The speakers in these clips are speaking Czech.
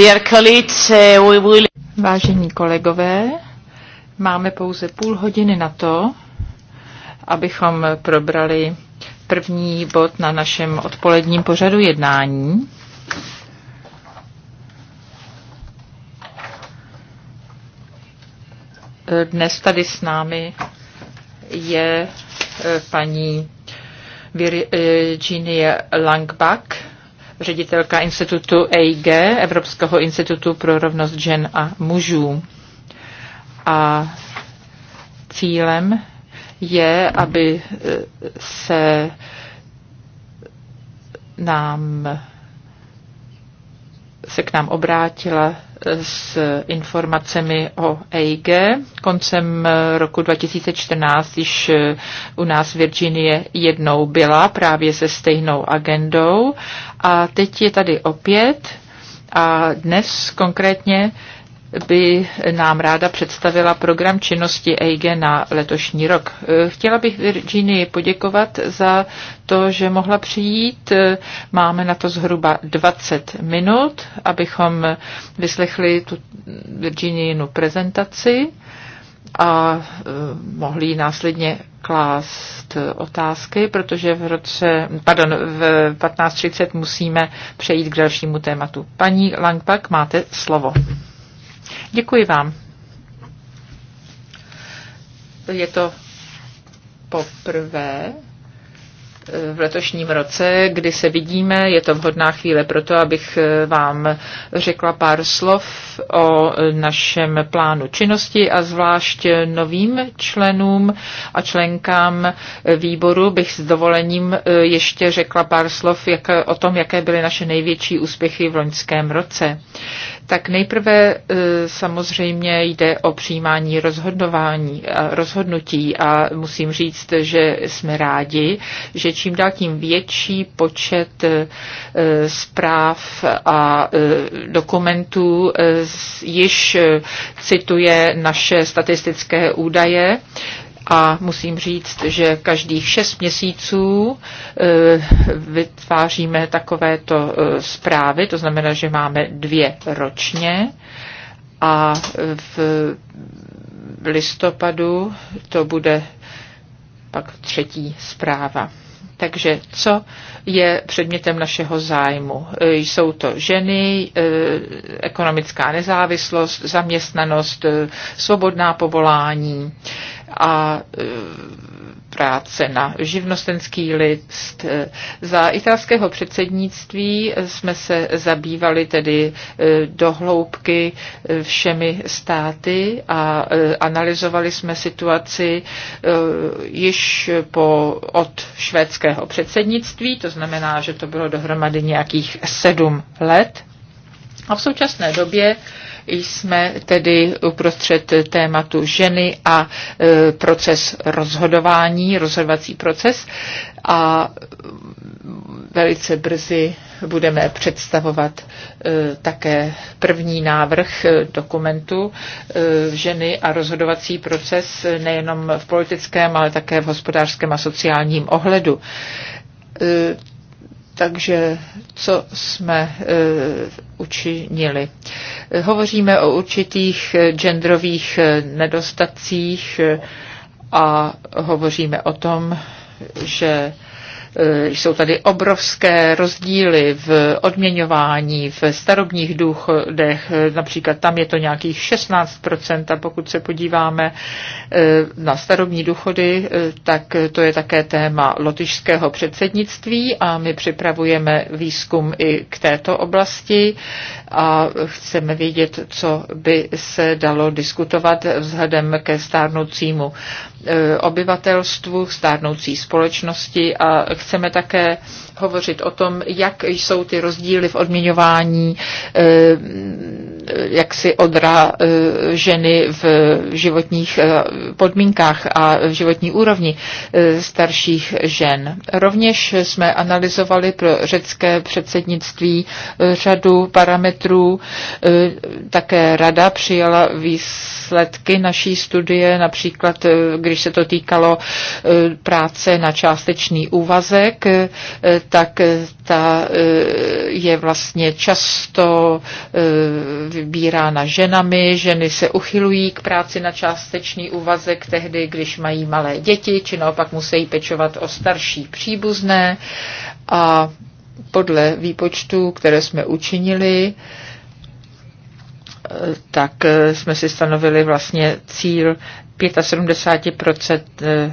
Uh, Vážení kolegové, máme pouze půl hodiny na to, abychom probrali první bod na našem odpoledním pořadu jednání. Dnes tady s námi je eh, paní Virginie eh, Langbach, ředitelka institutu EIG, Evropského institutu pro rovnost žen a mužů. A cílem je, aby eh, se nám se k nám obrátila s informacemi o EIG. Koncem eh, roku 2014 již eh, u nás Virginie jednou byla právě se stejnou agendou a teď je tady opět a dnes konkrétně by nám ráda představila program činnosti EIG na letošní rok. Chtěla bych Virginii poděkovat za to, že mohla přijít. Máme na to zhruba 20 minut, abychom vyslechli tu Virginijinu prezentaci a eh, mohli následně klást otázky, protože v roce, pardon, v 15.30 musíme přejít k dalšímu tématu. Paní Langpak, máte slovo. Děkuji vám. Je to poprvé eh, v letošním roce, kdy se vidíme. Je to vhodná chvíle pro to, abych eh, vám řekla pár slov o eh, našem plánu činnosti a zvlášť novým členům a členkám výboru bych s dovolením ještě řekla pár slov jak, o tom, jaké byly naše největší úspěchy v loňském roce. Tak nejprve e, samozřejmě jde o přijímání rozhodování, e, rozhodnutí a musím říct, že jsme rádi, že čím dál tím větší počet e, zpráv a dokumentů již cituje naše statistické údaje a musím říct, že každých šest měsíců e, vytváříme takovéto e, zprávy, to znamená, že máme dvě ročně a v listopadu to bude pak třetí zpráva. Takže co je předmětem našeho zájmu. E, jsou to ženy, e, ekonomická nezávislost, zaměstnanost, e, svobodná povolání a práce na živnostenský list. E, za italského předsednictví jsme se zabývali tedy e, dohloubky e, všemi státy a analyzovali jsme situaci již po, od švédského předsednictví, to znamená, že to bylo dohromady nějakých sedm let. A v současné době jsme tedy uprostřed tématu ženy a e, proces rozhodování, rozhodovací proces a velice brzy budeme představovat e, také první návrh dokumentu e, ženy a rozhodovací proces nejenom v politickém, ale také v hospodářském a sociálním ohledu takže co jsme e, učinili? Hovoříme o určitých e, genderových e, nedostatcích e, a hovoříme o tom, že Eh, jsou tady obrovské rozdíly v odměňování, v starobních důchodech, eh, například tam je to nějakých 16%, a pokud se podíváme eh, na starobní důchody, tak to je také téma lotyšského předsednictví a my připravujeme výzkum i k této oblasti a chceme vědět, co by se dalo diskutovat vzhledem ke stárnoucímu obyvatelstvu, stárnoucí společnosti a chceme také hovořit o tom, jak jsou ty rozdíly v odměňování, eh, jak si odra eh, ženy v životních eh, podmínkách a v životní úrovni starších žen. Rovněž jsme analyzovali pro řecké předsednictví řadu parametrů. Také rada přijala výsledky naší studie, například když se to týkalo práce na částečný úvazek, tak eh, ta eh, je vlastně často eh, vybírána ženami. Ženy se uchylují k práci na částečný úvazek tehdy, když mají malé děti, či naopak musí pečovat o starší příbuzné. A podle výpočtů, které jsme učinili, tak jsme si stanovili vlastně cíl 75%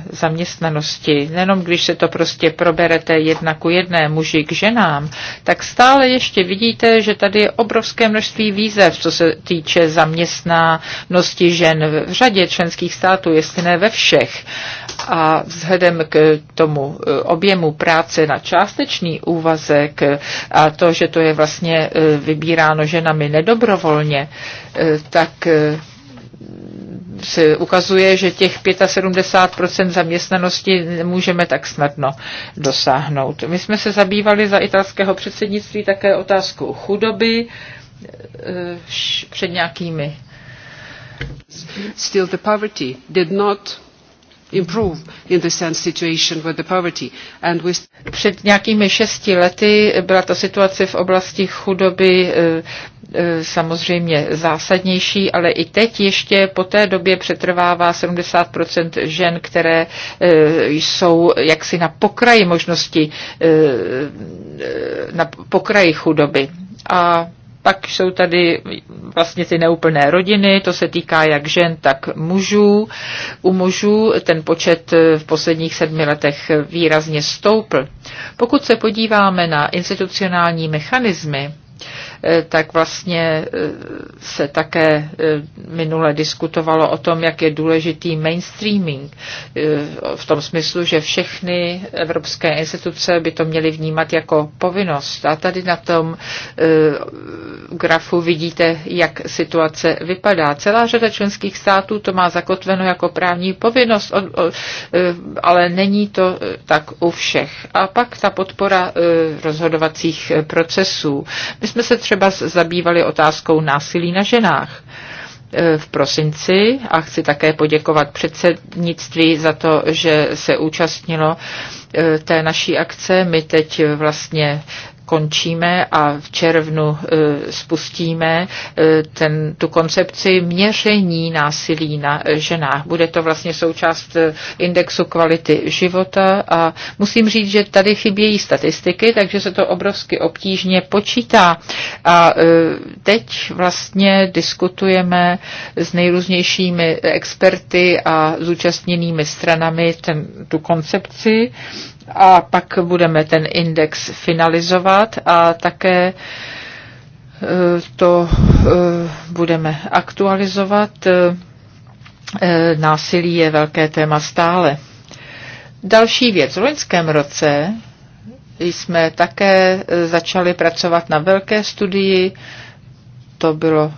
zaměstnanosti. Nenom když se to prostě proberete jedna ku jedné muži k ženám, tak stále ještě vidíte, že tady je obrovské množství výzev, co se týče zaměstnanosti žen v řadě členských států, jestli ne ve všech. A vzhledem k tomu e, objemu práce na částečný úvazek a to, že to je vlastně e, vybíráno ženami nedobrovolně, e, tak se ukazuje, že těch 75% zaměstnanosti nemůžeme tak snadno dosáhnout. My jsme se zabývali za italského předsednictví také otázkou chudoby eh, před nějakými. Still the poverty did not před nějakými šesti lety byla ta situace v oblasti chudoby eh, eh, samozřejmě zásadnější, ale i teď ještě po té době přetrvává 70 žen, které eh, jsou jaksi na pokraji možnosti, na pokraji chudoby. A pak jsou tady vlastně ty neúplné rodiny, to se týká jak žen, tak mužů. U mužů ten počet v posledních sedmi letech výrazně stoupl. Pokud se podíváme na institucionální mechanismy, Eh, tak vlastně eh, se také eh, minule diskutovalo o tom, jak je důležitý mainstreaming v tom smyslu, že všechny evropské instituce by to měly vnímat jako povinnost. A tady na tom grafu vidíte, jak situace vypadá. Celá řada členských států to má zakotveno jako právní povinnost, ale není to tak u všech. A pak ta podpora rozhodovacích procesů. My jsme se třeba zabývali otázkou násilí na ženách e, v prosinci a chci také poděkovat předsednictví za to, že se účastnilo e, té naší akce. My teď vlastně končíme a v červnu e, spustíme e, ten, tu koncepci měření násilí na ženách. Bude to vlastně součást e, indexu kvality života a musím říct, že tady chybějí statistiky, takže se to obrovsky obtížně počítá. A teď vlastně diskutujeme s nejrůznějšími experty a zúčastněnými stranami ten, tu koncepci a pak budeme ten index finalizovat a také e, to e, budeme aktualizovat. E, násilí je velké téma stále. Další věc. V loňském roce jsme také začali pracovat na velké studii. To bylo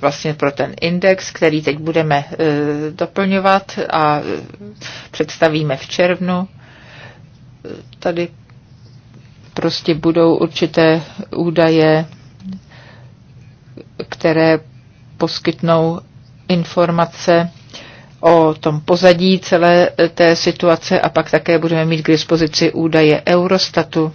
vlastně pro ten index, který teď budeme doplňovat a představíme v červnu tady prostě budou určité údaje, které poskytnou informace o tom pozadí celé eh, té situace a pak také budeme mít k dispozici údaje Eurostatu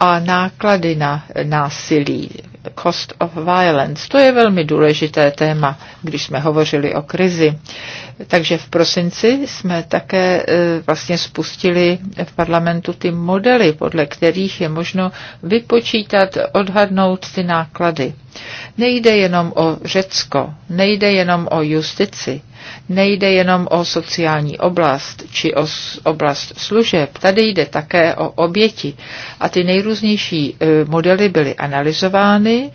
a náklady na násilí. Cost of Violence. To je velmi důležité téma, když jsme hovořili o krizi. Takže v prosinci jsme také e, vlastně spustili v parlamentu ty modely, podle kterých je možno vypočítat, odhadnout ty náklady. Nejde jenom o Řecko, nejde jenom o justici, Nejde jenom o sociální oblast či o oblast služeb, tady jde také o oběti. A ty nejrůznější e, modely byly analyzovány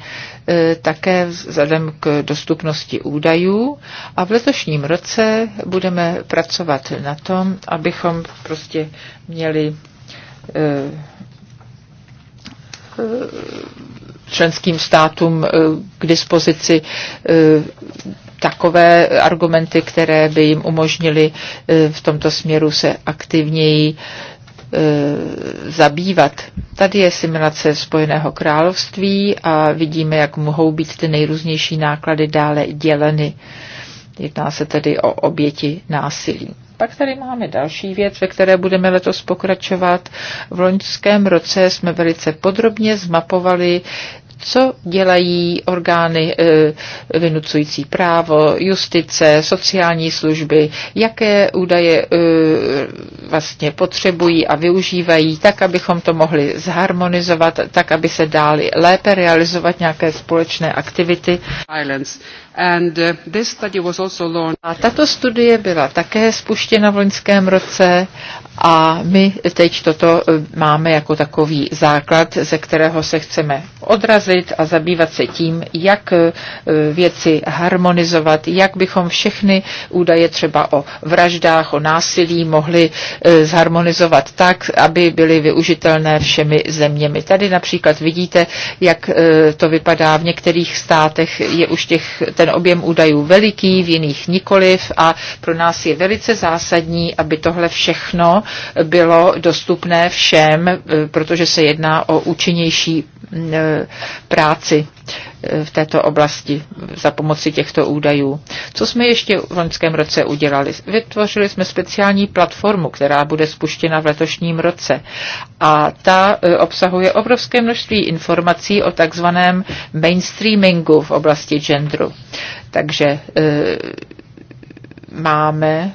e, také vzhledem k dostupnosti údajů a v letošním roce budeme pracovat na tom, abychom prostě měli e, členským státům k dispozici takové argumenty, které by jim umožnily e, v tomto směru se aktivněji e, zabývat. Tady je simulace Spojeného království a vidíme, jak mohou být ty nejrůznější náklady dále děleny. Jedná se tedy o oběti násilí. Pak tady máme další věc, ve které budeme letos pokračovat. V loňském roce jsme velice podrobně zmapovali co dělají orgány eh, vynucující právo, justice, sociální služby, jaké údaje eh, vlastně potřebují a využívají, tak, abychom to mohli zharmonizovat, tak, aby se dály lépe realizovat nějaké společné aktivity. Eh, a tato studie byla také spuštěna v loňském roce a my teď toto e, máme jako takový základ, ze kterého se chceme odrazit a zabývat se tím, jak e, věci harmonizovat, jak bychom všechny údaje třeba o vraždách, o násilí mohli e, zharmonizovat tak, aby byly využitelné všemi zeměmi. Tady například vidíte, jak to vypadá v některých státech, je už těch, ten objem údajů veliký, v jiných nikoliv a pro nás je velice zásadní, aby tohle všechno bylo dostupné všem, eh, protože se jedná o účinnější eh, práci eh, v této oblasti za pomoci těchto údajů. Co jsme ještě v loňském roce udělali? Vytvořili jsme speciální platformu, která bude spuštěna v letošním roce a ta obsahuje obrovské množství informací o takzvaném mainstreamingu v oblasti genderu. Takže máme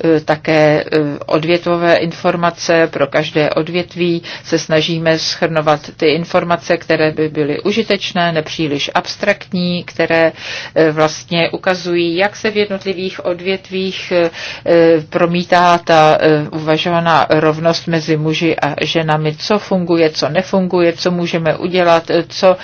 E, také e, odvětvové informace pro každé odvětví. Se snažíme schrnovat ty informace, které by byly užitečné, nepříliš abstraktní, které e, vlastně ukazují, jak se v jednotlivých odvětvích promítá ta uvažovaná rovnost mezi muži a ženami, co funguje, co nefunguje, co můžeme udělat, co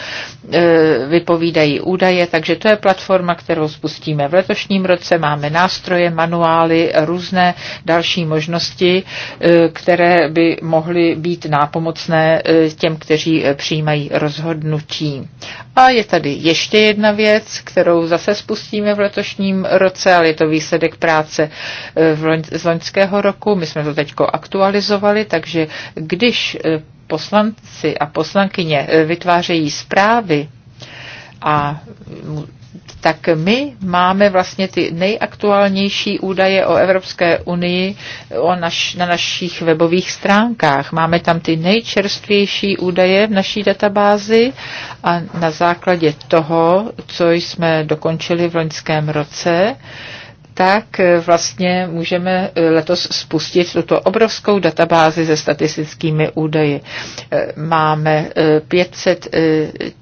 vypovídají údaje. Takže to je platforma, kterou spustíme v letošním roce. Máme nástroje, manuály, různé různé další možnosti, eh, které by mohly být nápomocné eh, těm, kteří eh, přijímají rozhodnutí. A je tady ještě jedna věc, kterou zase spustíme v letošním roce, ale je to výsledek práce v z loňského roku. My jsme to teď aktualizovali, takže když poslanci a poslankyně vytvářejí zprávy a mm, tak my máme vlastně ty nejaktuálnější údaje o Evropské unii o naš, na našich webových stránkách. Máme tam ty nejčerstvější údaje v naší databázi a na základě toho, co jsme dokončili v loňském roce, tak eh, vlastně můžeme eh, letos spustit tuto obrovskou databázi se statistickými údaji. Eh, máme 500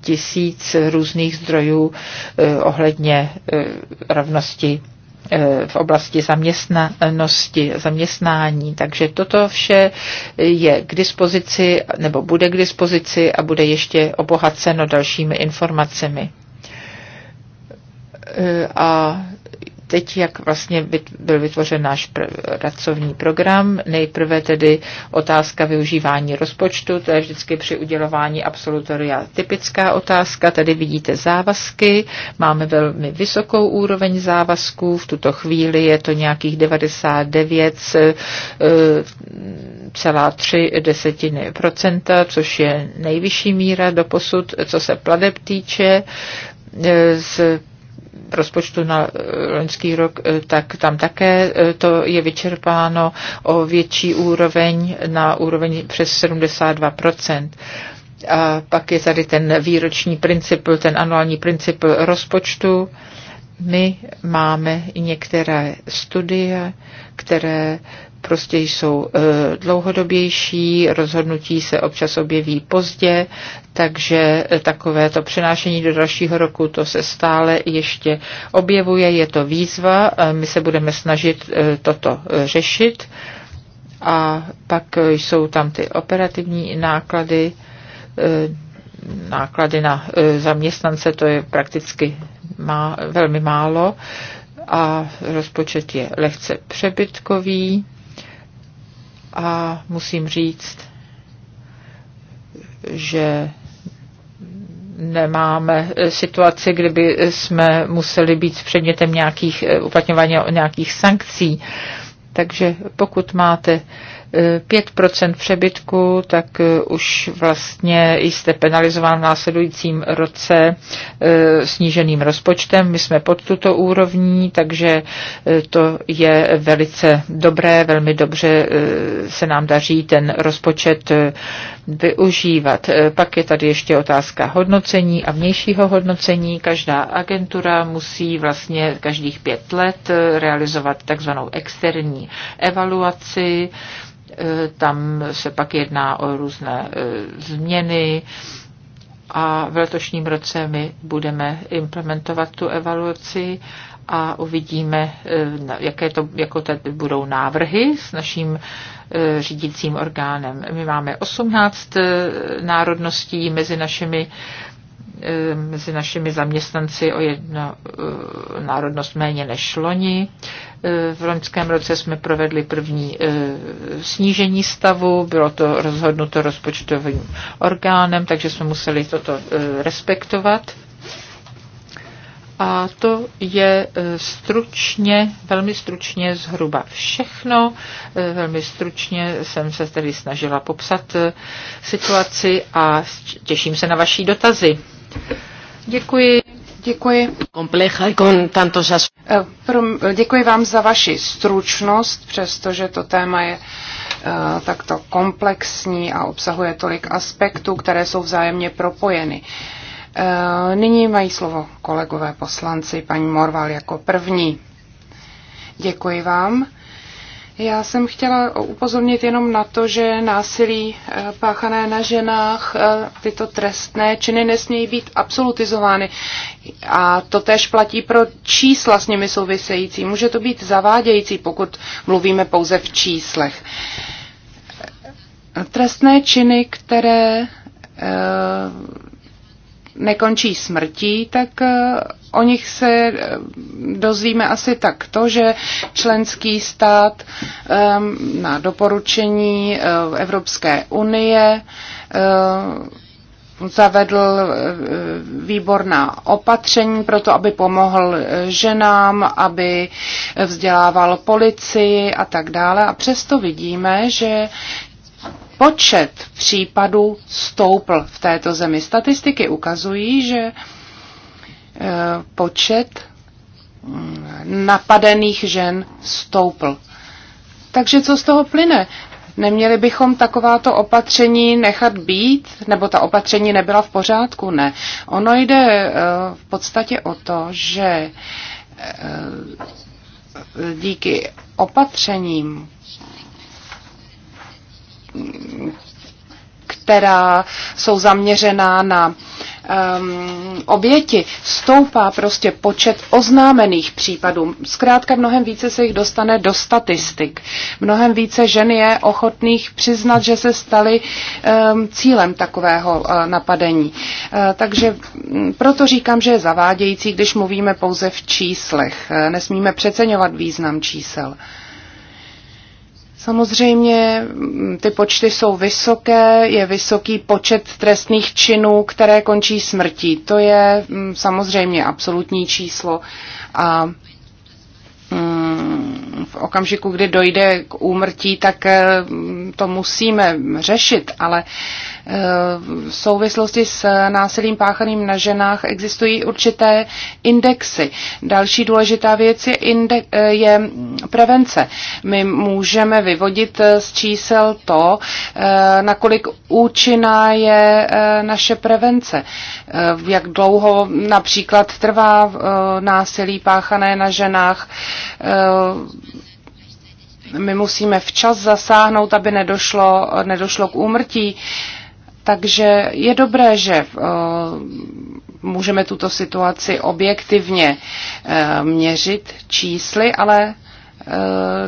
tisíc různých zdrojů ohledně rovnosti v oblasti zaměstnanosti, zaměstnání. Takže toto vše je k dispozici nebo bude k dispozici a bude ještě obohaceno dalšími informacemi. A teď, jak vlastně byl vytvořen náš pracovní program. Nejprve tedy otázka využívání rozpočtu, to je vždycky při udělování absolutoria typická otázka. Tady vidíte závazky, máme velmi vysokou úroveň závazků, v tuto chvíli je to nějakých 99,3 eh, desetiny procenta, což je nejvyšší míra do posud, co se pladeb týče eh, z rozpočtu na eh, loňský rok, eh, tak tam také eh, to je vyčerpáno o větší úroveň, na úroveň přes 72%. A pak je tady ten výroční princip, ten anuální princip rozpočtu. My máme i některé studie, které prostě jsou e, dlouhodobější, rozhodnutí se občas objeví pozdě, takže e, takové to přenášení do dalšího roku, to se stále ještě objevuje, je to výzva, my se budeme snažit e, toto řešit a pak jsou tam ty operativní náklady, náklady na zaměstnance, to je prakticky má, velmi málo a rozpočet je lehce přebytkový a musím říct, že nemáme situaci, kdyby jsme museli být předmětem nějakých, uplatňování nějakých sankcí. Takže pokud máte 5% přebytku, tak eh, už vlastně jste penalizován v následujícím roce eh, sníženým rozpočtem. My jsme pod tuto úrovní, takže eh, to je velice dobré, velmi dobře se nám daří ten rozpočet využívat. Pak je tady ještě otázka hodnocení a vnějšího hodnocení. Každá agentura musí vlastně každých pět let realizovat takzvanou externí evaluaci Eh, tam se pak jedná o různé eh, změny a v letošním roce my budeme implementovat tu evaluaci a uvidíme, eh, jaké to, jako tady budou návrhy s naším řídícím orgánem. My máme 18 národností mezi našimi mezi našimi zaměstnanci o jedno národnost méně než loni. V loňském roce jsme provedli první e, snížení stavu, bylo to rozhodnuto rozpočtovým orgánem, takže jsme museli toto e, respektovat. A to je e, stručně, velmi stručně zhruba všechno. Velmi stručně jsem se tedy snažila popsat situaci a těším se na vaší dotazy. Děkuji. Děkuji. Komplecha con tantos eh, Děkuji vám za vaši stručnost, přestože to téma je eh, takto komplexní a obsahuje tolik aspektů, které jsou vzájemně propojeny. Eh, nyní mají slovo kolegové poslanci, paní Morval jako první. Děkuji vám. Já jsem chtěla upozornit jenom na to, že násilí eh, páchané na ženách, eh, tyto trestné činy nesmějí být absolutizovány. A to tež platí pro čísla s nimi související. Může to být zavádějící, pokud mluvíme pouze v číslech. Trestné činy, které eh, nekončí smrtí, tak o nich se eh, dozvíme asi tak to, že členský stát ehm, na doporučení eh, Evropské unie eh, zavedl výborná opatření pro to, aby pomohl ženám, aby vzdělával policii a tak dále. A přesto vidíme, že počet případů stoupl v této zemi. Statistiky ukazují, že počet mm, napadených žen stoupl. Takže co z toho plyne? Neměli bychom takováto opatření nechat být, nebo ta opatření nebyla v pořádku? Ne. Ono jde eh, v podstatě o to, že eh, díky opatřením, která jsou zaměřená na um, oběti, stoupá prostě počet oznámených případů. Zkrátka mnohem více se jich dostane do statistik. Mnohem více žen je ochotných přiznat, že se staly um, cílem takového uh, napadení. Uh, takže mm, proto říkám, že je zavádějící, když mluvíme pouze v číslech. Uh, nesmíme přeceňovat význam čísel. Uh, Samozřejmě mm, ty počty jsou vysoké, je vysoký počet trestných činů, které končí smrtí. To je mm, samozřejmě absolutní číslo a mm, v okamžiku, kdy dojde k úmrtí, tak eh, to musíme řešit, ale Eh, v souvislosti s násilím páchaným na ženách existují určité indexy. Další důležitá věc je, inde, eh, je prevence. My můžeme vyvodit eh, z čísel to, nakolik účinná je naše prevence. Jak dlouho například trvá násilí páchané na ženách. My musíme včas zasáhnout, aby nedošlo, nedošlo k úmrtí. Takže je dobré, že eh, můžeme tuto situaci objektivně eh, měřit čísly, ale eh,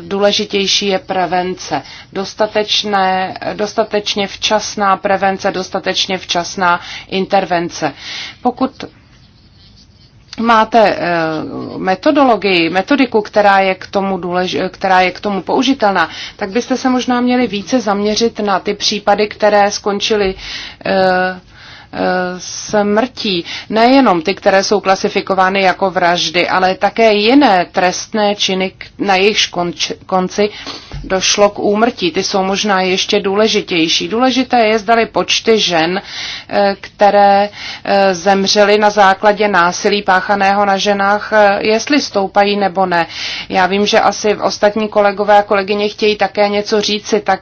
důležitější je prevence. Dostatečné, dostatečně včasná prevence, dostatečně včasná intervence. Pokud máte eh, metodologii, metodiku, která je, k tomu důlež, která je k tomu použitelná, tak byste se možná měli více zaměřit na ty případy, které skončily eh, smrtí. Nejenom ty, které jsou klasifikovány jako vraždy, ale také jiné trestné činy, na jejich konci došlo k úmrtí. Ty jsou možná ještě důležitější. Důležité je, zdali počty žen, eh, které eh, zemřely na základě násilí páchaného na ženách, eh, jestli stoupají nebo ne. Já vím, že asi ostatní kolegové a kolegyně chtějí také něco říci, tak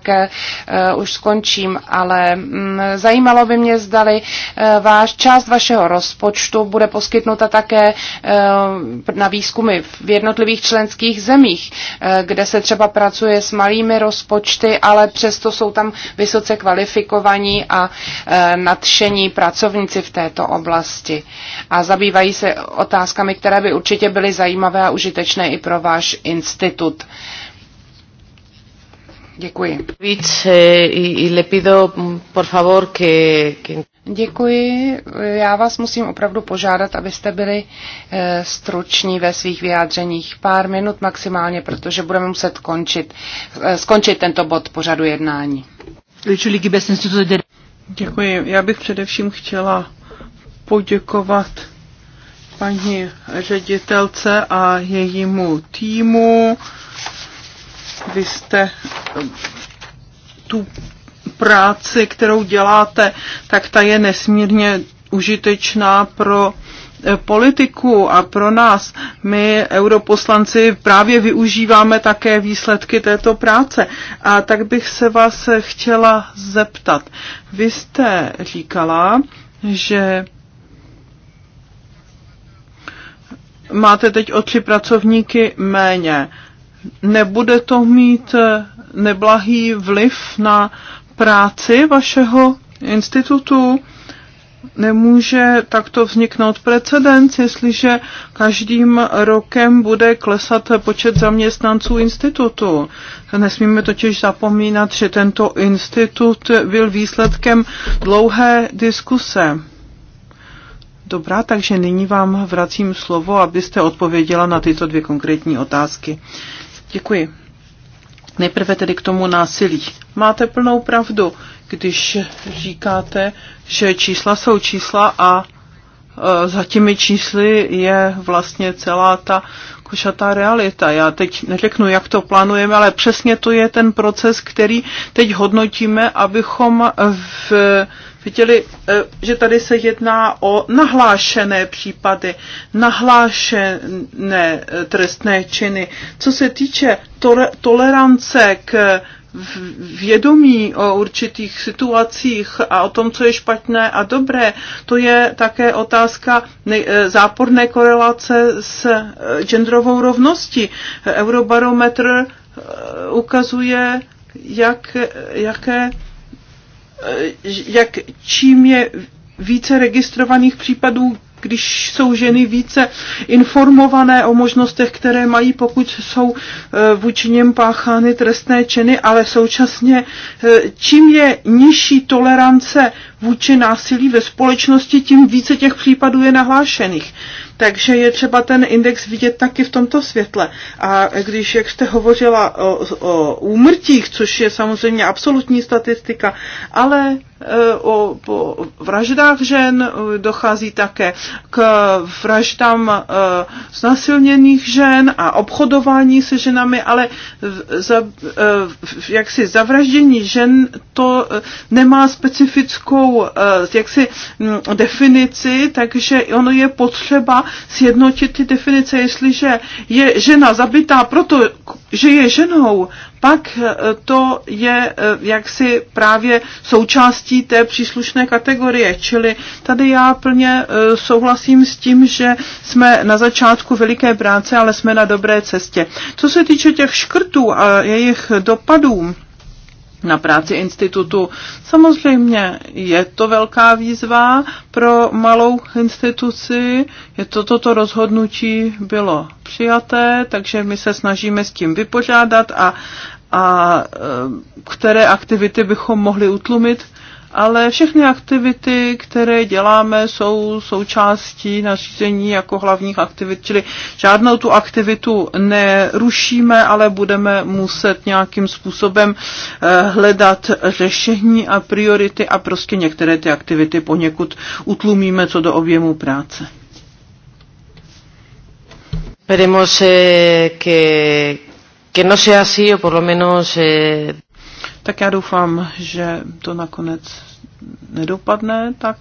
už skončím, ale mm, zajímalo by mě, zdali Eh, váš část vašeho rozpočtu bude poskytnuta také eh, na výzkumy v jednotlivých členských zemích, eh, kde se třeba pracuje s malými rozpočty, ale přesto jsou tam vysoce kvalifikovaní a nadšení pracovníci v této oblasti. A zabývají se otázkami, které by určitě byly zajímavé a užitečné i pro váš institut. Děkuji. i Děkuji. Já vás musím opravdu požádat, abyste byli eh, struční ve svých vyjádřeních. Pár minut maximálně, protože budeme muset končit, eh, skončit tento bod pořadu jednání. Děkuji. Já bych především chtěla poděkovat paní ředitelce a jejímu týmu. Vy jste eh, tu práci, kterou děláte, tak ta je nesmírně užitečná pro eh, politiku a pro nás. My, europoslanci, právě využíváme také výsledky této práce. A tak bych se vás chtěla zeptat. Vy jste říkala, že máte teď o tři pracovníky méně nebude to mít eh, neblahý vliv na práci vašeho institutu? Nemůže takto vzniknout precedens, jestliže každým rokem bude klesat počet zaměstnanců institutu. Nesmíme totiž zapomínat, že tento institut byl výsledkem dlouhé diskuse. Dobrá, takže nyní vám vracím slovo, abyste odpověděla na tyto dvě konkrétní otázky. Děkuji. Nejprve tedy k tomu násilí. Máte plnou pravdu, když říkáte, že čísla jsou čísla a e, za těmi čísly je vlastně celá ta košatá realita. Já teď neřeknu, jak to plánujeme, ale přesně to je ten proces, který teď hodnotíme, abychom v, viděli, eh, že tady se jedná o nahlášené případy, nahlášené eh, trestné činy. Co se týče tolerance k vědomí o určitých situacích a o tom, co je špatné a dobré, to je také otázka eh, záporné korelace s genderovou rovností. Eurobarometr ukazuje, jak, jaké Eh, jak čím je více registrovaných případů, když jsou ženy více informované o možnostech, které mají, pokud jsou eh, vůči něm páchány trestné činy, ale současně eh, čím je nižší tolerance vůči násilí ve společnosti, tím více těch případů je nahlášených. Takže je třeba ten index vidět taky v tomto světle. A když, jak jste hovořila o, o úmrtích, což je samozřejmě absolutní statistika, ale Eh, o, po vraždách žen, eh, dochází také k vraždám eh, znasilněných žen a obchodování se ženami, ale za, jaksi zavraždění žen to nemá specifickou jaksi hm, definici, takže ono je potřeba sjednotit ty definice, jestliže je žena zabitá proto, že je ženou, pak eh, to je eh, jaksi právě součástí té příslušné kategorie. Čili tady já plně eh, souhlasím s tím, že jsme na začátku veliké práce, ale jsme na dobré cestě. Co se týče těch škrtů a jejich dopadů, na práci institutu. Samozřejmě je to velká výzva pro malou instituci, je to, toto rozhodnutí bylo přijaté, takže my se snažíme s tím vypořádat a, a eh, které aktivity bychom mohli utlumit, ale všechny aktivity, které děláme, jsou součástí nařízení jako hlavních aktivit, čili žádnou tu aktivitu nerušíme, ale budeme muset nějakým způsobem eh, hledat řešení a priority a prostě některé ty aktivity poněkud utlumíme co do objemu práce. Esperemos eh, que, que no sea así o por lo menos... Eh... Tak já doufám, že to nakonec nedopadne tak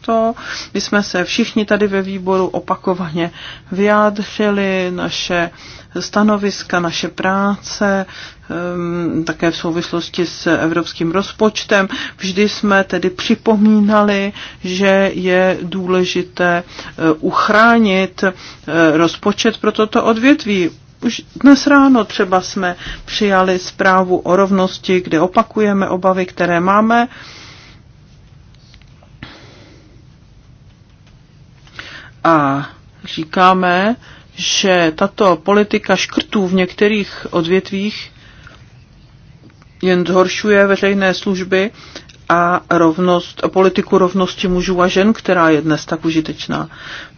to. My jsme se všichni tady ve výboru opakovaně vyjádřili naše stanoviska, naše práce, ehm, také v souvislosti s evropským rozpočtem. Vždy jsme tedy připomínali, že je důležité eh, uchránit eh, rozpočet pro toto odvětví. Už dnes ráno třeba jsme přijali zprávu o rovnosti, kde opakujeme obavy, které máme. A říkáme, že tato politika škrtů v některých odvětvích jen zhoršuje veřejné služby a rovnost, politiku rovnosti mužů a žen, která je dnes tak užitečná.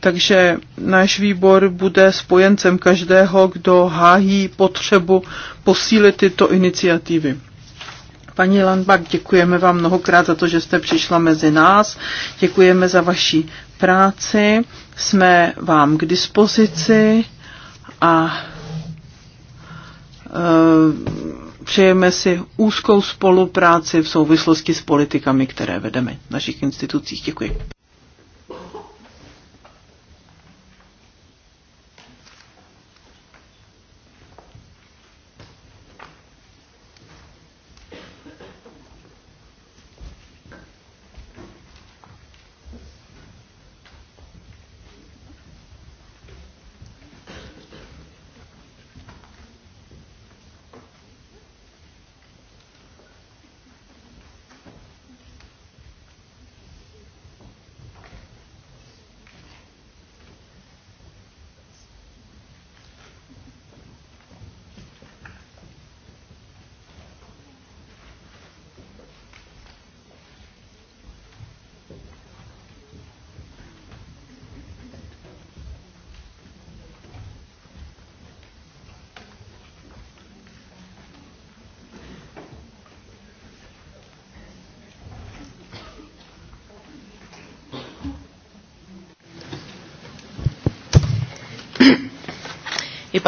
Takže náš výbor bude spojencem každého, kdo hájí potřebu posílit tyto iniciativy. Paní Landbach, děkujeme vám mnohokrát za to, že jste přišla mezi nás. Děkujeme za vaši práci. Jsme vám k dispozici a uh, přejeme si úzkou spolupráci v souvislosti s politikami, které vedeme v našich institucích. Děkuji.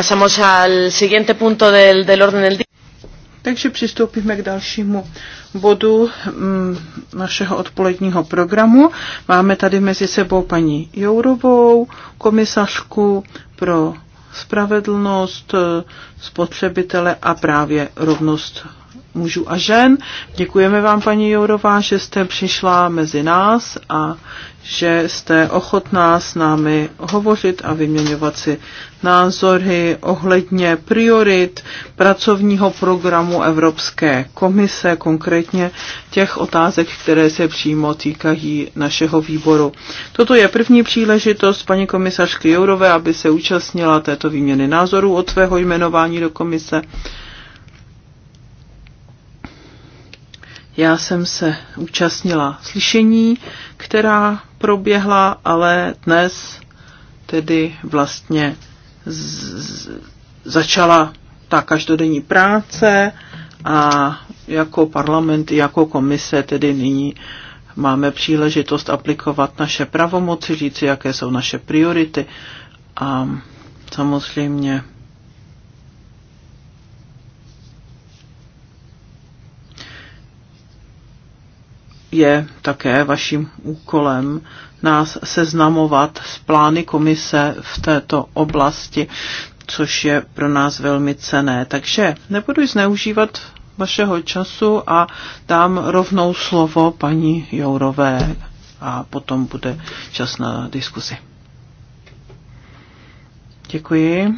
Pasamos al siguiente punto del, del orden del día. Takže přistoupíme k dalšímu bodu mm, našeho odpoledního programu. Máme tady mezi sebou paní Jourovou, komisařku pro spravedlnost, eh, spotřebitele a právě rovnost mužů a žen. Děkujeme vám, paní Jourová, že jste přišla mezi nás a že jste ochotná s námi hovořit a vyměňovat si názory ohledně priorit pracovního programu Evropské komise, konkrétně těch otázek, které se přímo týkají našeho výboru. Toto je první příležitost paní komisařky Jourové, aby se účastnila této výměny názorů od svého jmenování do komise. Já jsem se účastnila slyšení, která proběhla, ale dnes tedy vlastně z- začala ta každodenní práce a jako parlament, jako komise tedy nyní máme příležitost aplikovat naše pravomoci, říci, jaké jsou naše priority a samozřejmě je také vaším úkolem nás seznamovat s plány komise v této oblasti, což je pro nás velmi cené. Takže nebudu zneužívat vašeho času a dám rovnou slovo paní Jourové a potom bude čas na diskuzi. Děkuji.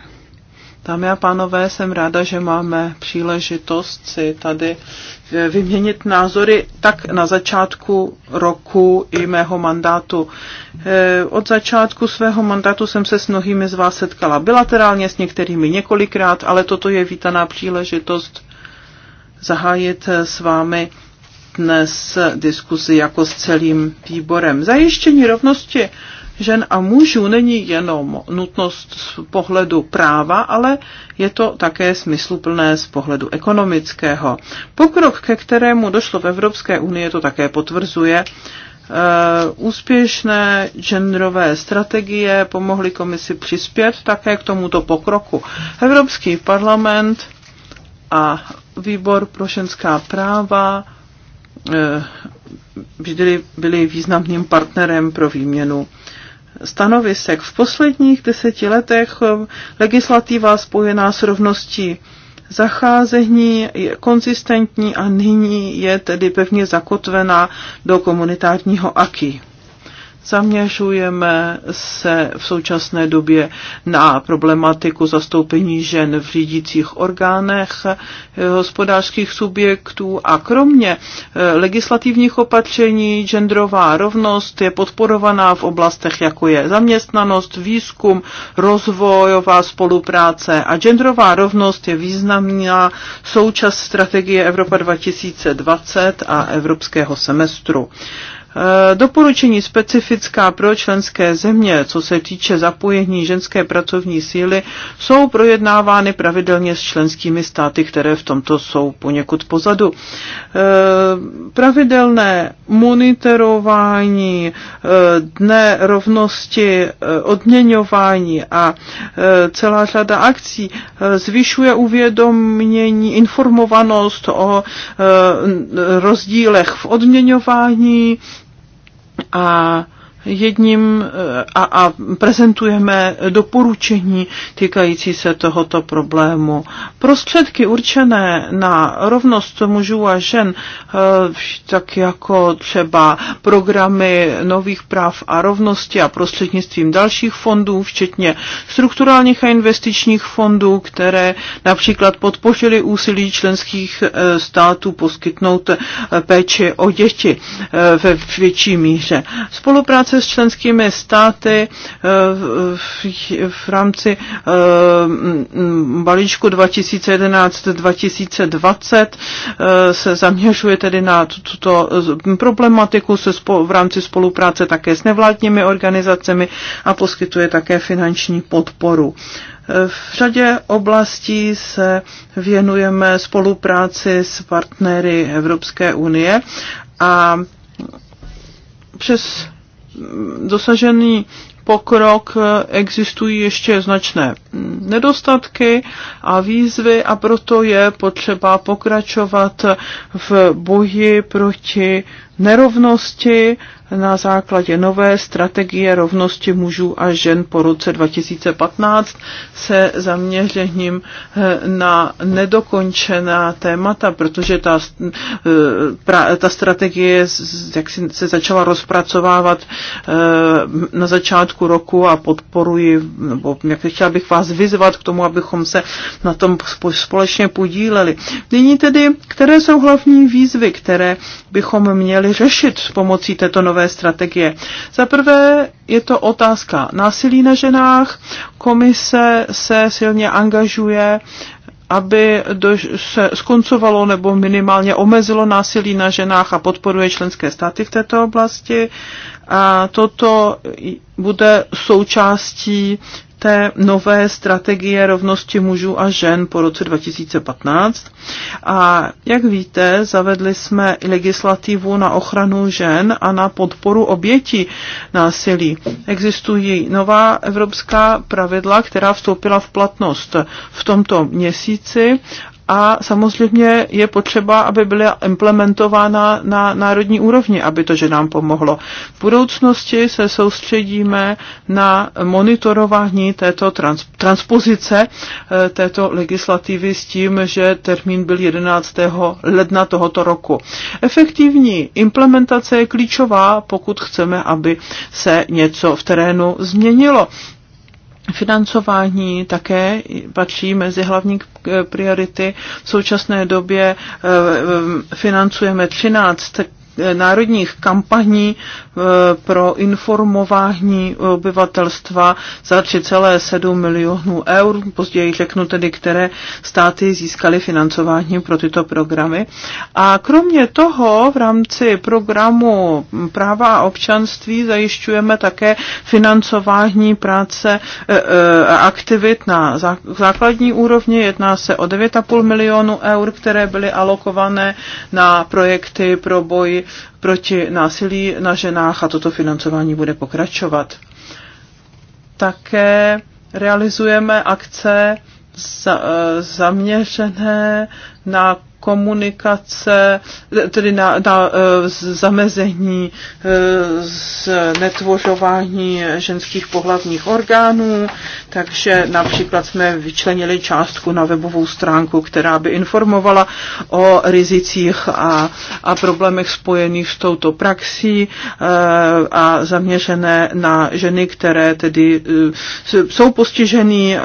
Dámy a pánové, jsem ráda, že máme příležitost si tady eh, vyměnit názory tak na začátku roku i mého mandátu. Eh, od začátku svého mandátu jsem se s mnohými z vás setkala bilaterálně, s některými několikrát, ale toto je vítaná příležitost zahájit eh, s vámi dnes diskuzi jako s celým výborem. Zajištění rovnosti žen a mužů není jenom nutnost z pohledu práva, ale je to také smysluplné z pohledu ekonomického. Pokrok, ke kterému došlo v Evropské unii, to také potvrzuje. Eh, úspěšné genderové strategie pomohly komisi přispět také k tomuto pokroku. Evropský parlament a výbor pro ženská práva byli eh, byli významným partnerem pro výměnu stanovisek. V posledních deseti letech eh, legislativa spojená s rovností zacházení je konzistentní a nyní je tedy pevně zakotvená do komunitárního aky. Zaměřujeme se v současné době na problematiku zastoupení žen v řídících orgánech eh, hospodářských subjektů a kromě eh, legislativních opatření genderová rovnost je podporovaná v oblastech, jako je zaměstnanost, výzkum, rozvojová spolupráce a genderová rovnost je významná součást strategie Evropa 2020 a evropského semestru. Eh, doporučení specifická pro členské země, co se týče zapojení ženské pracovní síly, jsou projednávány pravidelně s členskými státy, které v tomto jsou poněkud pozadu. Eh, pravidelné monitorování eh, dne rovnosti, odměňování a celá řada akcí zvyšuje uvědomění, informovanost o rozdílech v odměňování, a jedním eh, a, a prezentujeme doporučení týkající se tohoto problému. Prostředky určené na rovnost mužů a žen, eh, tak jako třeba programy nových práv a rovnosti a prostřednictvím dalších fondů, včetně strukturálních a investičních fondů, které například podpořily úsilí členských eh, států poskytnout péči o děti ve větší míře. Spolupráce spolupráce s členskými státy eh, v rámci eh, balíčku 2011-2020 eh, se zaměřuje tedy na tuto problematiku se v rámci spolupráce také s nevládními organizacemi a poskytuje také finanční podporu. V řadě oblastí se věnujeme spolupráci s partnery Evropské unie a přes dosažený pokrok, eh, existují ještě značné mm, nedostatky a výzvy a proto je potřeba pokračovat v boji proti nerovnosti na základě nové strategie rovnosti mužů a žen po roce 2015 se zaměřením eh, na nedokončená témata, protože ta, eh, ta strategie jak se začala rozpracovávat eh, na začátku roku a podporuji, nebo jak chtěla bych vás vyzvat k tomu, abychom se na tom společně podíleli. Nyní tedy, které jsou hlavní výzvy, které bychom měli řešit s pomocí této nové nové strategie. Za prvé je to otázka násilí na ženách. Komise se silně angažuje aby se skoncovalo nebo minimálně omezilo násilí na ženách a podporuje členské státy v této oblasti. A toto bude součástí té nové strategie rovnosti mužů a žen po roce 2015. A jak víte, zavedli jsme legislativu na ochranu žen a na podporu obětí násilí. Existují nová evropská pravidla, která vstoupila v platnost v tomto měsíci a samozřejmě je potřeba, aby byla implementována na národní úrovni, aby to, že nám pomohlo. V budoucnosti se soustředíme na monitorování této trans- transpozice eh, této legislativy s tím, že termín byl 11. ledna tohoto roku. Efektivní implementace je klíčová, pokud chceme, aby se něco v terénu změnilo. Financování také patří mezi hlavní priority. V současné době eh, eh, financujeme 13 národních kampaní Eh, pro informování obyvatelstva za 3,7 milionů eur. Později řeknu tedy, které státy získaly financování pro tyto programy. A kromě toho v rámci programu práva a občanství zajišťujeme také financování práce eh, eh, a aktivit na základní úrovni. Jedná se o 9,5 milionů eur, které byly alokované na projekty pro boj proti násilí na ženách a toto financování bude pokračovat. Také realizujeme akce e, zaměřené na komunikace, tedy na, na e, zamezení e, znetvořování ženských pohlavních orgánů, takže například jsme vyčlenili částku na webovou stránku, která by informovala o rizicích a, a problémech spojených s touto praxí e, a zaměřené na ženy, které tedy jsou postiženy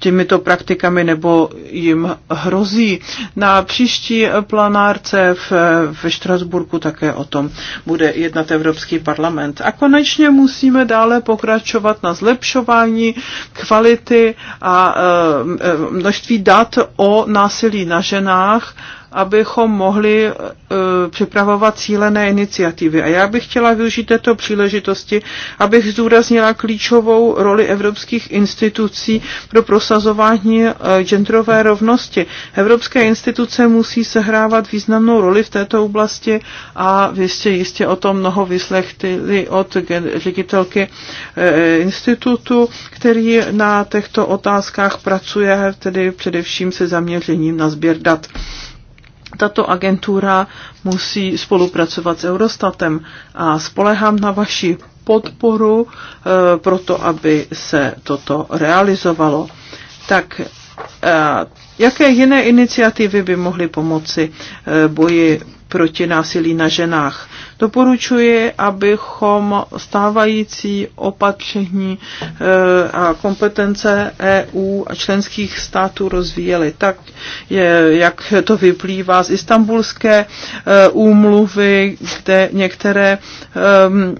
těmito praktikami nebo jim hrozí. Na příští planárce v, ve Štrasburku také o tom bude jednat Evropský parlament. A konečně musíme dále pokračovat na zlepšování kvality a e, e, množství dat o násilí na ženách abychom mohli e, připravovat cílené iniciativy. A já bych chtěla využít této příležitosti, abych zdůraznila klíčovou roli evropských institucí pro prosazování e, genderové rovnosti. Evropské instituce musí sehrávat významnou roli v této oblasti a vy jste jistě o tom mnoho vyslechtili od ředitelky e, institutu, který na těchto otázkách pracuje, tedy především se zaměřením na sběr dat tato agentura musí spolupracovat s Eurostatem a spolehám na vaši podporu e, eh, pro to, aby se toto realizovalo. Tak eh, jaké jiné iniciativy by mohly pomoci eh, boji proti násilí na ženách? Doporučuji, abychom stávající opatření eh, a kompetence EU a členských států rozvíjeli tak, jak to vyplývá z istambulské eh, úmluvy, kde některé ehm,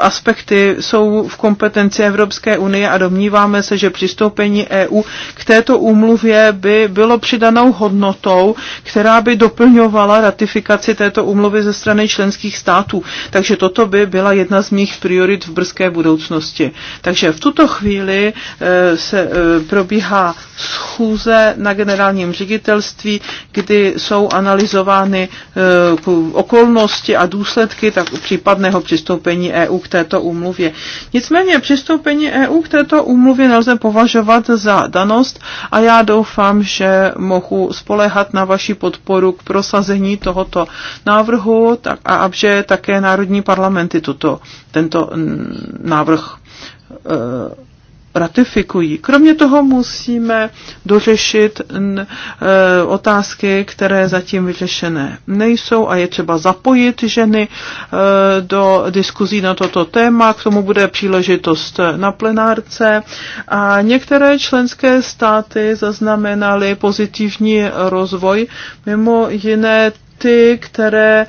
aspekty jsou v kompetenci Evropské unie a domníváme se, že přistoupení EU k této úmluvě by bylo přidanou hodnotou, která by doplňovala ratifikaci této úmluvy ze strany členských států států. Takže toto by byla jedna z mých priorit v brzké budoucnosti. Takže v tuto chvíli eh, se eh, probíhá schůze na generálním ředitelství, kdy jsou analyzovány eh, okolnosti a důsledky tak případného přistoupení EU k této úmluvě. Nicméně přistoupení EU k této úmluvě nelze považovat za danost a já doufám, že mohu spolehat na vaši podporu k prosazení tohoto návrhu tak a že také národní parlamenty tuto, tento návrh eh, ratifikují. Kromě toho musíme dořešit eh, otázky, které zatím vyřešené nejsou a je třeba zapojit ženy eh, do diskuzí na toto téma. K tomu bude příležitost na plenárce. A některé členské státy zaznamenaly pozitivní rozvoj, mimo jiné ty, které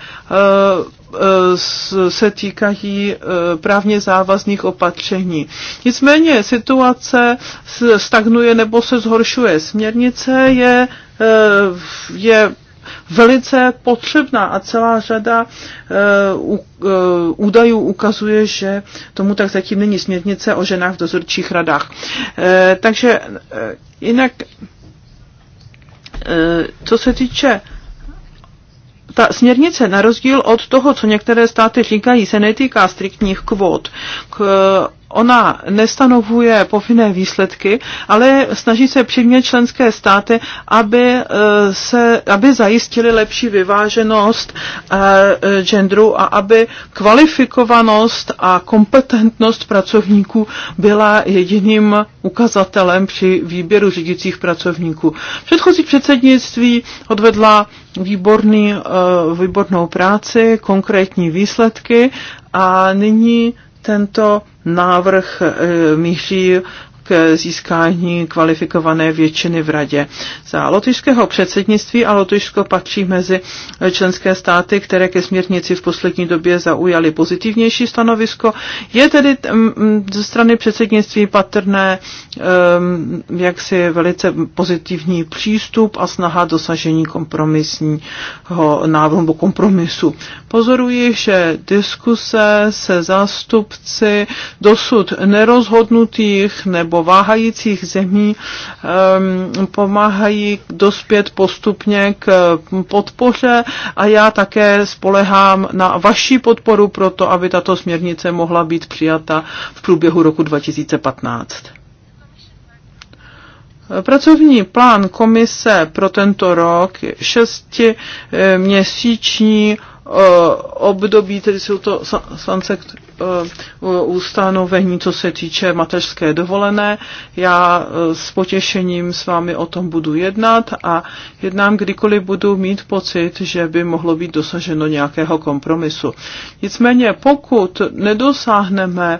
se týkají eh, právně závazných opatření. Nicméně situace stagnuje nebo se zhoršuje. Směrnice je, eh, je velice potřebná a celá řada eh, údajů ukazuje, že tomu tak zatím není směrnice o ženách v dozorčích radách. Takže jinak, co se týče ta směrnice, na rozdíl od toho, co některé státy říkají, se netýká striktních kvót. K, ona nestanovuje povinné výsledky, ale snaží se přimět členské státy, aby, e, se, aby zajistili lepší vyváženost e, genderu a aby kvalifikovanost a kompetentnost pracovníků byla jediným ukazatelem při výběru řídících pracovníků. Předchozí předsednictví odvedla výborný, e, výbornou práci, konkrétní výsledky a nyní tento návrh eh, míří k získání kvalifikované většiny v radě. Za lotyšského předsednictví a Lotyšsko patří mezi členské státy, které ke směrnici v poslední době zaujaly pozitivnější stanovisko. Je tedy mm, mm, ze strany předsednictví patrné ehm, jaksi velice pozitivní přístup a snaha dosažení kompromisního návrhu nebo kompromisu. Pozoruji, že diskuse se zástupci dosud nerozhodnutých nebo váhajících zemí pomáhají dospět postupně k podpoře a já také spolehám na vaši podporu pro to, aby tato směrnice mohla být přijata v průběhu roku 2015. Pracovní plán komise pro tento rok šestiměsíční Eh, období, tedy jsou to sunset eh, ustanovení, co se týče mateřské dovolené. Já eh, s potěšením s vámi o tom budu jednat a jednám, kdykoliv budu mít pocit, že by mohlo být dosaženo nějakého kompromisu. Nicméně pokud nedosáhneme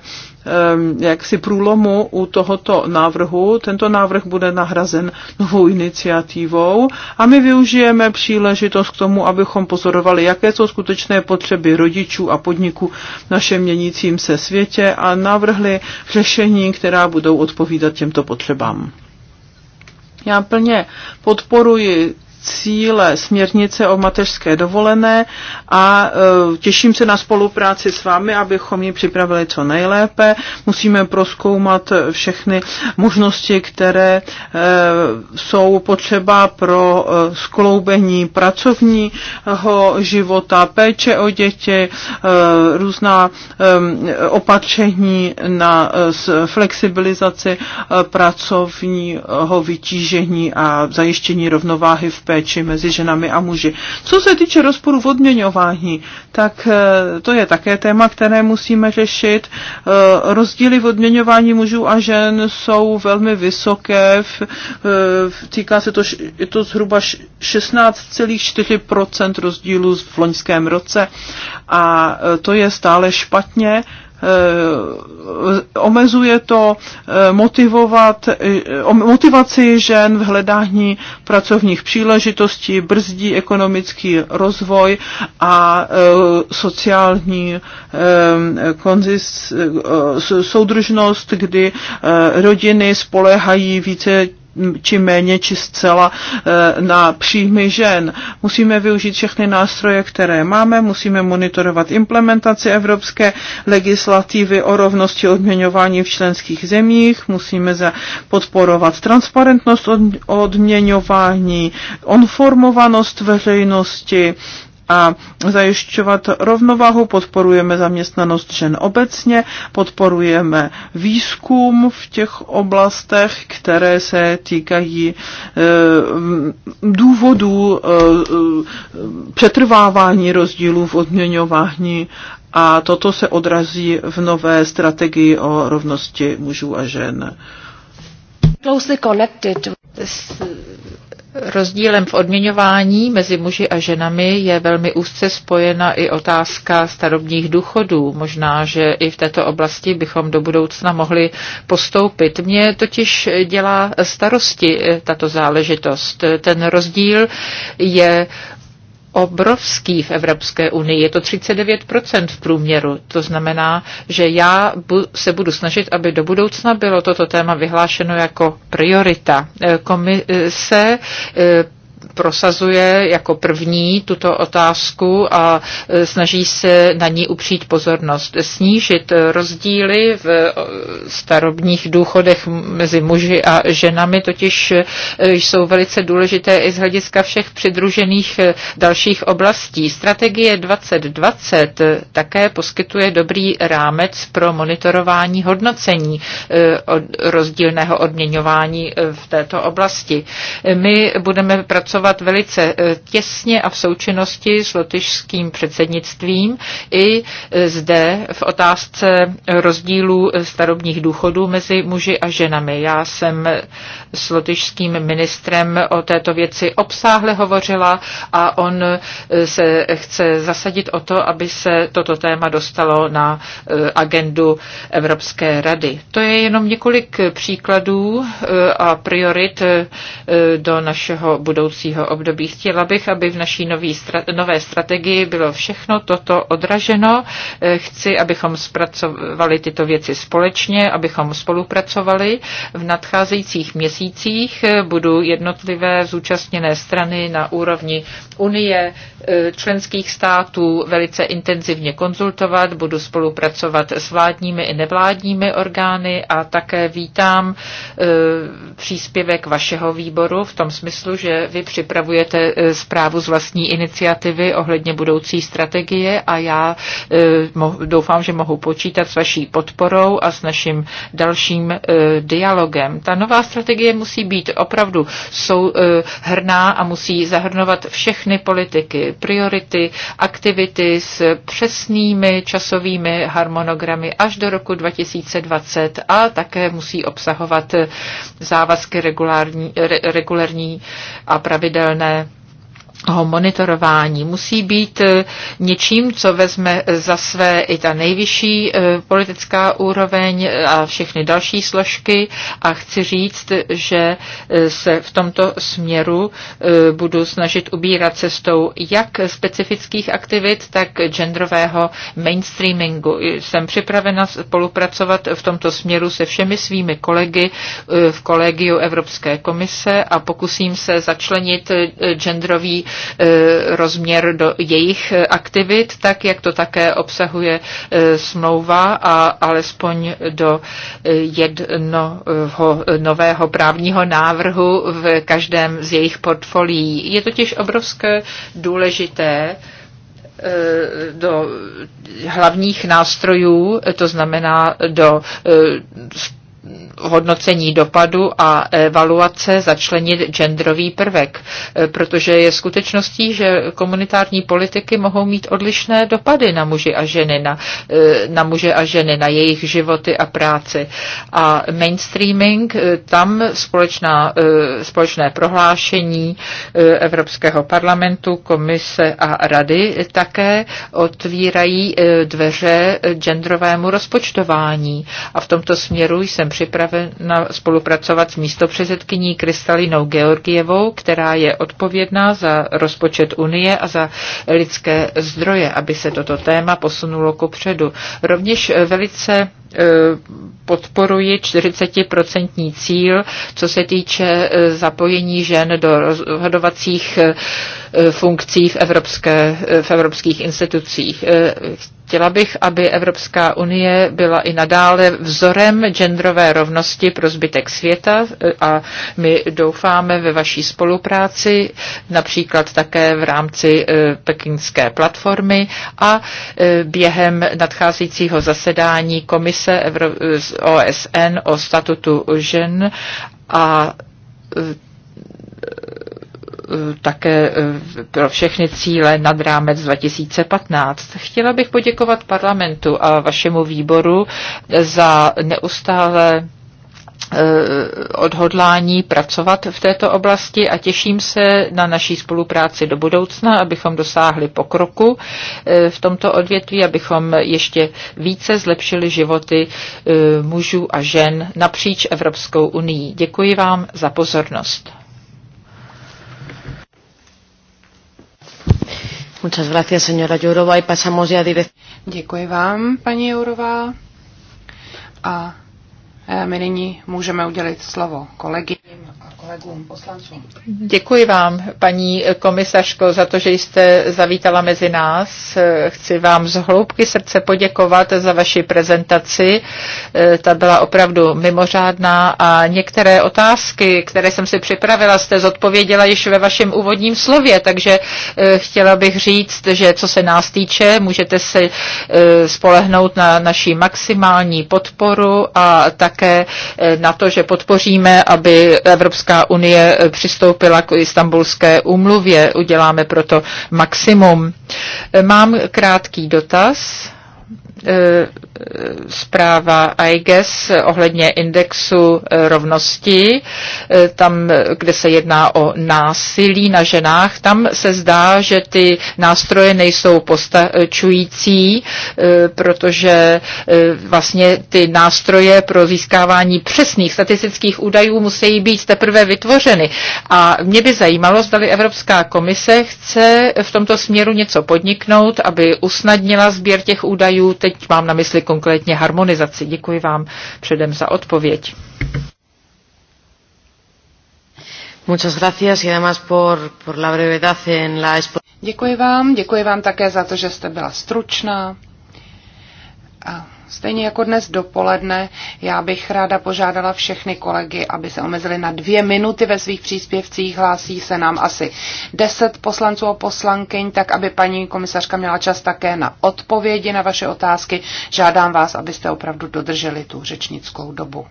Ehm, jaksi průlomu u tohoto návrhu. Tento návrh bude nahrazen novou iniciativou a my využijeme příležitost k tomu, abychom pozorovali, jaké jsou skutečné potřeby rodičů a podniků v našem měnícím se světě a navrhli řešení, která budou odpovídat těmto potřebám. Já plně podporuji cíle směrnice o mateřské dovolené a e, těším se na spolupráci s vámi, abychom ji připravili co nejlépe. Musíme proskoumat všechny možnosti, které e, jsou potřeba pro e, skloubení pracovního života, péče o děti, různá opatření na flexibilizaci pracovního vytížení a zajištění rovnováhy v péči péči mezi ženami a muži. Co se týče rozporu v odměňování, tak eh, to je také téma, které musíme řešit. Eh, rozdíly v odměňování mužů a žen jsou velmi vysoké. Eh, týká se to, je to zhruba 16,4% rozdílu v loňském roce a to je stále špatně Eh, omezuje to eh, motivovat, eh, motivaci žen v hledání pracovních příležitostí, brzdí ekonomický rozvoj a sociální soudržnost, kdy rodiny spolehají více či méně či zcela eh, na příjmy žen. Musíme využít všechny nástroje, které máme, musíme monitorovat implementaci evropské legislativy o rovnosti odměňování v členských zemích, musíme podporovat transparentnost odměňování, informovanost veřejnosti, a zajišťovat rovnováhu. Podporujeme zaměstnanost žen obecně, podporujeme výzkum v těch oblastech, které se týkají e, důvodů e, e, přetrvávání rozdílů v odměňování a toto se odrazí v nové strategii o rovnosti mužů a žen. Closely connected rozdílem v odměňování mezi muži a ženami je velmi úzce spojena i otázka starobních důchodů. Možná, že i v této oblasti bychom do budoucna mohli postoupit. Mě totiž dělá starosti eh, tato záležitost. Ten rozdíl je obrovský v Evropské unii. Je to 39% v průměru. To znamená, že já se budu snažit, aby do budoucna bylo toto téma vyhlášeno jako priorita. E, komise e, prosazuje jako první tuto otázku a e, snaží se na ní upřít pozornost. Snížit rozdíly v e, starobních důchodech mezi muži a ženami totiž e, jsou velice důležité i z hlediska všech přidružených dalších oblastí. Strategie 2020 také poskytuje dobrý rámec pro monitorování hodnocení rozdílného odměňování v této oblasti. My budeme pracovat pracovat velice e, těsně a v součinnosti s lotyšským předsednictvím i e, zde v otázce rozdílu e, starobních důchodů mezi muži a ženami. Já jsem s lotyšským ministrem o této věci obsáhle hovořila a on se chce zasadit o to, aby se toto téma dostalo na agendu Evropské rady. To je jenom několik příkladů a priorit do našeho budoucího budoucího období. Chtěla bych, aby v naší nový, nové strategii bylo všechno toto odraženo. Eh, chci, abychom zpracovali tyto věci společně, abychom spolupracovali. V nadcházejících měsících eh, budu jednotlivé zúčastněné strany na úrovni Unie, eh, členských států velice intenzivně konzultovat, budu spolupracovat s vládními i nevládními orgány a také vítám příspěvek vašeho výboru v tom smyslu, že vy připravujete eh, zprávu z vlastní iniciativy ohledně budoucí strategie a já eh, doufám, že mohu počítat s vaší podporou a s naším dalším eh, dialogem. Ta nová strategie musí být opravdu souhrná a musí zahrnovat všechny politiky, priority, aktivity s přesnými časovými harmonogramy až do roku 2020 a také musí obsahovat závazky regulární, re, regulární a pravidelné pravidelné toho monitorování musí být eh, něčím, co vezme eh, za své i ta nejvyšší eh, politická úroveň a všechny další složky a chci říct, že se v tomto směru budu snažit ubírat cestou jak specifických aktivit, tak genderového mainstreamingu. Jsem připravena spolupracovat v tomto směru se všemi svými kolegy v kolegiu Evropské komise a pokusím se začlenit genderový E, rozměr do jejich aktivit, tak jak to také obsahuje e, smlouva a alespoň do jednoho nového právního návrhu v každém z jejich portfolií. Je totiž obrovské důležité, e, do hlavních nástrojů, to znamená do hodnocení dopadu a evaluace začlenit genderový prvek, e, protože je skutečností, že komunitární politiky mohou mít odlišné dopady na muži a ženy, na, e, na muže a ženy, na jejich životy a práci. A mainstreaming, e, tam společná, společné prohlášení Evropského parlamentu, komise a rady také otvírají dveře genderovému rozpočtování. A v tomto směru jsem připravena spolupracovat s místopředsedkyní Kristalinou Georgievou, která je odpovědná za rozpočet Unie a za lidské zdroje, aby se toto téma posunulo předu. Rovněž velice e, podporuji 40% cíl, co se týče e, zapojení žen do rozhodovacích e, Eh, funkcí v, evropské, eh, v evropských institucích. Eh, chtěla bych, aby Evropská unie byla i nadále vzorem genderové rovnosti pro zbytek světa a my doufáme ve vaší spolupráci, například také v rámci pekinské platformy a během nadcházejícího zasedání Komise OSN o statutu žen a Eh, také eh, pro všechny cíle nad rámec 2015. Chtěla bych poděkovat parlamentu a vašemu výboru za neustále eh, odhodlání pracovat v této oblasti a těším se na naší spolupráci do budoucna, abychom dosáhli pokroku v tomto odvětví, abychom ještě více zlepšili životy mužů a žen napříč Evropskou unii. Děkuji vám za pozornost. Muchas gracias, señora Jourová. Y pasamos ya direct... Děkuji vám, paní Jourová. A eh, my nyní můžeme udělit slovo kolegyním a kolegům poslancům. Děkuji vám, paní komisařko, za to, že jste zavítala mezi nás. Chci vám z hloubky srdce poděkovat za vaši prezentaci. Eh, ta byla opravdu mimořádná a některé otázky, které jsem si připravila, jste zodpověděla již ve vašem úvodním slově, takže eh, chtěla bych říct, že co se nás týče, můžete se eh, spolehnout na naší maximální podporu a také na to, že podpoříme, aby Evropská unie eh, přistoupila k istambulské úmluvě. Uděláme proto maximum. Eh, mám krátký dotaz E, zpráva IGES ohledně indexu e, rovnosti, e, tam, kde se jedná o násilí na ženách, tam se zdá, že ty nástroje nejsou postačující, protože vlastně ty nástroje pro získávání přesných statistických údajů musí být teprve vytvořeny. A mě by zajímalo, zda Evropská komise chce v tomto směru něco podniknout, aby usnadnila sběr těch údajů, ty Teď mám na mysli konkrétně harmonizaci. Děkuji vám předem za odpověď. Muchas gracias y además por, por la brevedad en la Děkuji vám, děkuji vám také za to, že jste byla stručná. A Stejně jako dnes dopoledne, já bych ráda požádala všechny kolegy, aby se omezili na dvě minuty ve svých příspěvcích. Hlásí se nám asi deset poslanců a poslankyň, tak aby paní komisařka měla čas také na odpovědi na vaše otázky. Žádám vás, abyste opravdu dodrželi tu řečnickou dobu.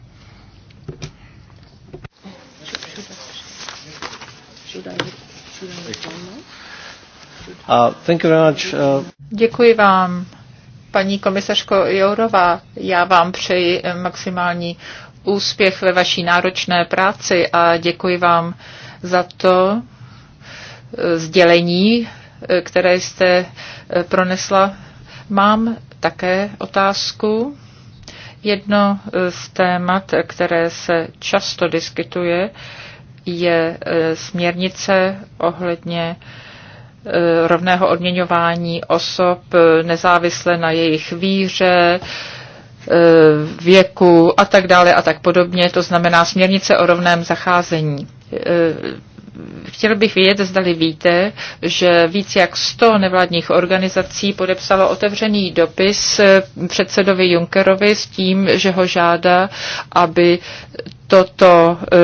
Uh, uh, Děkuji vám. Paní komisařko Jourová, já vám přeji maximální úspěch ve vaší náročné práci a děkuji vám za to eh, sdělení, eh, které jste eh, pronesla. Mám také otázku. Jedno z témat, které se často diskutuje, je směrnice ohledně Eh, rovného odměňování osob eh, nezávisle na jejich víře, eh, věku a tak dále a tak podobně, to znamená směrnice o rovném zacházení chtěl bych vědět, zdali víte, že víc jak 100 nevládních organizací podepsalo otevřený dopis předsedovi Junckerovi s tím, že ho žádá, aby toto, eh,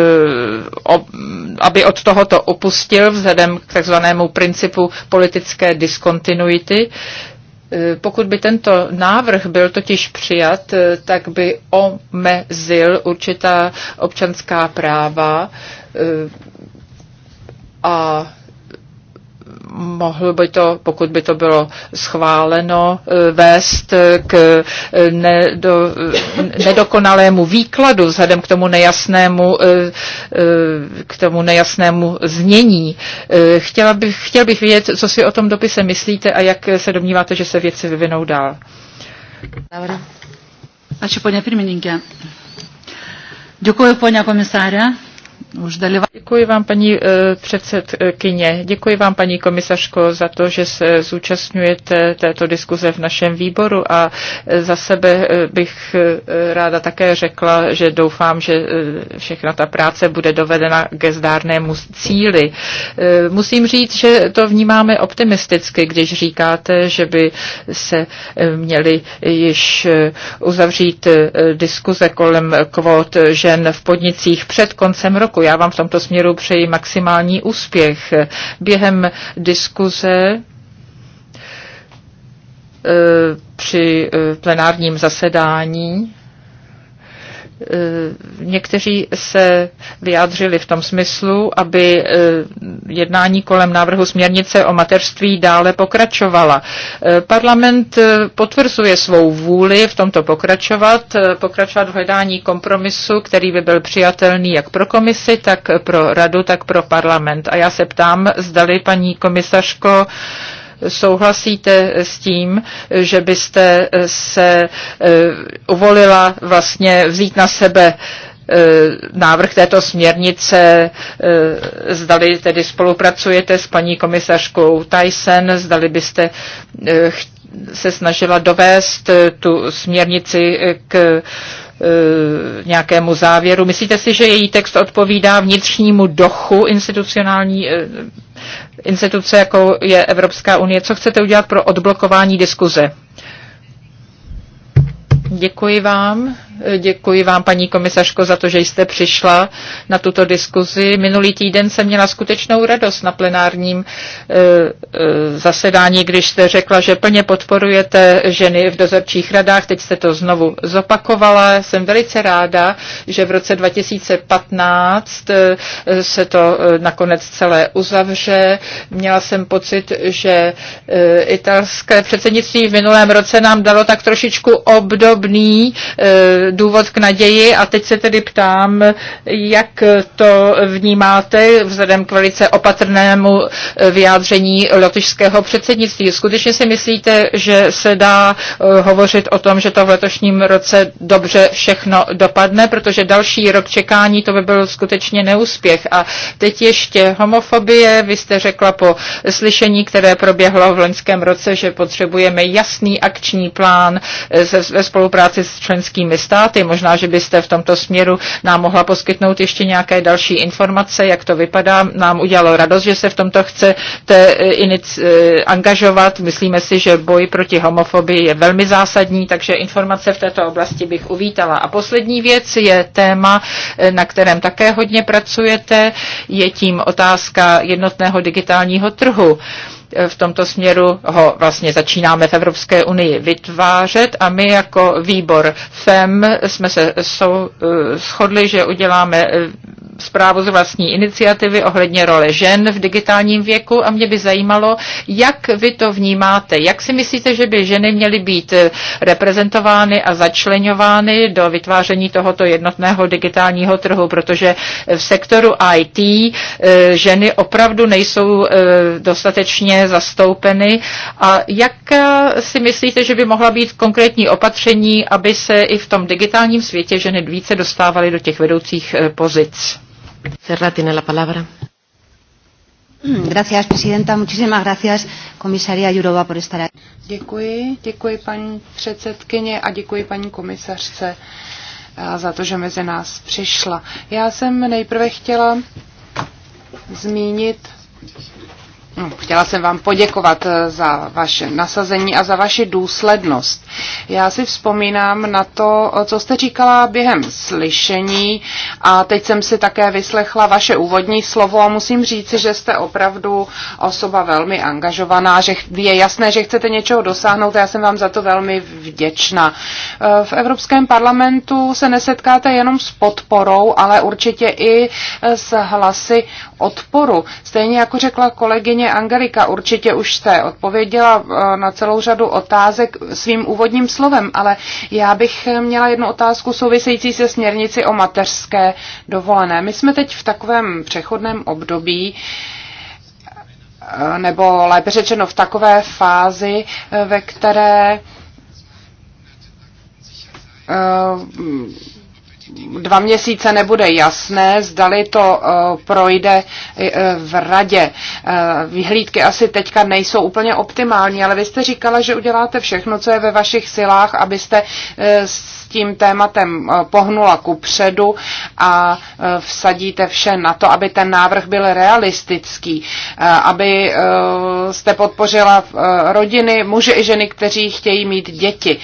aby od tohoto opustil vzhledem k takzvanému principu politické diskontinuity. Eh, pokud by tento návrh byl totiž přijat, eh, tak by omezil určitá občanská práva a mohl by to, pokud by to bylo schváleno, eh, vést k eh, nedo, eh, nedokonalému výkladu vzhledem k tomu nejasnému, k tomu nejasnému znění. Chtěla bych, chtěl bych vědět, co si o tom dopise myslíte a jak se domníváte, že se věci vyvinou dál. Dobrá. Ačiū, ponia pirmininkė. Děkuji vám, paní eh, předsedkyně. Děkuji vám, paní komisařko, za to, že se zúčastňujete této diskuze v našem výboru a eh, za sebe eh, bych ráda také řekla, že doufám, že všechna ta práce bude dovedena ke zdárnému cíli. Musím říct, že to vnímáme optimisticky, když říkáte, že by se měly již uzavřít diskuze kolem kvót žen v podnicích před koncem roku. Já vám v tomto směru přeji maximální úspěch. Během diskuze eh, při eh, plenárním zasedání Eh, někteří se vyjádřili v tom smyslu, aby eh, jednání kolem návrhu směrnice o mateřství dále pokračovala. Eh, parlament potvrzuje svou vůli v tomto pokračovat, pokračovat v hledání kompromisu, který by byl přijatelný jak pro komisi, tak pro radu, tak pro parlament. A já se ptám, zdali paní komisařko, souhlasíte s tím, že byste se eh, uvolila vlastně vzít na sebe eh, návrh této směrnice, eh, zdali tedy spolupracujete s paní komisařkou Tyson, zdali byste se snažila dovést tu směrnici k Eh, nějakému závěru. Myslíte si, že její text odpovídá vnitřnímu dochu institucionální eh, instituce, jako je Evropská unie? Co chcete udělat pro odblokování diskuze? Děkuji vám. Děkuji vám, paní komisařko, za to, že jste přišla na tuto diskuzi. Minulý týden jsem měla skutečnou radost na plenárním e, e, zasedání, když jste řekla, že plně podporujete ženy v dozorčích radách. Teď jste to znovu zopakovala. Jsem velice ráda, že v roce 2015 e, se to nakonec celé uzavře. Měla jsem pocit, že italské předsednictví v minulém roce nám dalo tak trošičku obdobný důvod k naději a teď se tedy ptám, jak to vnímáte vzhledem k velice opatrnému eh, vyjádření lotyšského předsednictví. Skutečně si myslíte, že se dá eh, hovořit o tom, že to v letošním roce dobře všechno dopadne, protože další rok čekání to by byl skutečně neúspěch. A teď ještě homofobie. Vy jste řekla po slyšení, které proběhlo v loňském roce, že potřebujeme jasný akční plán eh, ve spolupráci s členskými státy státy. Možná, že byste v tomto směru nám mohla poskytnout ještě nějaké další informace, jak to vypadá. Nám udělalo radost, že se v tomto chcete eh, inic, eh, angažovat. Myslíme si, že boj proti homofobii je velmi zásadní, takže informace v této oblasti bych uvítala. A poslední věc je téma, eh, na kterém také hodně pracujete, je tím otázka jednotného digitálního trhu. Eh, v tomto směru ho vlastně začínáme v Evropské unii vytvářet a my jako výbor FEM jsme se eh, shodli, že uděláme eh, zprávu z vlastní iniciativy ohledně role žen v digitálním věku a mě by zajímalo, jak vy to vnímáte. Jak si myslíte, že by ženy měly být reprezentovány a začlenovány do vytváření tohoto jednotného digitálního trhu, protože v sektoru IT eh, ženy opravdu nejsou eh, dostatečně zastoupeny a jak si myslíte, že by mohla být konkrétní opatření, aby se i v tom digitálním světě ženy více dostávaly do těch vedoucích eh, pozic? Serra tiene la palabra. Gracias, presidenta. Muchísimas gracias, comisaria Jurova, por estar aquí. Děkuji, děkuji paní předsedkyně a děkuji paní komisařce eh, za to, že mezi nás přišla. Já jsem nejprve chtěla zmínit No, chtěla jsem vám poděkovat eh, za vaše nasazení a za vaši důslednost. Já si vzpomínám na to, eh, co jste říkala během slyšení a teď jsem si také vyslechla vaše úvodní slovo a musím říci, že jste opravdu osoba velmi angažovaná, že je jasné, že chcete něčeho dosáhnout a já jsem vám za to velmi vděčná. Eh, v Evropském parlamentu se nesetkáte jenom s podporou, ale určitě i s hlasy odporu. Stejně jako řekla kolegyně kolegyně Angelika, určitě už jste odpověděla eh, na celou řadu otázek svým úvodním slovem, ale já bych měla jednu otázku související se směrnici o mateřské dovolené. My jsme teď v takovém přechodném období, eh, nebo lépe řečeno v takové fázi, eh, ve které dva měsíce nebude jasné, zdali to eh, projde eh, v radě. Eh, vyhlídky asi teďka nejsou úplně optimální, ale vy jste říkala, že uděláte všechno, co je ve vašich silách, abyste s tím tématem pohnula ku předu a vsadíte vše na to, aby ten návrh byl realistický, aby jste podpořila rodiny, muže i ženy, kteří chtějí mít děti.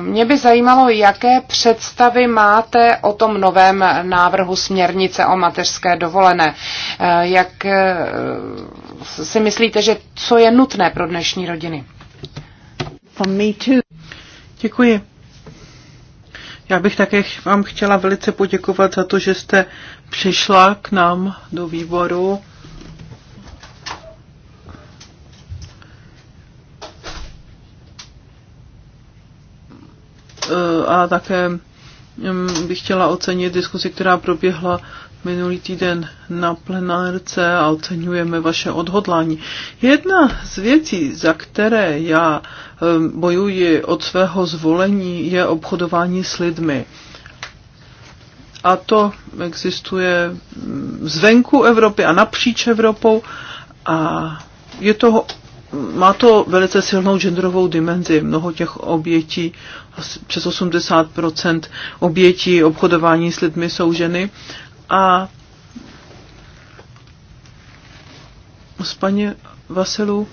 Mě by zajímalo, jaké představy má jednáte o tom novém návrhu směrnice o mateřské dovolené. Eh, jak eh, si myslíte, že co je nutné pro dnešní rodiny? Děkuji. Já bych také vám chtěla velice poděkovat za to, že jste přišla k nám do výboru. Eh, a také Hm, bych chtěla ocenit diskusi, která proběhla minulý týden na plenárce a oceňujeme vaše odhodlání. Jedna z věcí, za které já hm, bojuji od svého zvolení, je obchodování s lidmi. A to existuje hm, zvenku Evropy a napříč Evropou a je toho má to velice silnou genderovou dimenzi. Mnoho těch obětí, asi přes 80% obětí obchodování s lidmi jsou ženy. A s paní Vasilu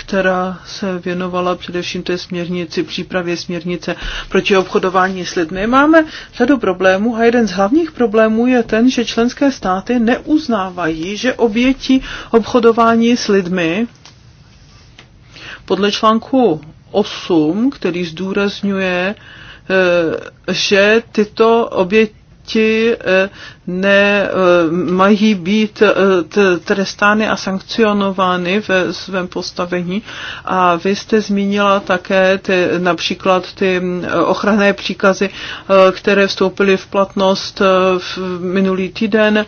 která se věnovala především té směrnici, přípravě směrnice proti obchodování s lidmi. Máme řadu problémů a jeden z hlavních problémů je ten, že členské státy neuznávají, že oběti obchodování s lidmi podle článku 8, který zdůrazňuje, eh, že tyto oběti oběti eh, ne, eh, mají být eh, trestány a sankcionovány ve svém postavení. A vy jste zmínila také ty, například ty mm, ochranné příkazy, eh, které vstoupily v platnost v minulý týden.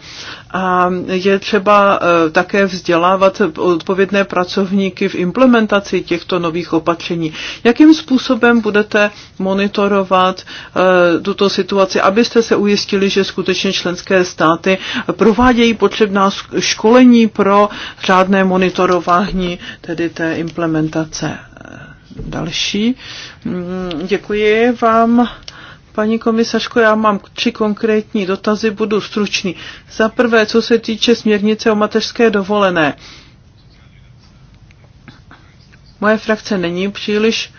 A je třeba také vzdělávat odpovědné pracovníky v implementaci těchto nových opatření. Jakým způsobem budete monitorovat tuto situaci, abyste se ujistili, že skutečně členské členské státy provádějí potřebná školení pro řádné monitorování tedy té implementace. Další. Mm, děkuji vám. Paní komisařko, já mám tři konkrétní dotazy, budu stručný. Za prvé, co se týče směrnice o mateřské dovolené. Moje frakce není příliš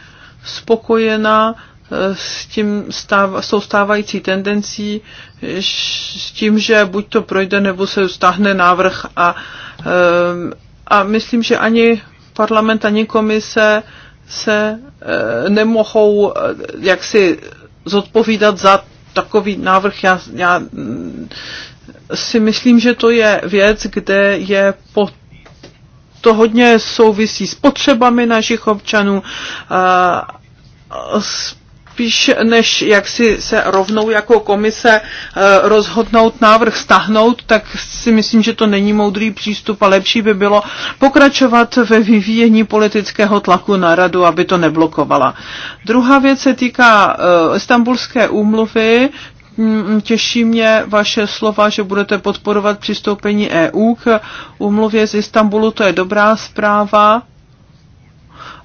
spokojená s, tím stáv, s tou stávající tendencí, s tím, že buď to projde, nebo se stáhne návrh a, ehm, a myslím, že ani parlament, ani komise se eh, nemohou eh, jaksi zodpovídat za takový návrh. Já, já mm, si myslím, že to je věc, kde je po to hodně souvisí s potřebami našich občanů, a eh, s spíš než jak si se rovnou jako komise eh, rozhodnout návrh stahnout, tak si myslím, že to není moudrý přístup a lepší by bylo pokračovat ve vyvíjení politického tlaku na radu, aby to neblokovala. Druhá věc se týká eh, Istanbulské úmluvy, mm, těší mě vaše slova, že budete podporovat přistoupení EU k umluvě z Istanbulu, to je dobrá zpráva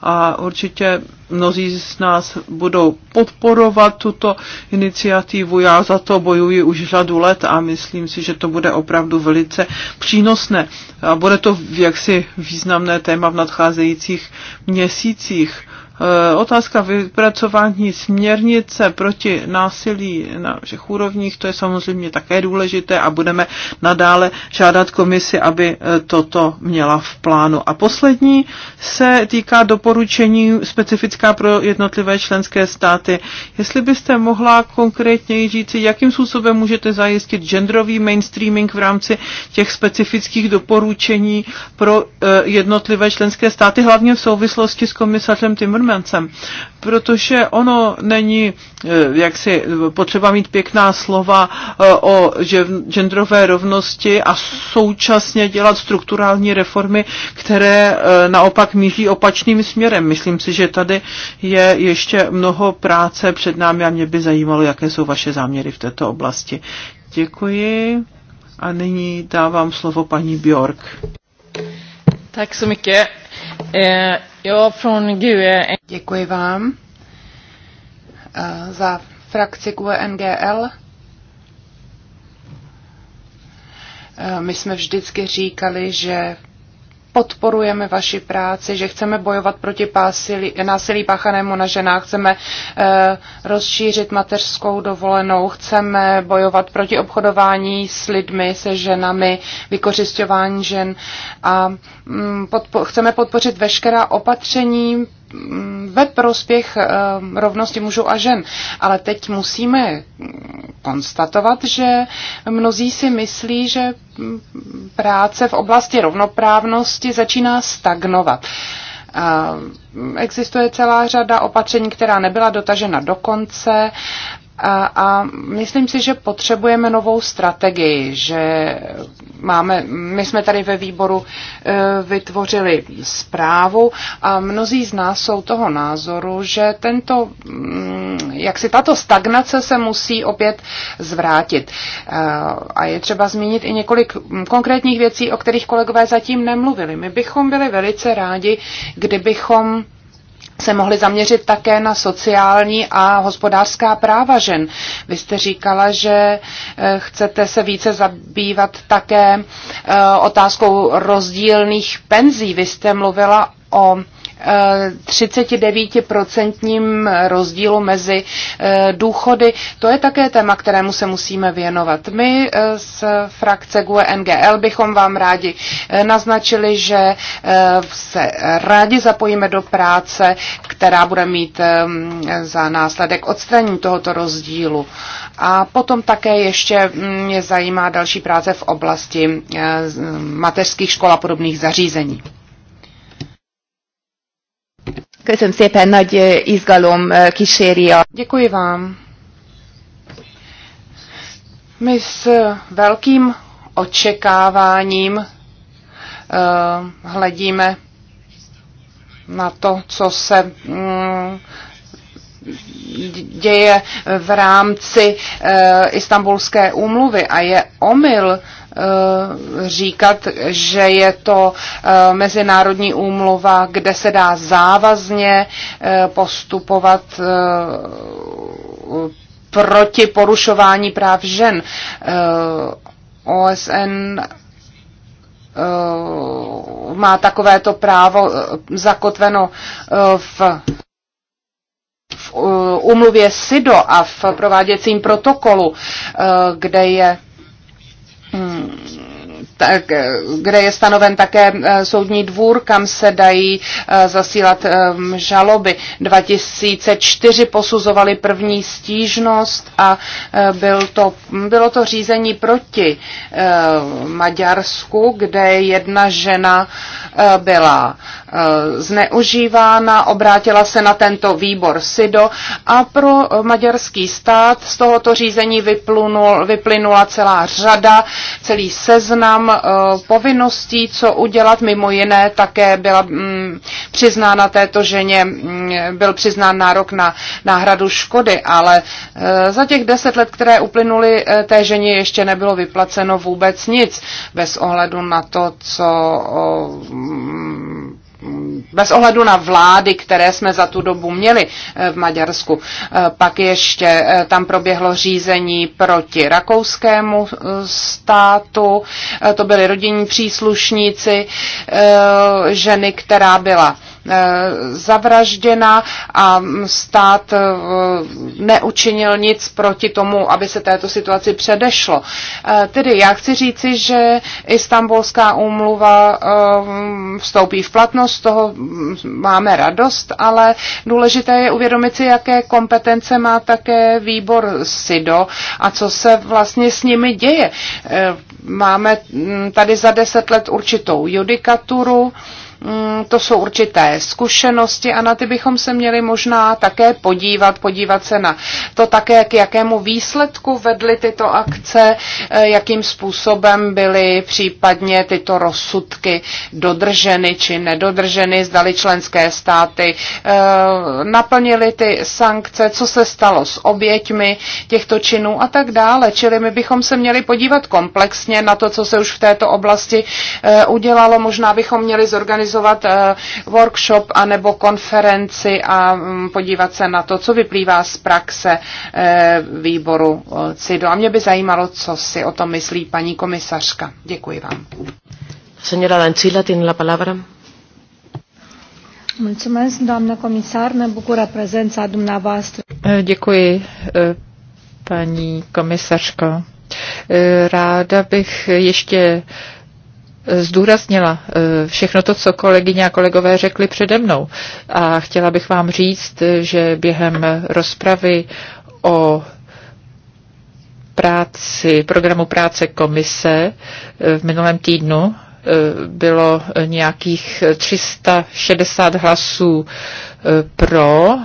a určitě mnozí z nás budou podporovat tuto iniciativu. Já za to bojuji už řadu let a myslím si, že to bude opravdu velice přínosné a bude to jaksi významné téma v nadcházejících měsících. Eh, otázka vypracování směrnice proti násilí na všech úrovních, to je samozřejmě také důležité a budeme nadále žádat komisi, aby eh, toto měla v plánu. A poslední se týká doporučení specifická pro jednotlivé členské státy. Jestli byste mohla konkrétně říci, jakým způsobem můžete zajistit genderový mainstreaming v rámci těch specifických doporučení pro eh, jednotlivé členské státy, hlavně v souvislosti s komisařem Timmermansem, poslancem, protože ono není eh, jak si potřeba mít pěkná slova eh, o genderové rovnosti a současně dělat strukturální reformy, které eh, naopak míří opačným směrem. Myslím si, že tady je ještě mnoho práce před námi a mě by zajímalo, jaké jsou vaše záměry v této oblasti. Děkuji a nyní dávám slovo paní Bjork. Tak so mycket. Eh, e Děkuji vám eh, za frakci QNGL. E eh, my jsme vždycky říkali, že podporujeme vaši práci, že chceme bojovat proti pásilí, násilí páchanému na ženách, chceme eh, rozšířit mateřskou dovolenou, chceme bojovat proti obchodování s lidmi, se ženami, vykořišťování žen a mm, podpo- chceme podpořit veškerá opatření mm, ve prospěch eh, rovnosti mužů a žen. Ale teď musíme konstatovat, že mnozí si myslí, že práce v oblasti rovnoprávnosti začíná stagnovat. Existuje celá řada opatření, která nebyla dotažena do konce a myslím si, že potřebujeme novou strategii, že máme, my jsme tady ve výboru e, vytvořili zprávu a mnozí z nás jsou toho názoru, že tento, mm, jak si tato stagnace se musí opět zvrátit. E, a je třeba zmínit i několik mm, konkrétních věcí, o kterých kolegové zatím nemluvili. My bychom byli velice rádi, kdybychom se mohli zaměřit také na sociální a hospodářská práva žen. Vy jste říkala, že eh, chcete se více zabývat také eh, otázkou rozdílných penzí. Vy jste mluvila o 39% rozdílu mezi eh, důchody. To je také téma, kterému se musíme věnovat. My eh, z frakce GUE NGL bychom vám rádi eh, naznačili, že se rádi zapojíme do práce, která bude mít za následek odstranění tohoto rozdílu. A potom také ještě mm, mě zajímá další práce v oblasti mateřských škol a podobných zařízení. Köszönöm szépen, nagy izgalom kíséri a... Děkuji vám. My s velkým očekáváním uh, hledíme na to, co se um, děje v rámci uh, e, istambulské úmluvy a je omyl Eh, říkat, že je to eh, mezinárodní úmluva, kde se dá závazně eh, postupovat proti porušování práv žen. OSN má takovéto právo zakotveno v umluvě SIDO a v prováděcím protokolu, kde je Hmm, tak, eh, kde je stanoven také eh, soudní dvůr, kam se dají eh, zasílat ehm, žaloby. 2004 posuzovali první stížnost a byl to, bylo to řízení proti Maďarsku, kde jedna žena byla Eh, zneužívána, obrátila se na tento výbor SIDO a pro maďarský stát z tohoto řízení vyplunul, vyplynula celá řada, celý seznam eh, povinností, co udělat, mimo jiné také byla mm, přiznána této ženě, mm, byl přiznán nárok na náhradu škody, ale eh, za těch deset let, které uplynuly té ženě, ještě nebylo vyplaceno vůbec nic, bez ohledu na to, co mm, bez ohledu na vlády, které jsme za tu dobu měli eh, v Maďarsku. Eh, pak ještě eh, tam proběhlo řízení proti rakouskému státu, to byli rodinní příslušníci ženy, která byla Eh, zavražděna a stát eh, neučinil nic proti tomu, aby se této situaci předešlo. Eh, tedy já chci říci, že Istanbulská úmluva vstoupí v platnost, z toho máme radost, ale důležité je uvědomit si, jaké kompetence má také výbor SIDO a co se vlastně s nimi děje. Máme hm, tady za deset let určitou judikaturu, Mm, to jsou určité zkušenosti a na ty bychom se měli možná také podívat, podívat se na to také, k jakému výsledku vedly tyto akce, eh, jakým způsobem byly případně tyto rozsudky dodrženy či nedodrženy, zdali členské státy eh, naplnily ty sankce, co se stalo s oběťmi těchto činů a tak dále. Čili my bychom se měli podívat komplexně na to, co se už v této oblasti eh, udělalo. Možná bychom měli zorganizovat Organizovat eh, workshop anebo konferenci a mm, podívat se na to, co vyplývá z praxe eh, výboru eh, CIDO. A mě by zajímalo, co si o tom myslí paní komisařka. Děkuji vám. Senora Lancila, tiene la palabra. Mulțumesc, doamnă comisar, ne bucură prezența dumneavoastră. Děkuji, paní komisařko. Ráda bych ještě zdůraznila eh, všechno to, co kolegyně a kolegové řekli přede mnou. A chtěla bych vám říct, eh, že během rozpravy o práci, programu práce komise eh, v minulém týdnu bylo nějakých 360 hlasů pro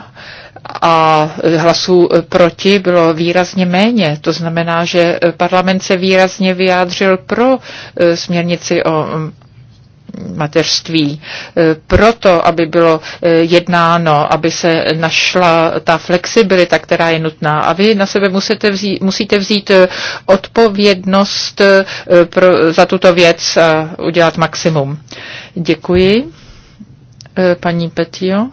a hlasů proti bylo výrazně méně. To znamená, že parlament se výrazně vyjádřil pro e, směrnici o mm, mateřství. E, proto, aby bylo e, jednáno, aby se našla ta flexibilita, která je nutná. A vy na sebe musíte vzít, musíte vzít odpovědnost pro, za tuto věc a udělat maximum. Děkuji. Paní Petio.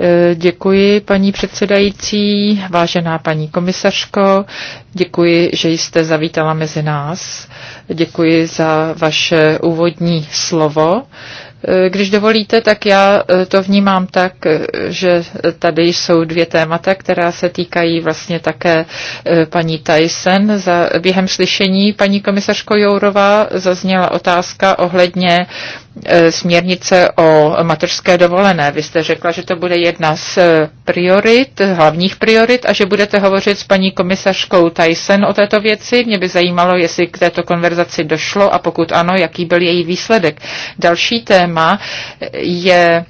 Eh, děkuji, paní předsedající, vážená paní komisařko, děkuji, že jste zavítala mezi nás, děkuji za vaše úvodní slovo. Eh, když dovolíte, tak já eh, to vnímám tak, že tady jsou dvě témata, která se týkají vlastně také paní Tyson. Za, během slyšení paní komisařko Jourová zazněla otázka ohledně E, směrnice o mateřské dovolené. Vy jste řekla, že to bude jedna z e, priorit, hlavních priorit a že budete hovořit s paní komisařkou Tyson o této věci. Mě by zajímalo, jestli k této konverzaci došlo a pokud ano, jaký byl její výsledek. Další téma je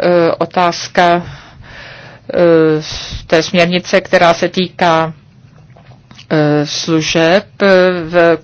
e, otázka té směrnice, která se týká Eh, služeb eh, v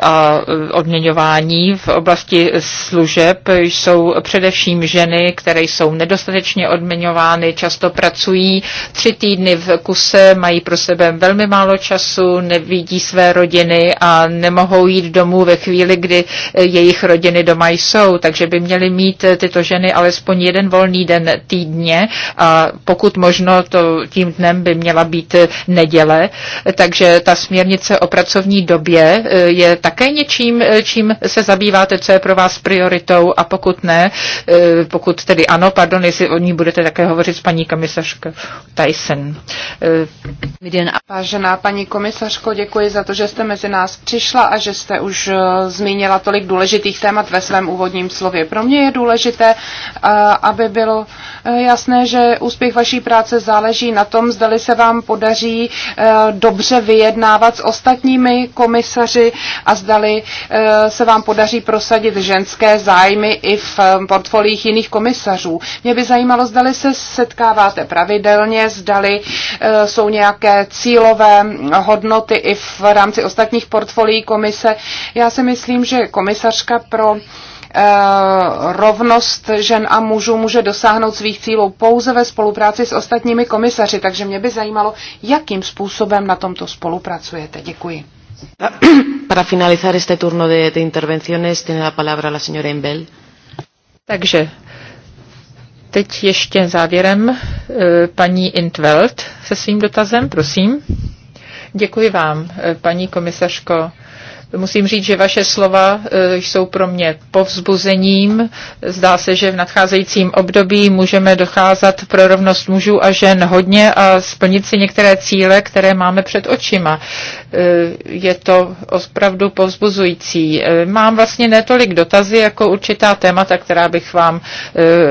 a eh, odměňování v oblasti služeb jsou především ženy, které jsou nedostatečně odměňovány, často pracují tři týdny v kuse, mají pro sebe velmi málo času, nevidí své rodiny a nemohou jít domů ve chvíli, kdy jejich rodiny doma jsou. Takže by měly mít tyto ženy alespoň jeden volný den týdně a pokud možno to tím dnem by měla být neděle. Takže ta směrnice o pracovní době eh, je také něčím, eh, čím se zabýváte, co je pro vás prioritou a pokud ne, eh, pokud tedy ano, pardon, jestli o ní budete také hovořit s paní komisařkou Tyson. Vážená paní komisařko, děkuji za to, že jste mezi nás přišla a že jste už zmínila tolik důležitých témat ve svém úvodním slově. Pro mě je důležité, aby bylo jasné, že úspěch vaší práce záleží na tom, zdali se vám podaří dobře vyjednat vyjednávat s ostatními komisaři a zdali eh, se vám podaří prosadit ženské zájmy i v eh, portfoliích jiných komisařů. Mě by zajímalo, zdali se setkáváte pravidelně, zdali eh, jsou nějaké cílové hodnoty i v rámci ostatních portfolií komise. Já si myslím, že komisařka pro Eh, rovnost žen a mužů může dosáhnout svých cílů pouze ve spolupráci s ostatními komisaři, takže mě by zajímalo, jakým způsobem na tomto spolupracujete. Děkuji. Para finalizar este turno de, de intervenciones, tiene la palabra la señora Embel. Takže teď ještě závěrem eh, paní Intveld se svým dotazem, prosím. Děkuji vám, eh, paní komisařko. Musím říct, že vaše slova e, jsou pro mě povzbuzením. Zdá se, že v nadcházejícím období můžeme docházet pro rovnost mužů a žen hodně a splnit si některé cíle, které máme před očima. E, je to opravdu povzbuzující. E, mám vlastně netolik dotazy jako určitá témata, která bych vám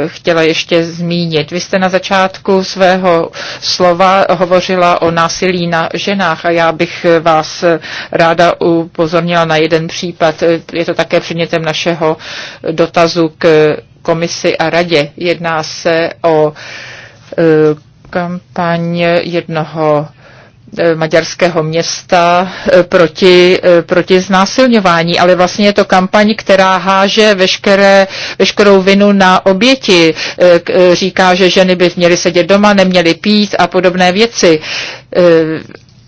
chtěla ještě zmínit. Vy jste na začátku svého slova hovořila o násilí na ženách a já bych vás ráda upozornila vzpomněla na jeden případ. Je to také předmětem našeho dotazu k komisi a radě. Jedná se o e, kampaň jednoho e, maďarského města e, proti, proti znásilňování, ale vlastně je to kampaň, která háže veškeré, veškerou vinu na oběti. Říká, že ženy by měly sedět doma, neměly pít a podobné věci.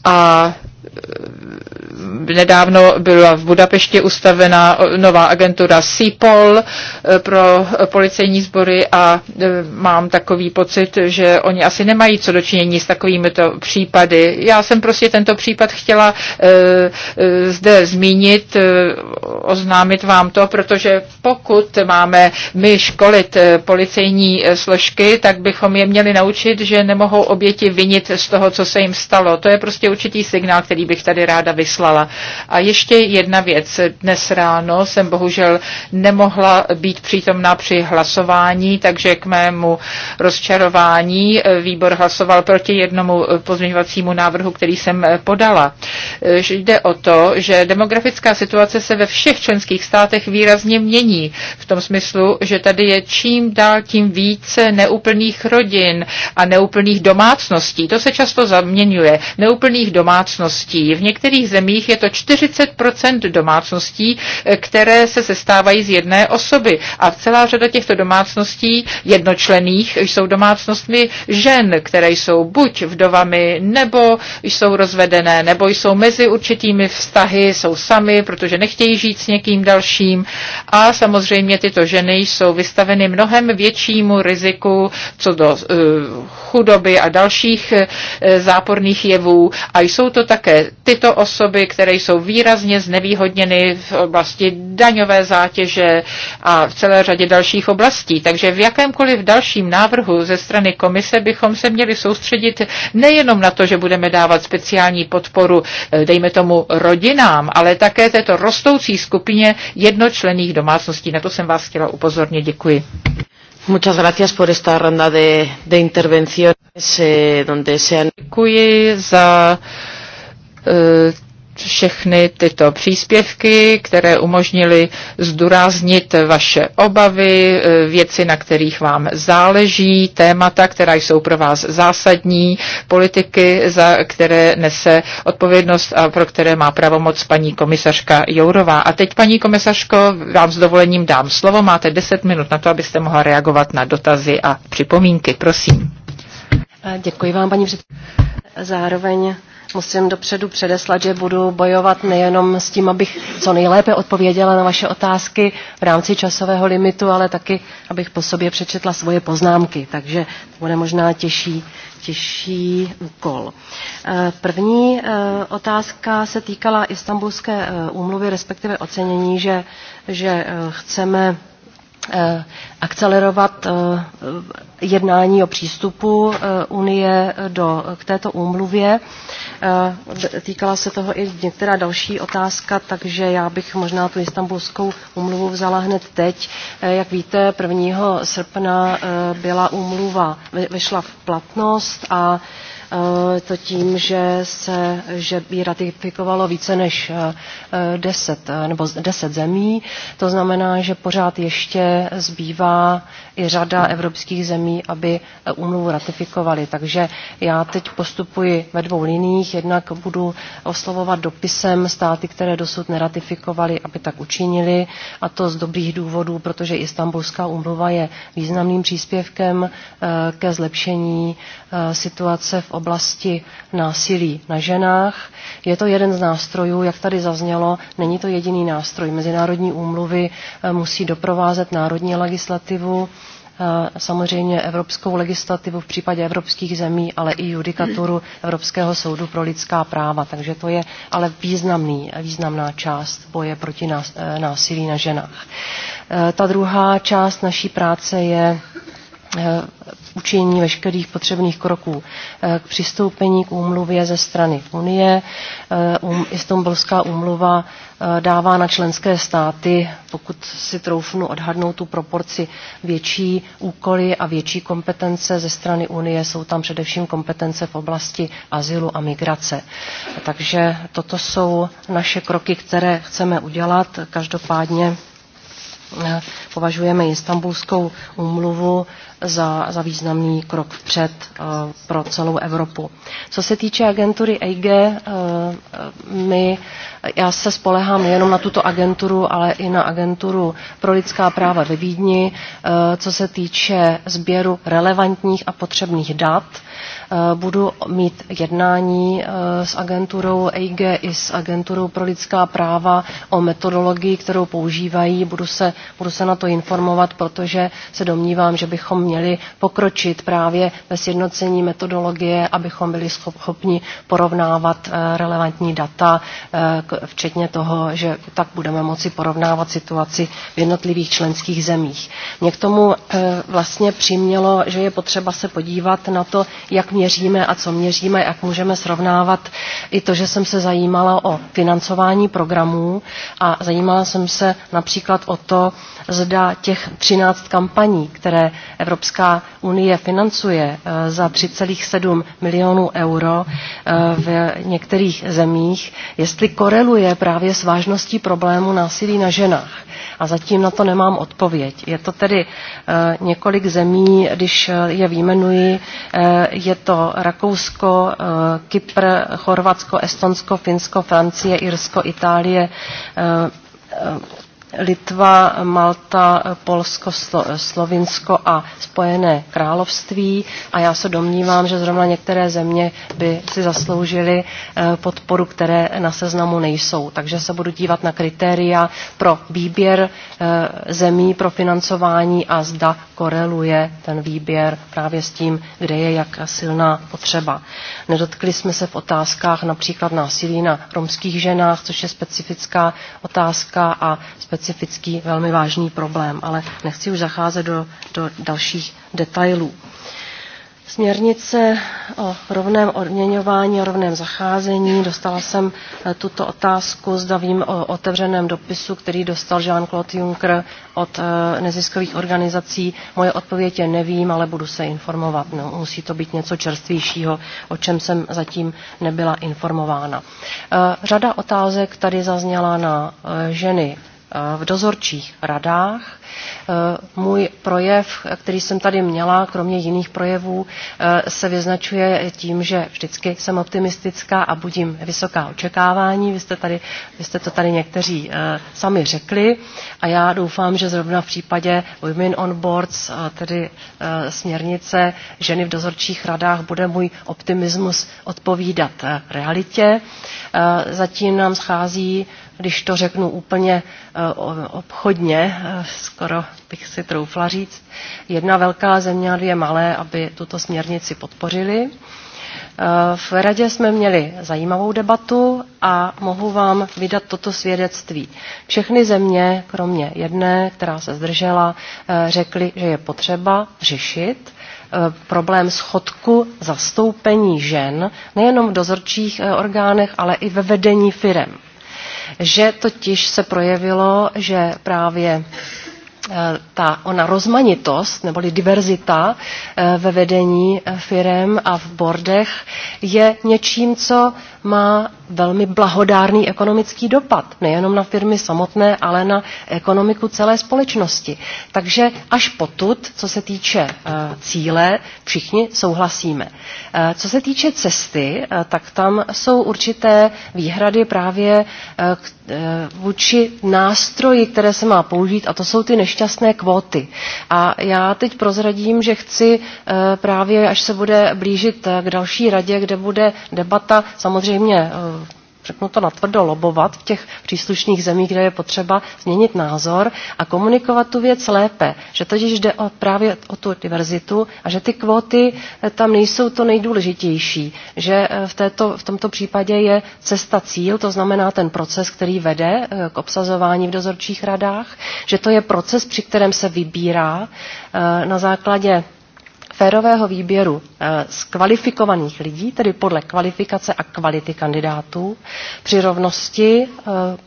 A nedávno byla v Budapešti ustavena nová agentura CIPOL eh, pro policejní sbory a eh, mám takový pocit, že oni asi nemají co dočinění s takovými to případy. Já jsem prostě tento případ chtěla eh, zde zmínit, oznámit vám to, protože pokud máme my školit policejní složky, tak bychom je měli naučit, že nemohou oběti vinit z toho, co se jim stalo. To je prostě určitý signál, který bych tady ráda vyslala. A ještě jedna věc. Dnes ráno jsem bohužel nemohla být přítomná při hlasování, takže k mému rozčarování eh, výbor hlasoval proti jednomu eh, pozměňovacímu návrhu, který jsem eh, podala. Jde o to, že demografická situace se ve všech členských státech výrazně mění. V tom smyslu, že tady je čím dál tím více neúplných rodin a neúplných domácností. To se často zaměňuje. Neúplných domácností dětí. V některých zemích je to 40 domácností, eh, které se sestávají z jedné osoby. A celá řada těchto domácností jednočlených jsou domácnostmi žen, které jsou buď vdovami, nebo jsou rozvedené, nebo jsou mezi určitými vztahy, jsou sami, protože nechtějí žít s někým dalším. A samozřejmě tyto ženy jsou vystaveny mnohem většímu riziku co do eh, chudoby a dalších eh, záporných jevů a jsou to také tyto osoby, které jsou výrazně znevýhodněny v oblasti daňové zátěže a v celé řadě dalších oblastí. Takže v jakémkoliv dalším návrhu ze strany komise bychom se měli soustředit nejenom na to, že budeme dávat speciální podporu, eh, dejme tomu, rodinám, ale také této rostoucí skupině jednočlených domácností. Na to jsem vás chtěla upozornit. Děkuji. Muchas gracias por esta ronda de, de intervenciones eh, donde se han... Děkuji za Eh, všechny tyto příspěvky, které umožnily zdůraznit vaše obavy, eh, věci, na kterých vám záleží, témata, která jsou pro vás zásadní, politiky, za které nese odpovědnost a pro které má pravomoc paní komisařka Jourová. A teď, paní komisařko, vám s dovolením dám slovo. Máte 10 minut na to, abyste mohla reagovat na dotazy a připomínky. Prosím. Děkuji vám, paní předsedkyně. Zároveň musím dopředu předeslat, že budu bojovat nejenom s tím, abych co nejlépe odpověděla na vaše otázky v rámci časového limitu, ale taky, abych po sobě přečetla svoje poznámky. Takže to bude možná těžší, těžší úkol. Eh, první eh, otázka se týkala istambulské eh, úmluvy, respektive ocenění, že, že chceme Eh, akcelerovat eh, jednání o přístupu eh, Unie do, k této úmluvě. Týkala se toho i některá další otázka, takže já bych možná tu istambulskou úmluvu vzala hned teď. Jak víte, 1. srpna byla úmluva, vešla v platnost a Eh, to tím, že se že by ratifikovalo více než 10, eh, eh, nebo 10 zemí. To znamená, že pořád ještě zbývá i řada evropských zemí, aby úmluvu ratifikovali. Takže já teď postupuji ve dvou liních. Jednak budu oslovovat dopisem státy, které dosud neratifikovali, aby tak učinili. A to z dobrých důvodů, protože Istanbulská úmluva je významným příspěvkem ke zlepšení situace v oblasti násilí na ženách. Je to jeden z nástrojů, jak tady zaznělo, není to jediný nástroj. Mezinárodní úmluvy eh, musí doprovázet národní legislativu, eh, samozřejmě evropskou legislativu v případě evropských zemí, ale i judikaturu Evropského soudu pro lidská práva. Takže to je ale významný, významná část boje proti eh, násilí na ženách. Ta druhá část naší práce je Eh, učení veškerých potřebných kroků eh, k přistoupení k úmluvě ze strany Unie. Eh, um, Istanbulská úmluva dává na členské státy, pokud si troufnu odhadnout tu proporci, větší úkoly a větší kompetence ze strany Unie. Jsou tam především kompetence v oblasti azylu a migrace. Takže toto jsou naše kroky, které chceme udělat. Každopádně Eh, považujeme Istanbulskou umluvu za, za významný krok vpřed eh, pro celou Evropu. Co se týče agentury EIG, eh, my, já se spolehám nejenom na tuto agenturu, ale i na agenturu pro lidská práva ve Vídni, co se týče sběru relevantních a potřebných dat, Eh, budu mít jednání eh, s agenturou EIG i s agenturou pro lidská práva o metodologii, kterou používají. Budu se, budu se na to informovat, protože se domnívám, že bychom měli pokročit právě ve sjednocení metodologie, abychom byli schopni porovnávat eh, relevantní data, včetně toho, že tak budeme moci porovnávat situaci v jednotlivých členských zemích. Mě k tomu vlastně přimělo, že je potřeba se podívat na to, jak měříme a co měříme, jak můžeme srovnávat i to, že jsem se zajímala o financování programů a zajímala jsem se například o to, zda těch 13 kampaní, které Evropská unie financuje eh, za 3,7 milionů euro eh, v některých zemích, jestli koreluje právě s vážností problému násilí na ženách. A zatím na to nemám odpověď. Je to tedy eh, několik zemí, když je výjmenuji, je to Rakousko, eh, Kypr, Chorvatsko, Estonsko, Finsko, Francie, Irsko, Itálie, eh, eh, Litva, Malta, Polsko, Slo, Slovinsko a Spojené království. A já se domnívám, že zrovna některé země by si zasloužily eh, podporu, které na seznamu nejsou. Takže se budu dívat na kritéria pro výběr eh, zemí pro financování a zda koreluje ten výběr právě s tím, kde je jak silná potřeba. Nedotkli jsme se v otázkách například násilí na romských ženách, což je specifická otázka a specifická specifický, velmi vážný problém, ale nechci už zacházet do, do dalších detailů. Směrnice o rovném odměňování, o rovném zacházení. Dostala jsem eh, tuto otázku, zda vím o otevřeném dopisu, který dostal Jean-Claude Juncker od eh, neziskových organizací. Moje odpověď je nevím, ale budu se informovat. No, musí to být něco čerstvějšího, o čem jsem zatím nebyla informována. Eh, řada otázek tady zazněla na ženy Eh, v dozorčích radách. Eh, můj projev, který jsem tady měla, kromě jiných projevů, eh, se vyznačuje tím, že vždycky jsem optimistická a budím vysoká očekávání. Vy jste, tady, vy jste to tady někteří sami řekli a já doufám, že zrovna v případě Women on Boards, tedy směrnice ženy v dozorčích radách, bude můj optimismus odpovídat realitě. Zatím nám schází když to řeknu úplně eh, obchodně, eh, skoro bych si troufla říct, jedna velká země a dvě malé, aby tuto směrnici podpořili. Eh, v radě jsme měli zajímavou debatu a mohu vám vydat toto svědectví. Všechny země, kromě jedné, která se zdržela, řekly, že je potřeba řešit problém schodku zastoupení žen nejenom v dozorčích orgánech, ale i ve vedení firem že totiž se projevilo, že právě eh, ta ona rozmanitost neboli diverzita eh, ve vedení eh, firem a v bordech je něčím, co má velmi blahodárný ekonomický dopad, nejenom na firmy samotné, ale na ekonomiku celé společnosti. Takže až potud, co se týče eh, cíle, všichni souhlasíme. Eh, co se týče cesty, eh, tak tam jsou určité výhrady právě vůči nástroji, které se má použít, a to jsou ty nešťastné kvóty. A já teď prozradím, že chci právě, až se bude blížit k další radě, kde bude debata samozřejmě samozřejmě eh, řeknu to natvrdo, lobovat v těch příslušných zemích, kde je potřeba změnit názor a komunikovat tu věc lépe. Že to, totiž jde o, právě o tu diverzitu a že ty kvóty eh, tam nejsou to nejdůležitější. Že eh, v, této, v tomto případě je cesta cíl, to znamená ten proces, který vede k obsazování v dozorčích radách, že to je proces, při kterém se vybírá na základě férového výběru eh, z kvalifikovaných lidí, tedy podle kvalifikace a kvality kandidátů. Při rovnosti eh,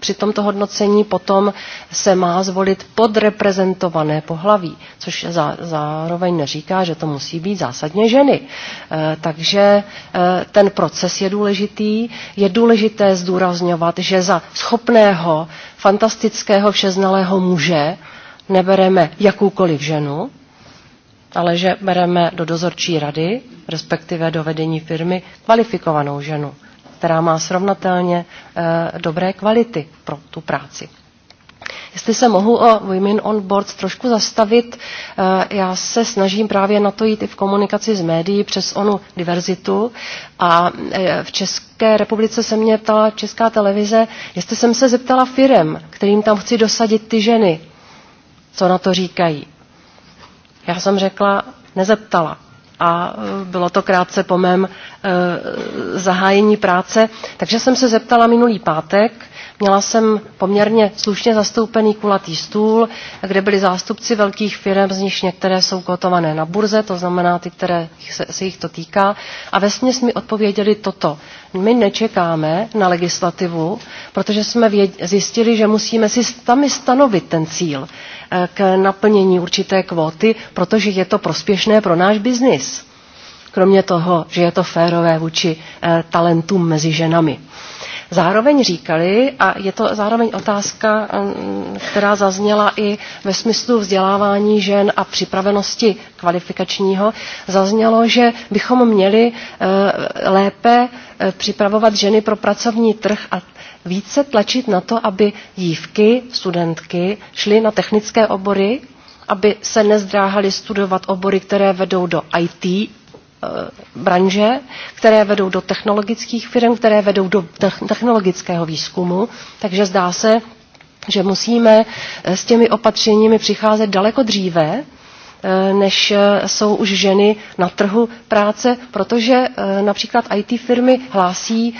při tomto hodnocení potom se má zvolit podreprezentované pohlaví, což za, zároveň neříká, že to musí být zásadně ženy. E, takže e, ten proces je důležitý. Je důležité zdůrazňovat, že za schopného, fantastického, všeznalého muže nebereme jakoukoliv ženu, ale že bereme do dozorčí rady, respektive do vedení firmy, kvalifikovanou ženu, která má srovnatelně eh, dobré kvality pro tu práci. Jestli se mohu o Women on Boards trošku zastavit, eh, já se snažím právě na to jít i v komunikaci s médií přes onu diverzitu a eh, v České republice se mě ptala Česká televize, jestli jsem se zeptala firem, kterým tam chci dosadit ty ženy, co na to říkají. Já jsem řekla, nezeptala a e, bylo to krátce po mém e, zahájení práce. Takže jsem se zeptala minulý pátek, Měla jsem poměrně slušně zastoupený kulatý stůl, kde byli zástupci velkých firm, z nichž některé jsou kotované na burze, to znamená ty, které se, se jich to týká. A ve směs mi odpověděli toto. My nečekáme na legislativu, protože jsme věd, zjistili, že musíme si sami stanovit ten cíl eh, k naplnění určité kvóty, protože je to prospěšné pro náš biznis kromě toho, že je to férové vůči eh, talentům mezi ženami. Zároveň říkali, a je to zároveň otázka, mm, která zazněla i ve smyslu vzdělávání žen a připravenosti kvalifikačního, zaznělo, že bychom měli e, lépe e, připravovat ženy pro pracovní trh a více tlačit na to, aby dívky, studentky šly na technické obory, aby se nezdráhali studovat obory, které vedou do IT Eh, branže, které vedou do technologických firm, které vedou do technologického výzkumu. Takže zdá se, že musíme eh, s těmi opatřeními přicházet daleko dříve, eh, než jsou už ženy na trhu práce, protože například IT firmy hlásí,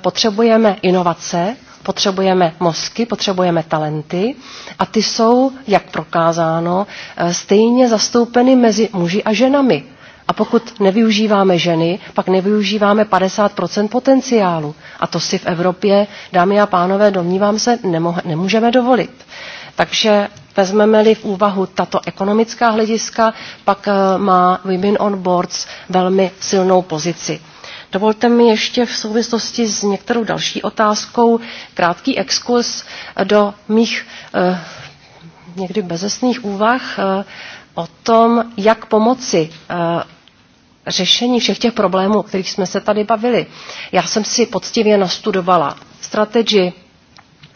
potřebujeme inovace, potřebujeme mozky, potřebujeme talenty a ty jsou, jak prokázáno, stejně zastoupeny mezi muži a ženami. A pokud nevyužíváme ženy, pak nevyužíváme 50 potenciálu. A to si v Evropě, dámy a pánové, domnívám se, nemoh- nemůžeme dovolit. Takže vezmeme-li v úvahu tato ekonomická hlediska, pak eh, má Women on Boards velmi silnou pozici. Dovolte mi ještě v souvislosti s některou další otázkou krátký exkurs do mých eh, někdy bezesných úvah. Eh, o tom, jak pomoci eh, řešení všech těch problémů, o kterých jsme se tady bavili. Já jsem si poctivě nastudovala strategii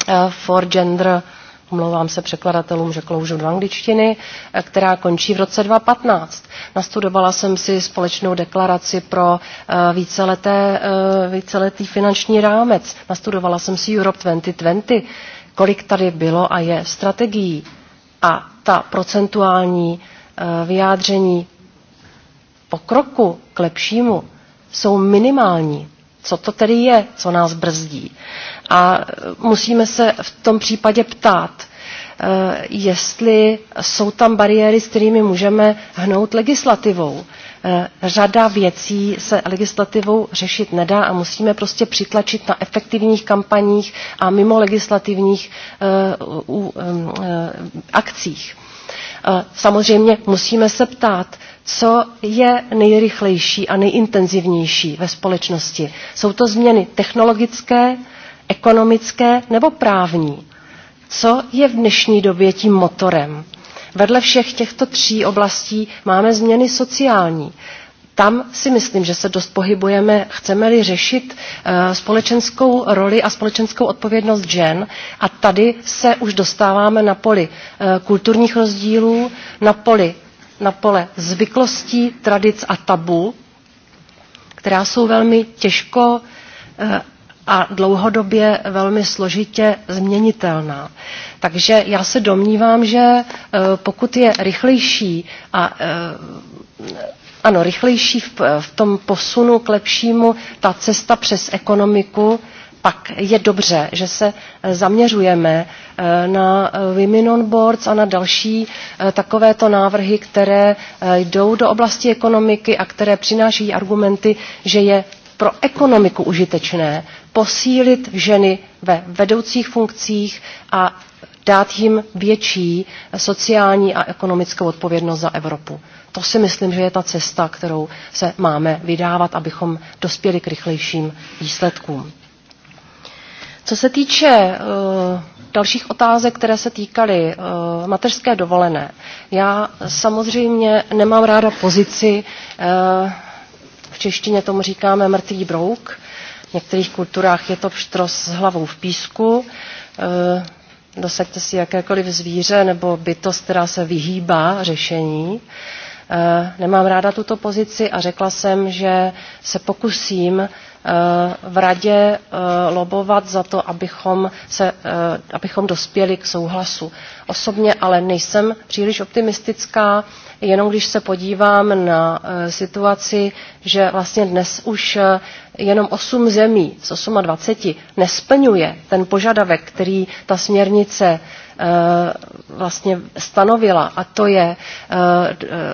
eh, for gender, omlouvám se překladatelům, že kloužu do angličtiny, eh, která končí v roce 2015. Nastudovala jsem si společnou deklaraci pro víceleté, víceletý finanční rámec. Nastudovala jsem si Europe 2020, kolik tady bylo a je strategií. A ta procentuální eh, vyjádření pokroku k lepšímu jsou minimální. Co to tedy je, co nás brzdí? A eh, musíme se v tom případě ptát, eh, jestli jsou tam bariéry, s kterými můžeme hnout legislativou Eh, řada věcí se legislativou řešit nedá a musíme prostě přitlačit na efektivních kampaních a mimo legislativních eh, eh, akcích. Samozřejmě musíme se ptát, co je nejrychlejší a nejintenzivnější ve společnosti. Jsou to změny technologické, ekonomické nebo právní. Co je v dnešní době tím motorem? vedle všech těchto tří oblastí máme změny sociální. Tam si myslím, že se dost pohybujeme, chceme-li řešit eh, společenskou roli a společenskou odpovědnost žen. A tady se už dostáváme na poli eh, kulturních rozdílů, na, poli, na pole zvyklostí, tradic a tabu, která jsou velmi těžko eh, a dlouhodobě velmi složitě změnitelná. Takže já se domnívám, že e, pokud je rychlejší a e, ano, rychlejší v, tom posunu k lepšímu ta cesta přes ekonomiku, pak je dobře, že se zaměřujeme e, na Women on Boards a na další takovéto návrhy, které jdou do oblasti ekonomiky a které přináší argumenty, že je pro ekonomiku užitečné posílit ženy ve vedoucích funkcích a dát jim větší sociální a ekonomickou odpovědnost za Evropu. To si myslím, že je ta cesta, kterou se máme vydávat, abychom dospěli k rychlejším výsledkům. Co se týče uh, dalších otázek, které se týkaly uh, mateřské dovolené, já samozřejmě nemám ráda pozici, uh, v češtině tomu říkáme mrtvý brouk, v některých kulturách je to pštros s hlavou v písku. Eh, dosaďte si jakékoliv zvíře nebo bytost, která se vyhýbá řešení. Eh, nemám ráda tuto pozici a řekla jsem, že se pokusím eh, v radě lobovat za to, abychom, se, abychom dospěli k souhlasu. Osobně ale nejsem příliš optimistická, jenom když se podívám na situaci, že vlastně dnes už jenom 8 zemí z 28 nesplňuje ten požadavek, který ta směrnice eh, vlastně stanovila, a to je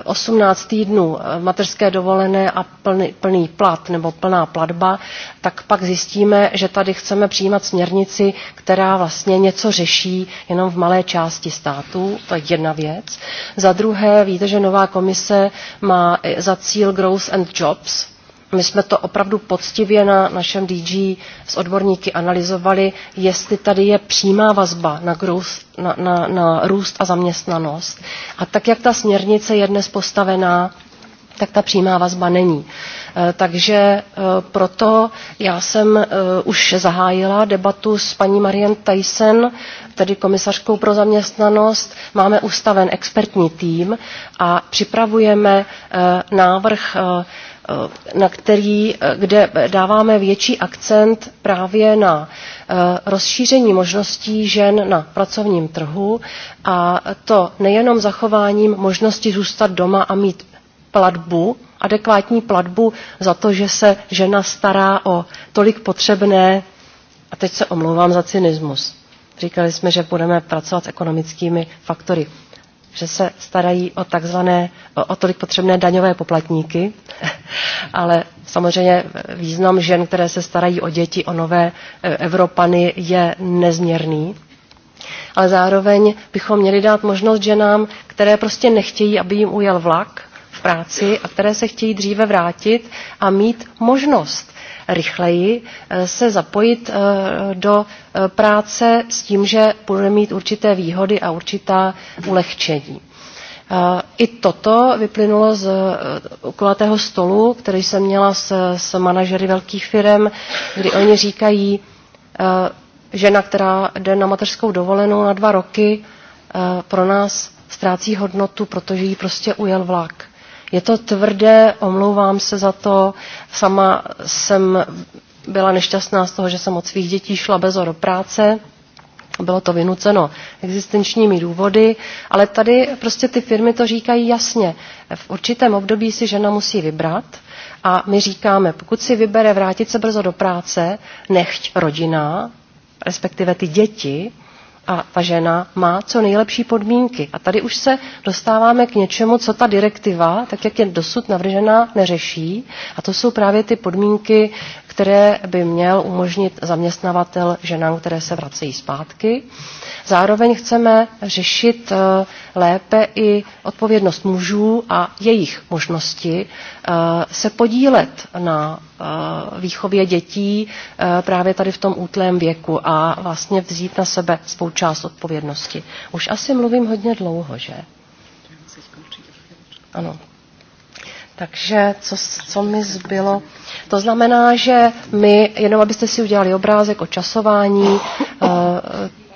18 eh, týdnů eh, mateřské dovolené a plný, plný plat nebo plná platba, tak pak zjistíme, že tady chceme přijímat směrnici, která vlastně něco řeší jenom v malé části států. To je jedna věc. Za druhé, víte, že nová komise má za cíl Growth and Jobs, my jsme to opravdu poctivě na našem DG s odborníky analyzovali, jestli tady je přímá vazba na, growth, na, na, na růst a zaměstnanost. A tak, jak ta směrnice je dnes postavená, tak ta přímá vazba není. Eh, takže eh, proto já jsem eh, už zahájila debatu s paní Marian Tyson, tedy komisařkou pro zaměstnanost. Máme ustaven expertní tým a připravujeme návrh Eh, na který, eh, kde dáváme větší akcent právě na eh, rozšíření možností žen na pracovním trhu a to nejenom zachováním možnosti zůstat doma a mít platbu, adekvátní platbu za to, že se žena stará o tolik potřebné, a teď se omlouvám za cynismus. Říkali jsme, že budeme pracovat s ekonomickými faktory že se starají o takzvané, o, o tolik potřebné daňové poplatníky, ale samozřejmě význam žen, které se starají o děti, o nové e, Evropany je nezměrný. Ale zároveň bychom měli dát možnost ženám, které prostě nechtějí, aby jim ujel vlak v práci a které se chtějí dříve vrátit a mít možnost rychleji eh, se zapojit eh, do eh, práce s tím, že bude mít určité výhody a určitá ulehčení. I toto vyplynulo z kulatého stolu, který jsem měla s, s manažery velkých firm, kdy oni říkají, žena, která jde na mateřskou dovolenou na dva roky, pro nás ztrácí hodnotu, protože jí prostě ujel vlak. Je to tvrdé, omlouvám se za to. Sama jsem byla nešťastná z toho, že jsem od svých dětí šla bez do práce. Bylo to vynuceno existenčními důvody, ale tady prostě ty firmy to říkají jasně. V určitém období si žena musí vybrat a my říkáme, pokud si vybere vrátit se brzo do práce, nechť rodina, respektive ty děti, a ta žena má co nejlepší podmínky. A tady už se dostáváme k něčemu, co ta direktiva, tak jak je dosud navržená, neřeší. A to jsou právě ty podmínky, které by měl umožnit zaměstnavatel ženám, které se vracejí zpátky. Uh, Zároveň chceme řešit eh, lépe i odpovědnost mužů a jejich možnosti eh, se podílet na eh, výchově dětí právě tady v tom útlém věku a vlastně vzít na sebe svou část odpovědnosti. Už asi mluvím hodně dlouho, že? Ano, takže co, co mi zbylo? To znamená, že my, jenom abyste si udělali obrázek o časování,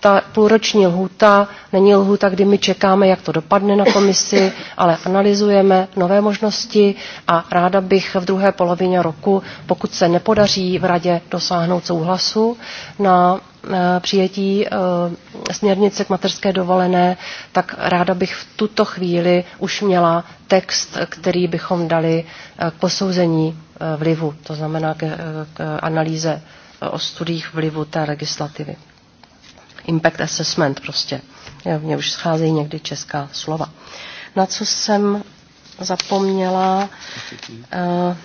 ta půlroční lhůta není lhůta, kdy my čekáme, jak to dopadne na komisi, ale analyzujeme nové možnosti a ráda bych v druhé polovině roku, pokud se nepodaří v radě dosáhnout souhlasu na e, přijetí e, směrnice k mateřské dovolené, tak ráda bych v tuto chvíli už měla text, který bychom dali e, k posouzení vlivu, to znamená k analýze o studiích vlivu té legislativy impact assessment prostě. Mně už scházejí někdy česká slova. Na co jsem zapomněla, uh,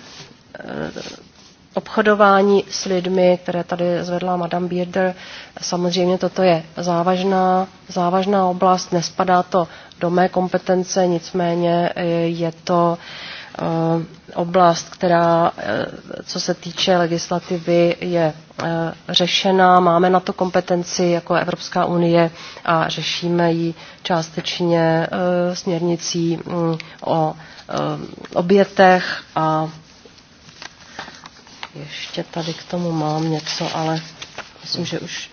obchodování s lidmi, které tady zvedla Madame Bierder, samozřejmě toto je závažná, závažná oblast, nespadá to do mé kompetence, nicméně je to uh, Eh, oblast, která, eh, co se týče legislativy, je eh, řešena. Máme na to kompetenci jako Evropská unie a řešíme ji částečně směrnicí mm, o obětech a ještě tady k tomu mám něco, ale myslím, že už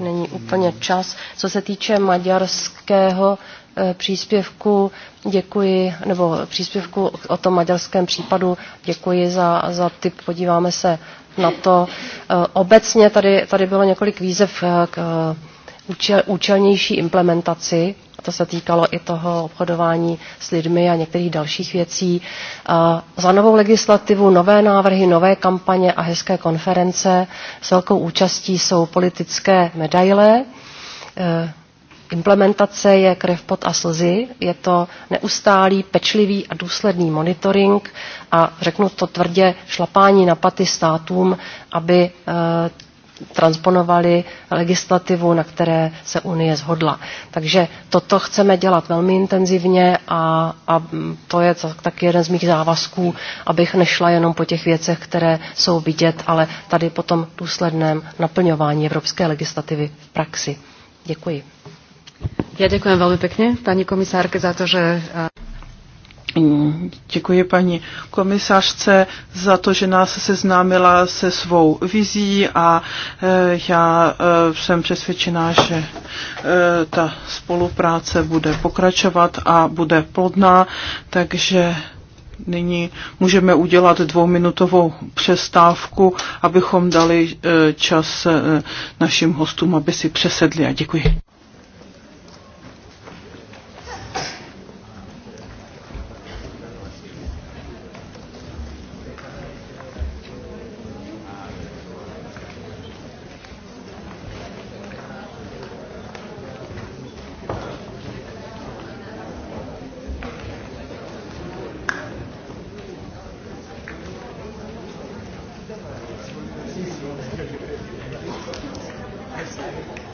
není úplně čas. Co se týče maďarského Eh, příspěvku děkuji, nebo příspěvku o tom maďarském případu děkuji za, za typ, podíváme se na to. Eh, obecně tady, tady bylo několik výzev eh, k účel, účelnější implementaci to se týkalo i toho obchodování s lidmi a některých dalších věcí. Za novou legislativu, nové návrhy, nové kampaně a hezké konference s velkou účastí jsou politické medaile implementace je krev, pot a slzy. Je to neustálý, pečlivý a důsledný monitoring a řeknu to tvrdě šlapání na paty státům, aby eh, transponovali legislativu, na které se Unie zhodla. Takže toto chceme dělat velmi intenzivně a, a mm, to je taky jeden z mých závazků, abych nešla jenom po těch věcech, které jsou vidět, ale tady po tom důsledném naplňování evropské legislativy v praxi. Děkuji. Já děkuji velmi pěkně, paní komisárky, za to, že e, Děkuji paní komisařce za to, že nás seznámila se svou vizí a e, já e, jsem přesvědčená, že ta spolupráce bude pokračovat a bude plodná, takže nyní můžeme udělat dvouminutovou přestávku, abychom dali čas našim hostům, aby si přesedli a děkuji. Thank you.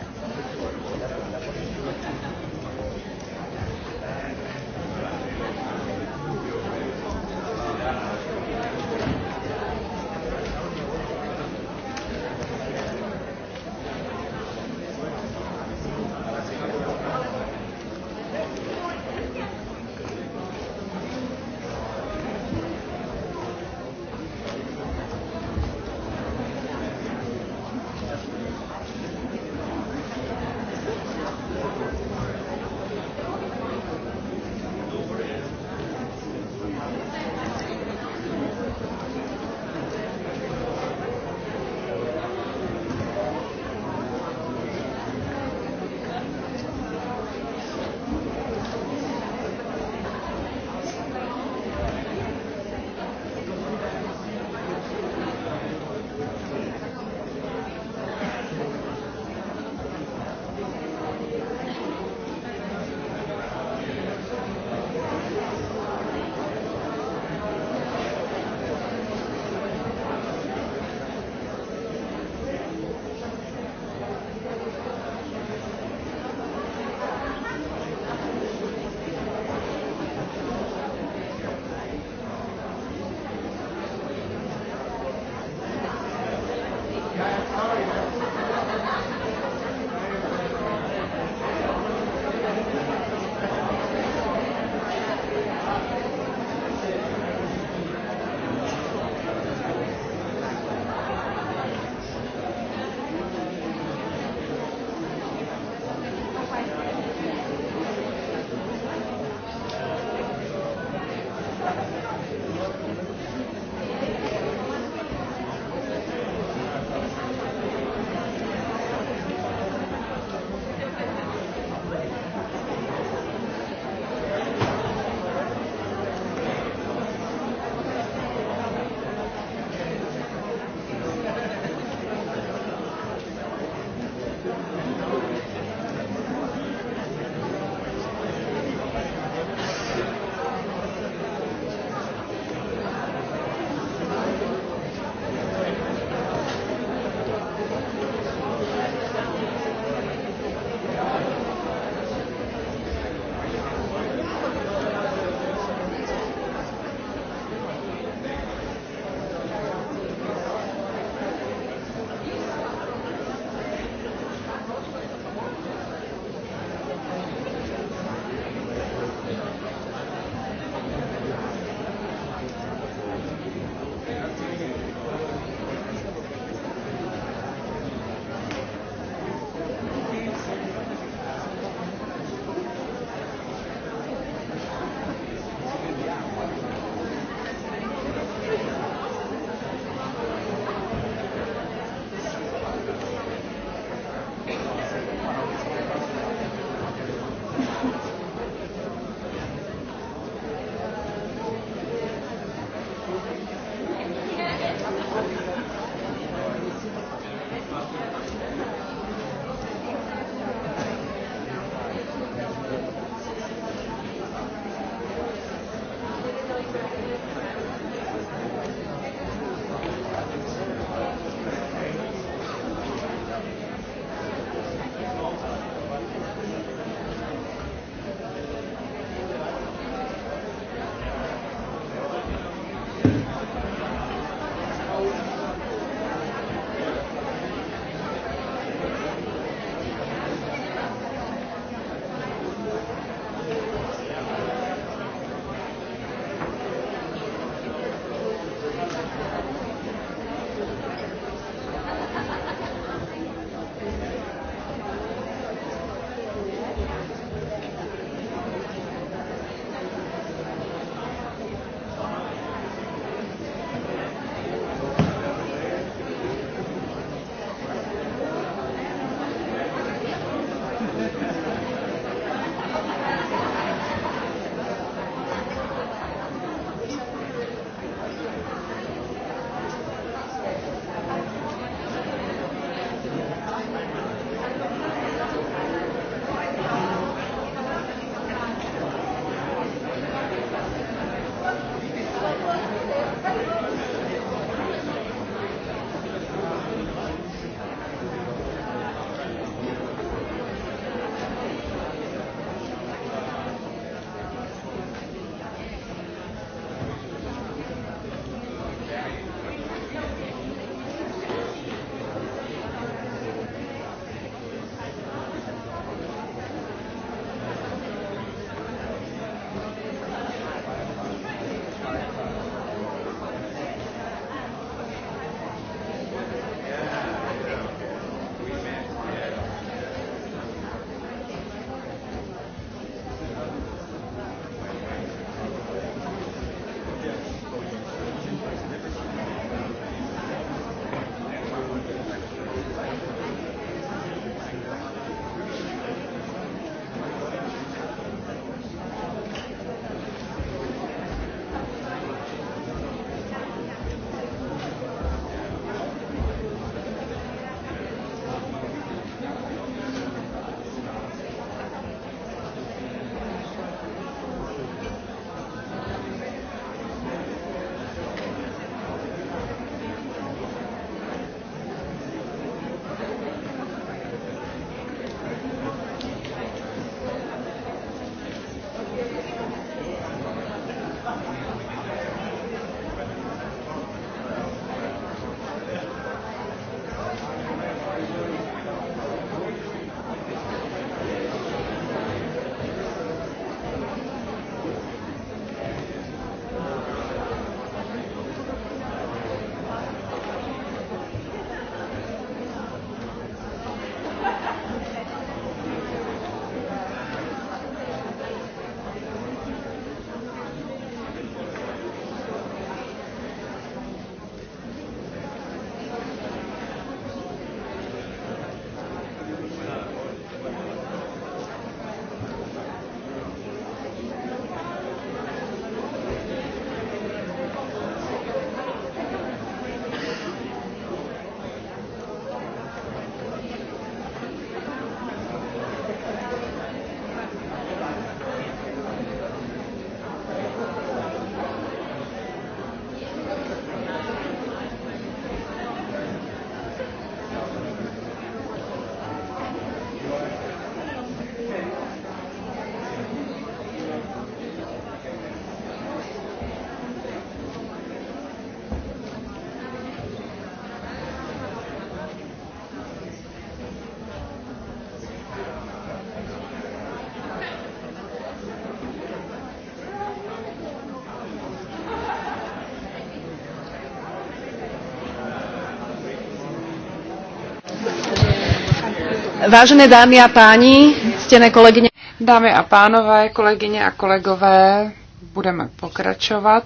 Vážené dámy a páni, stěné kolegyně. Dámy a pánové, kolegyně a kolegové, budeme pokračovat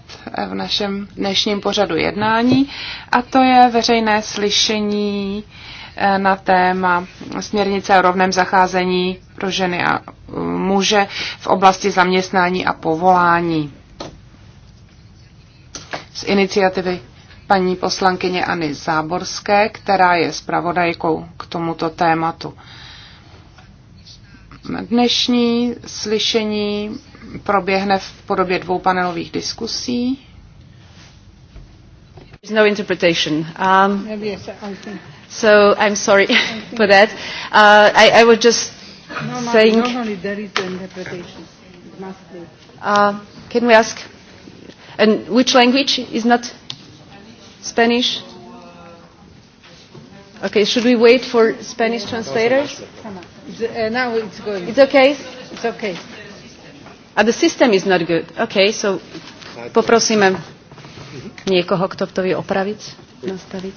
v našem dnešním pořadu jednání a to je veřejné slyšení eh, na téma směrnice o rovném zacházení pro ženy a eh, muže v oblasti zaměstnání a povolání z iniciativy paní poslankyně Anny Záborské, která je zpravodajkou k tomuto tématu. Dnešní slyšení proběhne v podobě dvou panelových diskusí. no interpretation. Um, so I'm sorry for that. Uh, I, I was just no, no, saying. there is the interpretation. It must be. Uh, can we ask? And which language is not Spanish? Okay, should we wait for Spanish translators? Uh, now it's good. It's okay? It's okay. A ah, the system is not good. Okay, so poprosíme někoho, kdo to ví opravit, nastavit.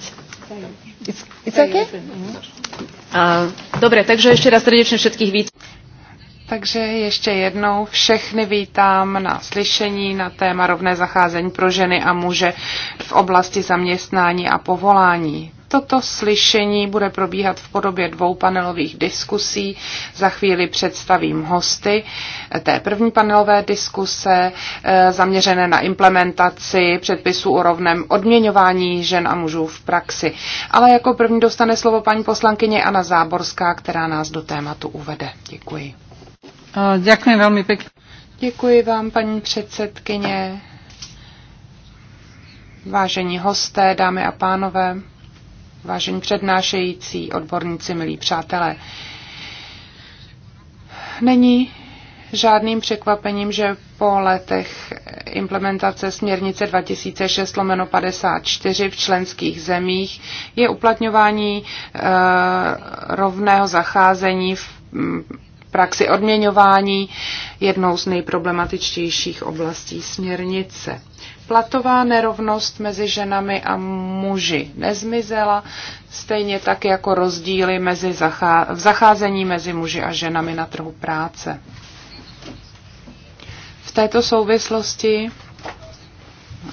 It's, it's okay? Uh, takže ještě raz srdečne všetkých vítám. Takže ještě jednou všechny vítám na slyšení na téma rovné zacházení pro ženy a muže v oblasti zaměstnání a povolání. Toto slyšení bude probíhat v podobě dvou panelových diskusí. Za chvíli představím hosty té první panelové diskuse eh, zaměřené na implementaci předpisů o rovném odměňování žen a mužů v praxi. Ale jako první dostane slovo paní poslankyně Anna Záborská, která nás do tématu uvede. Děkuji. Děkuji velmi pěkně. Děkuji vám, paní předsedkyně, vážení hosté, dámy a pánové, vážení přednášející, odborníci, milí přátelé. Není žádným překvapením, že po letech implementace směrnice 2006-54 v členských zemích je uplatňování eh, rovného zacházení v praxi odměňování jednou z nejproblematičtějších oblastí směrnice. Platová nerovnost mezi ženami a muži nezmizela, stejně tak jako rozdíly mezi zachá- v zacházení mezi muži a ženami na trhu práce. V této souvislosti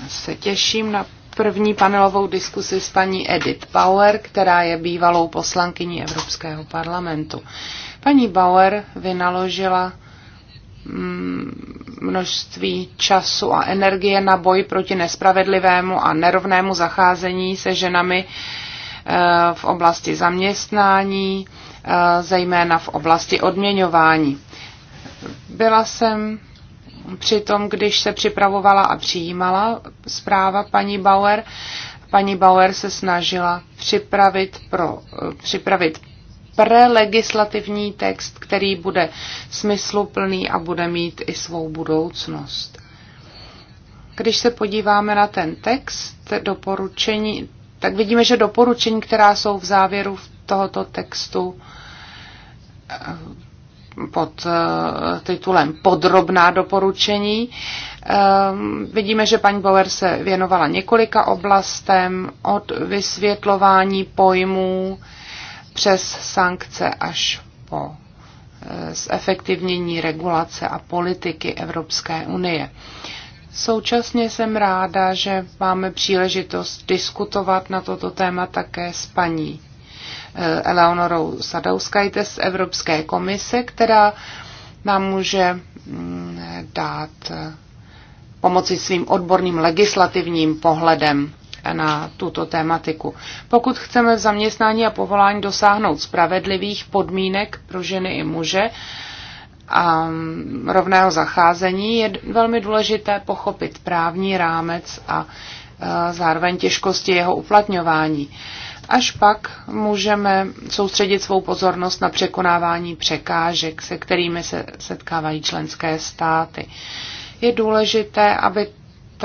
se těším na první panelovou diskusi s paní Edith Power, která je bývalou poslankyní Evropského parlamentu. Paní Bauer vynaložila mm, množství času a energie na boj proti nespravedlivému a nerovnému zacházení se ženami eh, v oblasti zaměstnání, eh, zejména v oblasti odměňování. Byla jsem přitom, když se připravovala a přijímala zpráva paní Bauer, paní Bauer se snažila připravit, pro, eh, připravit prelegislativní text, který bude smysluplný a bude mít i svou budoucnost. Když se podíváme na ten text doporučení, tak vidíme, že doporučení, která jsou v závěru tohoto textu eh, pod eh, titulem Podrobná doporučení, eh, vidíme, že paní Bauer se věnovala několika oblastem od vysvětlování pojmů, přes sankce až po e, zefektivnění regulace a politiky Evropské unie. Současně jsem ráda, že máme příležitost diskutovat na toto téma také s paní e, Eleonorou Sadauskajte z Evropské komise, která nám může mm, dát e, pomoci svým odborným legislativním pohledem na tuto tématiku. Pokud chceme v zaměstnání a povolání dosáhnout spravedlivých podmínek pro ženy i muže a rovného zacházení, je velmi důležité pochopit právní rámec a e, zároveň těžkosti jeho uplatňování. Až pak můžeme soustředit svou pozornost na překonávání překážek, se kterými se setkávají členské státy. Je důležité, aby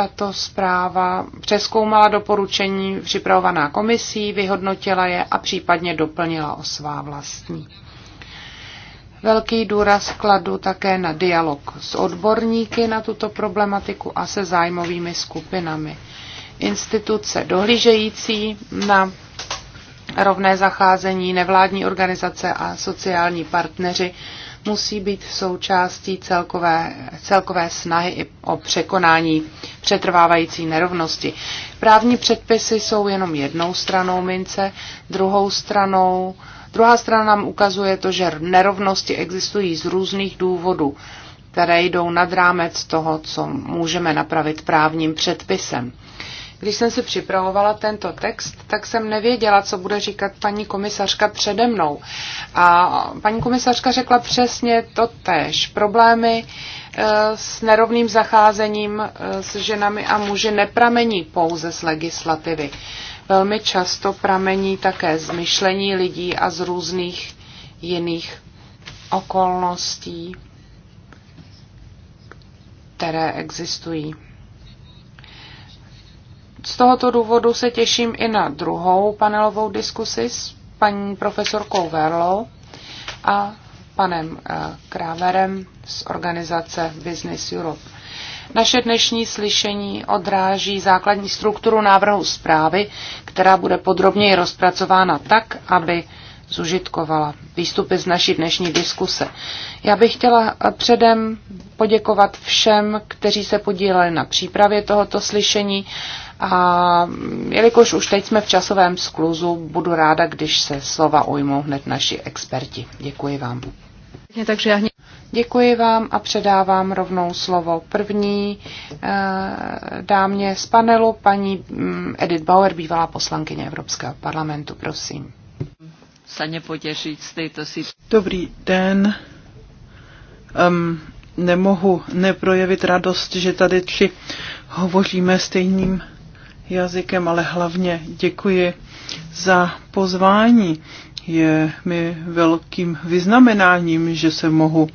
tato zpráva přeskoumala doporučení připravovaná komisí, vyhodnotila je a případně doplnila o svá vlastní. Velký důraz kladu také na dialog s odborníky na tuto problematiku a se zájmovými skupinami. Instituce dohlížející na rovné zacházení, nevládní organizace a sociální partneři musí být součástí celkové, celkové snahy i o překonání přetrvávající nerovnosti. Právní předpisy jsou jenom jednou stranou mince, druhou stranou. Druhá strana nám ukazuje to, že nerovnosti existují z různých důvodů, které jdou nad rámec toho, co můžeme napravit právním předpisem. Když jsem si připravovala tento text, tak jsem nevěděla, co bude říkat paní komisařka přede mnou. A paní komisařka řekla přesně to tež. Problémy eh, s nerovným zacházením eh, s ženami a muži nepramení pouze z legislativy. Velmi často pramení také z myšlení lidí a z různých jiných okolností, které existují. Z tohoto důvodu se těším i na druhou panelovou diskusi s paní profesorkou Verlou a panem eh, Kráverem z organizace Business Europe. Naše dnešní slyšení odráží základní strukturu návrhu zprávy, která bude podrobněji rozpracována tak, aby zužitkovala výstupy z naší dnešní diskuse. Já bych chtěla eh, předem poděkovat všem, kteří se podíleli na přípravě tohoto slyšení a jelikož už teď jsme v časovém skluzu, budu ráda, když se slova ujmou hned naši experti. Děkuji vám. Takže já... Děkuji vám a předávám rovnou slovo první eh, dámě z panelu, paní mm, Edith Bauer, bývalá poslankyně Evropského parlamentu. Prosím. Saně potěšit z této Dobrý den. Um, nemohu neprojevit radost, že tady tři hovoříme stejným jazykem, ale hlavně děkuji za pozvání. Je mi velkým vyznamenáním, že se mohu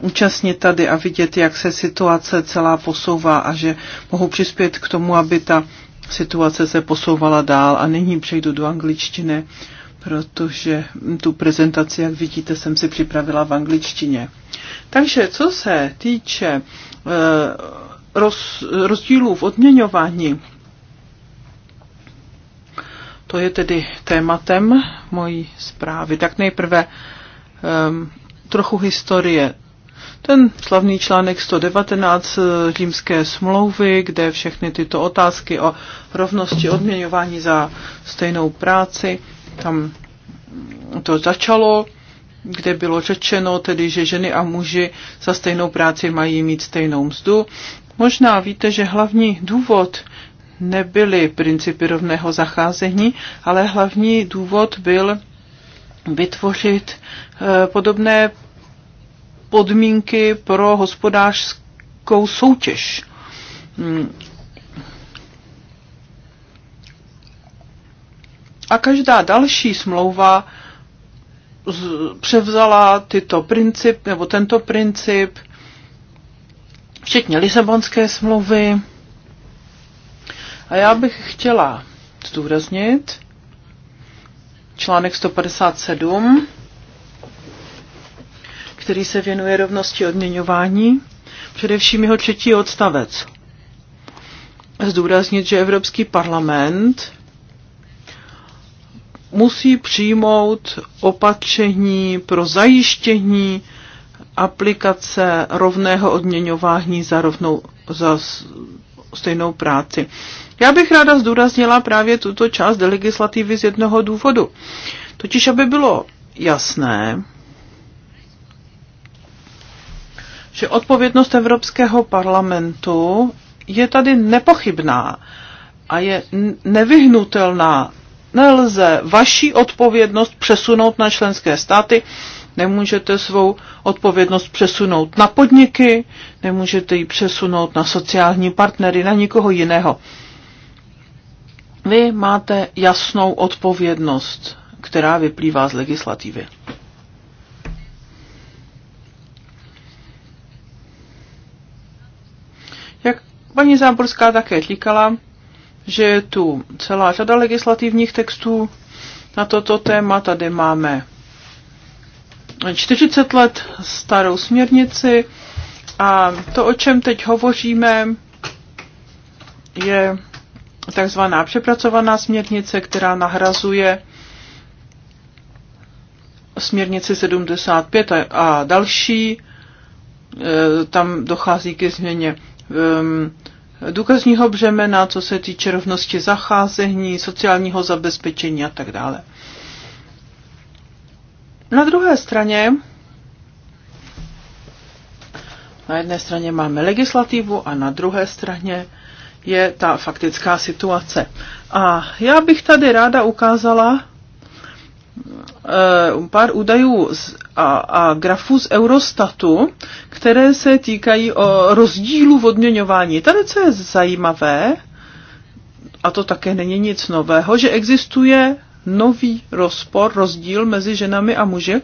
účastnit tady a vidět, jak se situace celá posouvá a že mohu přispět k tomu, aby ta situace se posouvala dál. A nyní přejdu do angličtiny, protože tu prezentaci, jak vidíte, jsem si připravila v angličtině. Takže co se týče eh, roz, rozdílů v odměňování, to je tedy tématem mojí zprávy. Tak nejprve um, trochu historie. Ten slavný článek 119 eh, římské smlouvy, kde všechny tyto otázky o rovnosti odměňování za stejnou práci, tam to začalo, kde bylo řečeno tedy, že ženy a muži za stejnou práci mají mít stejnou mzdu. Možná víte, že hlavní důvod, nebyly principy rovného zacházení, ale hlavní důvod byl vytvořit eh, podobné podmínky pro hospodářskou soutěž. Hmm. A každá další smlouva převzala tyto princip, nebo tento princip, včetně Lisabonské smlouvy, a já bych chtěla zdůraznit článek 157, který se věnuje rovnosti odměňování, především jeho třetí odstavec. Zdůraznit, že Evropský parlament musí přijmout opatření pro zajištění aplikace rovného odměňování za, rovnou, za stejnou práci. Já bych ráda zdůraznila právě tuto část legislativy z jednoho důvodu. Totiž, aby bylo jasné, že odpovědnost Evropského parlamentu je tady nepochybná a je nevyhnutelná. Nelze vaší odpovědnost přesunout na členské státy, nemůžete svou odpovědnost přesunout na podniky, nemůžete ji přesunout na sociální partnery, na nikoho jiného. Vy máte jasnou odpovědnost, která vyplývá z legislativy. Jak paní Záborská také říkala, že je tu celá řada legislativních textů na toto téma. Tady máme 40 let starou směrnici a to, o čem teď hovoříme, je takzvaná přepracovaná směrnice, která nahrazuje směrnici 75 a, další. E, tam dochází ke změně ehm, důkazního břemena, co se týče rovnosti zacházení, sociálního zabezpečení a tak dále. Na druhé straně, na jedné straně máme legislativu a na druhé straně je ta faktická situace. A já bych tady ráda ukázala eh, pár údajů z, a, a grafů z Eurostatu, které se týkají o rozdílu v odměňování. Tady, co je zajímavé, a to také není nic nového, že existuje nový rozpor, rozdíl mezi ženami a muži,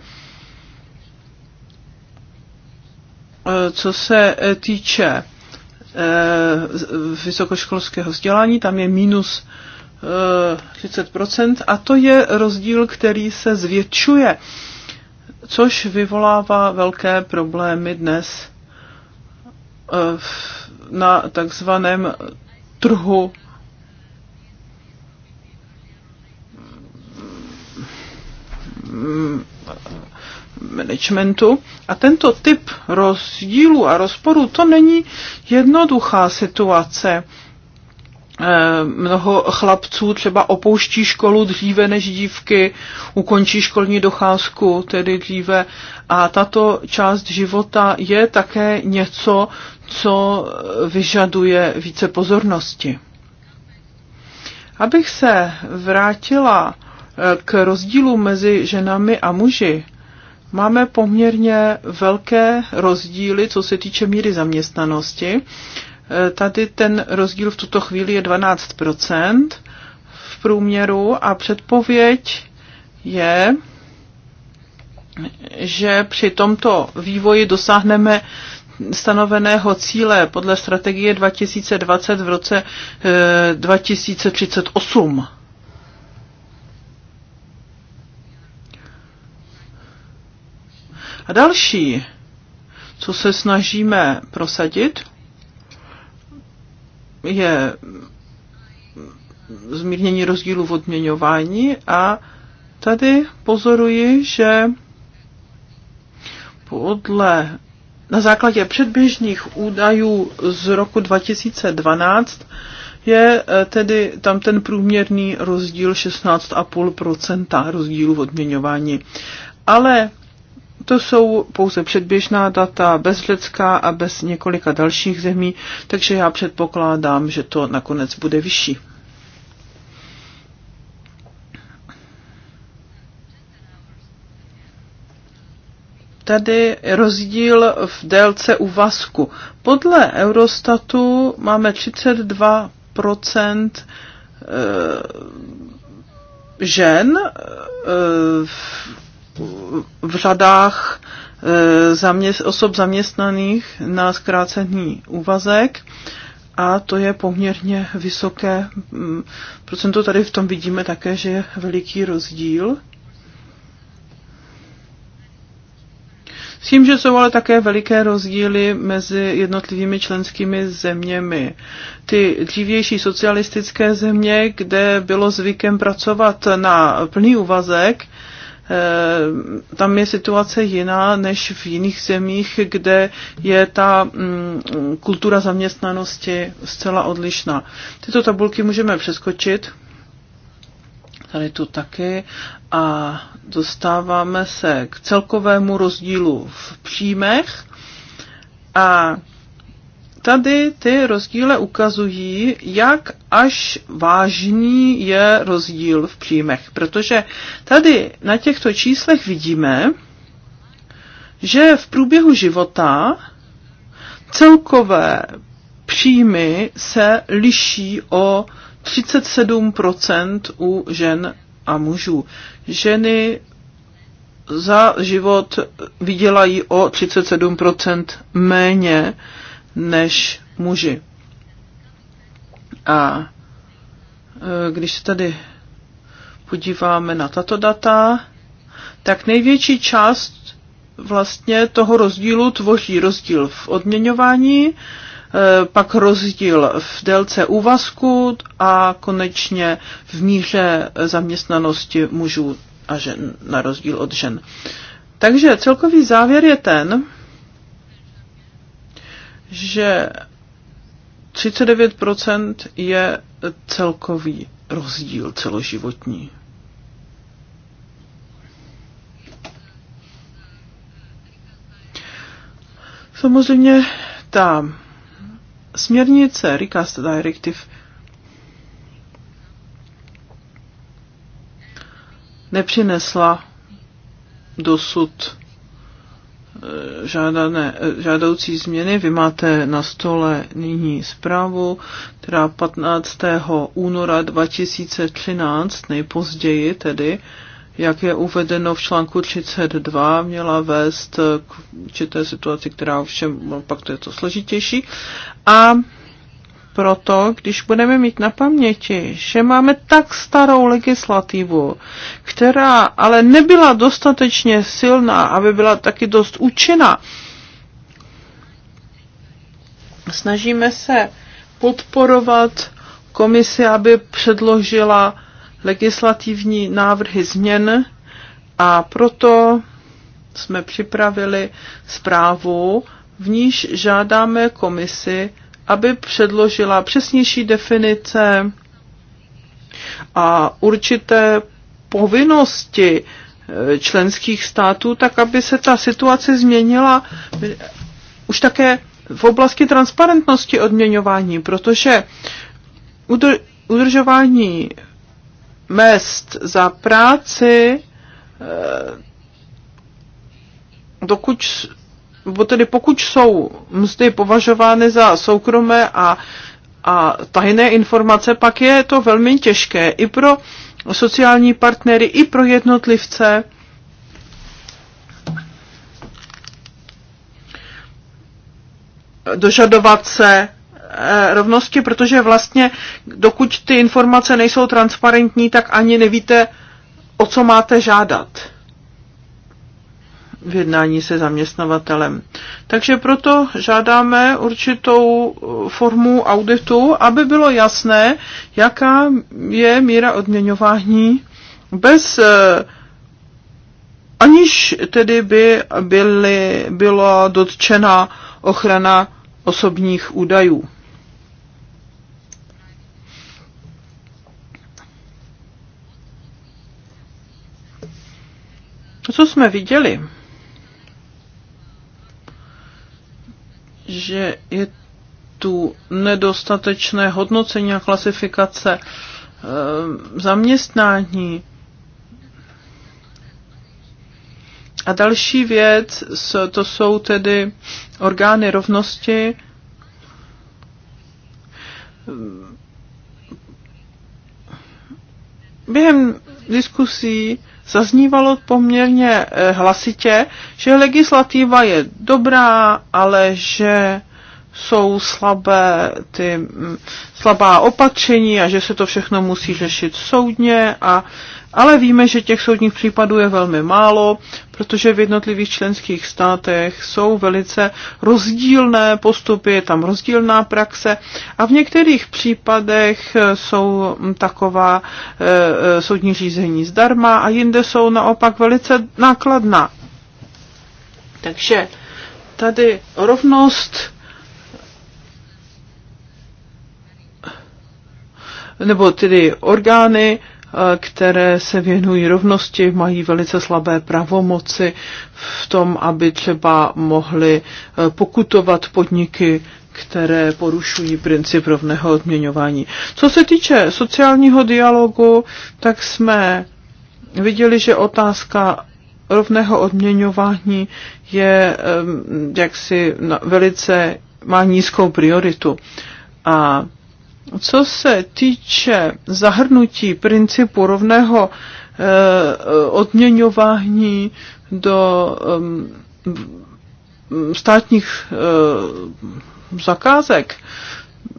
eh, co se eh, týče Eh, vysokoškolského vzdělání, tam je minus 30 eh, a to je rozdíl, který se zvětšuje, což vyvolává velké problémy dnes eh, na takzvaném trhu managementu. A tento typ rozdílu a rozporu, to není jednoduchá situace. Eh, mnoho chlapců třeba opouští školu dříve než dívky, ukončí školní docházku tedy dříve a tato část života je také něco, co vyžaduje více pozornosti. Abych se vrátila eh, k rozdílu mezi ženami a muži, máme poměrně velké rozdíly, co se týče míry zaměstnanosti. E, tady ten rozdíl v tuto chvíli je 12 v průměru a předpověď je, že při tomto vývoji dosáhneme stanoveného cíle podle strategie 2020 v roce 2038. E, A další, co se snažíme prosadit, je zmírnění rozdílu v odměňování a tady pozoruji, že podle na základě předběžných údajů z roku 2012 je eh, tedy tam ten průměrný rozdíl 16,5 rozdílu v odměňování. Ale to jsou pouze předběžná data, bez Řecka a bez několika dalších zemí, takže já předpokládám, že to nakonec bude vyšší. tady rozdíl v délce uvazku. Podle Eurostatu máme 32 eh, žen eh, v řadách e, zaměst, osob zaměstnaných na zkrácený úvazek a to je poměrně vysoké mm, procento. Tady v tom vidíme také, že je veliký rozdíl. S tím, že jsou ale také veliké rozdíly mezi jednotlivými členskými zeměmi. Ty dřívější socialistické země, kde bylo zvykem pracovat na plný úvazek, Eh, tam je situace jiná než v jiných zemích, kde je ta mm, kultura zaměstnanosti zcela odlišná. Tyto tabulky můžeme přeskočit, tady tu taky, a dostáváme se k celkovému rozdílu v příjmech. A Tady ty rozdíly ukazují, jak až vážný je rozdíl v příjmech, protože tady na těchto číslech vidíme, že v průběhu života celkové příjmy se liší o 37% u žen a mužů. Ženy za život vydělají o 37% méně než muži. A e, když se tady podíváme na tato data, tak největší část vlastně toho rozdílu tvoří rozdíl v odměňování, e, pak rozdíl v délce úvazku a konečně v míře zaměstnanosti mužů a žen, na rozdíl od žen. Takže celkový závěr je ten, že 39% je celkový rozdíl celoživotní. Samozřejmě ta směrnice Recast Directive nepřinesla dosud žádané, žádoucí změny. Vy máte na stole nyní zprávu, která 15. února 2013, nejpozději tedy, jak je uvedeno v článku 32, měla vést k určité situaci, která ovšem, no, pak to je to složitější. A proto, když budeme mít na paměti, že máme tak starou legislativu, která ale nebyla dostatečně silná, aby byla taky dost účinná. Snažíme se podporovat komisi, aby předložila legislativní návrhy změn a proto jsme připravili zprávu, v níž žádáme komisi, aby předložila přesnější definice a určité povinnosti eh, členských států, tak aby se ta situace změnila eh, už také v oblasti transparentnosti odměňování, protože udržování mest za práci, eh, dokud bo tedy pokud jsou mzdy považovány za soukromé a, a tajné informace, pak je to velmi těžké i pro sociální partnery, i pro jednotlivce. dožadovat se e, rovnosti, protože vlastně dokud ty informace nejsou transparentní, tak ani nevíte, o co máte žádat v jednání se zaměstnavatelem. Takže proto žádáme určitou uh, formu auditu, aby bylo jasné, jaká je míra odměňování bez uh, aniž tedy by byly, byla dotčena ochrana osobních údajů. Co jsme viděli? že je tu nedostatečné hodnocení a klasifikace eh, zaměstnání. A další věc, to jsou tedy orgány rovnosti. Během diskusí zaznívalo poměrně eh, hlasitě, že legislativa je dobrá, ale že jsou slabé ty mm, slabá opatření a že se to všechno musí řešit soudně a ale víme, že těch soudních případů je velmi málo, protože v jednotlivých členských státech jsou velice rozdílné postupy, je tam rozdílná praxe a v některých případech eh, jsou hm, taková e, soudní řízení zdarma a jinde jsou naopak velice nákladná. Takže tady rovnost nebo tedy orgány které se věnují rovnosti, mají velice slabé pravomoci v tom, aby třeba mohly pokutovat podniky, které porušují princip rovného odměňování. Co se týče sociálního dialogu, tak jsme viděli, že otázka rovného odměňování je jaksi velice, má nízkou prioritu. A co se týče zahrnutí principu rovného eh, odměňování do ehm, státních eh, zakázek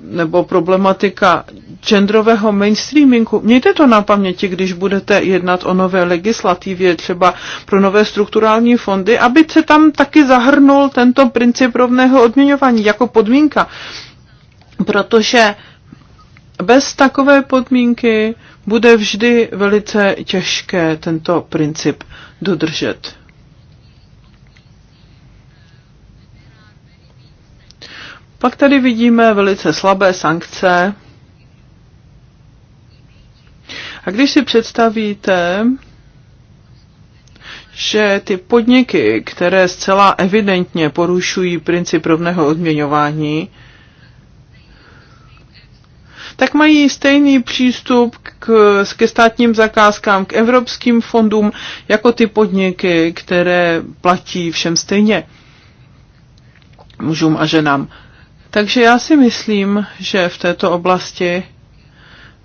nebo problematika genderového mainstreamingu. Mějte to na paměti, když budete jednat o nové legislativě, třeba pro nové strukturální fondy, aby se tam taky zahrnul tento princip rovného odměňování jako podmínka. Protože bez takové podmínky bude vždy velice těžké tento princip dodržet. Pak tady vidíme velice slabé sankce. A když si představíte, že ty podniky, které zcela evidentně porušují princip rovného odměňování, tak mají stejný přístup k, ke státním zakázkám, k evropským fondům, jako ty podniky, které platí všem stejně, mužům a ženám. Takže já si myslím, že v této oblasti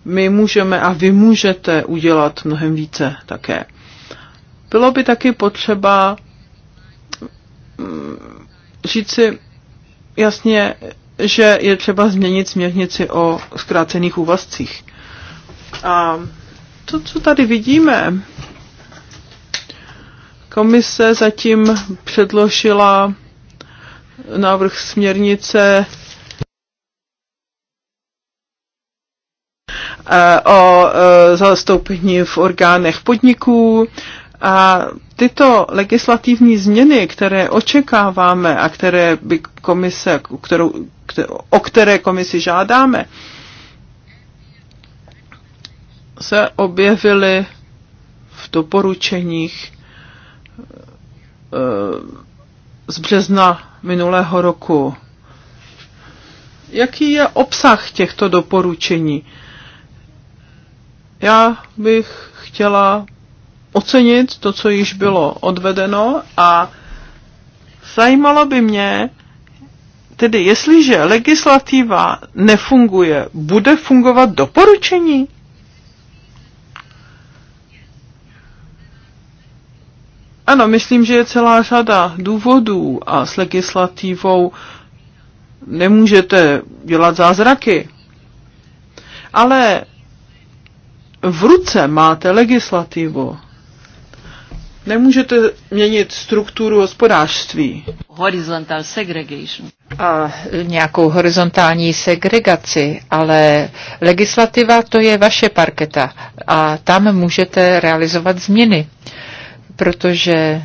my můžeme a vy můžete udělat mnohem více také. Bylo by taky potřeba mm, říci jasně, že je třeba změnit směrnici o zkrácených úvazcích. A to, co tady vidíme, komise zatím předložila návrh směrnice eh, o eh, zastoupení v orgánech podniků, a tyto legislativní změny, které očekáváme a které by komise, kterou, o které komisi žádáme, se objevily v doporučeních eh, z března minulého roku. Jaký je obsah těchto doporučení? Já bych chtěla ocenit to, co již bylo odvedeno a zajímalo by mě, tedy jestliže legislativa nefunguje, bude fungovat doporučení? Ano, myslím, že je celá řada důvodů a s legislativou nemůžete dělat zázraky. Ale v ruce máte legislativu Nemůžete měnit strukturu hospodářství. Horizontal segregation. A nějakou horizontální segregaci, ale legislativa to je vaše parketa a tam můžete realizovat změny, protože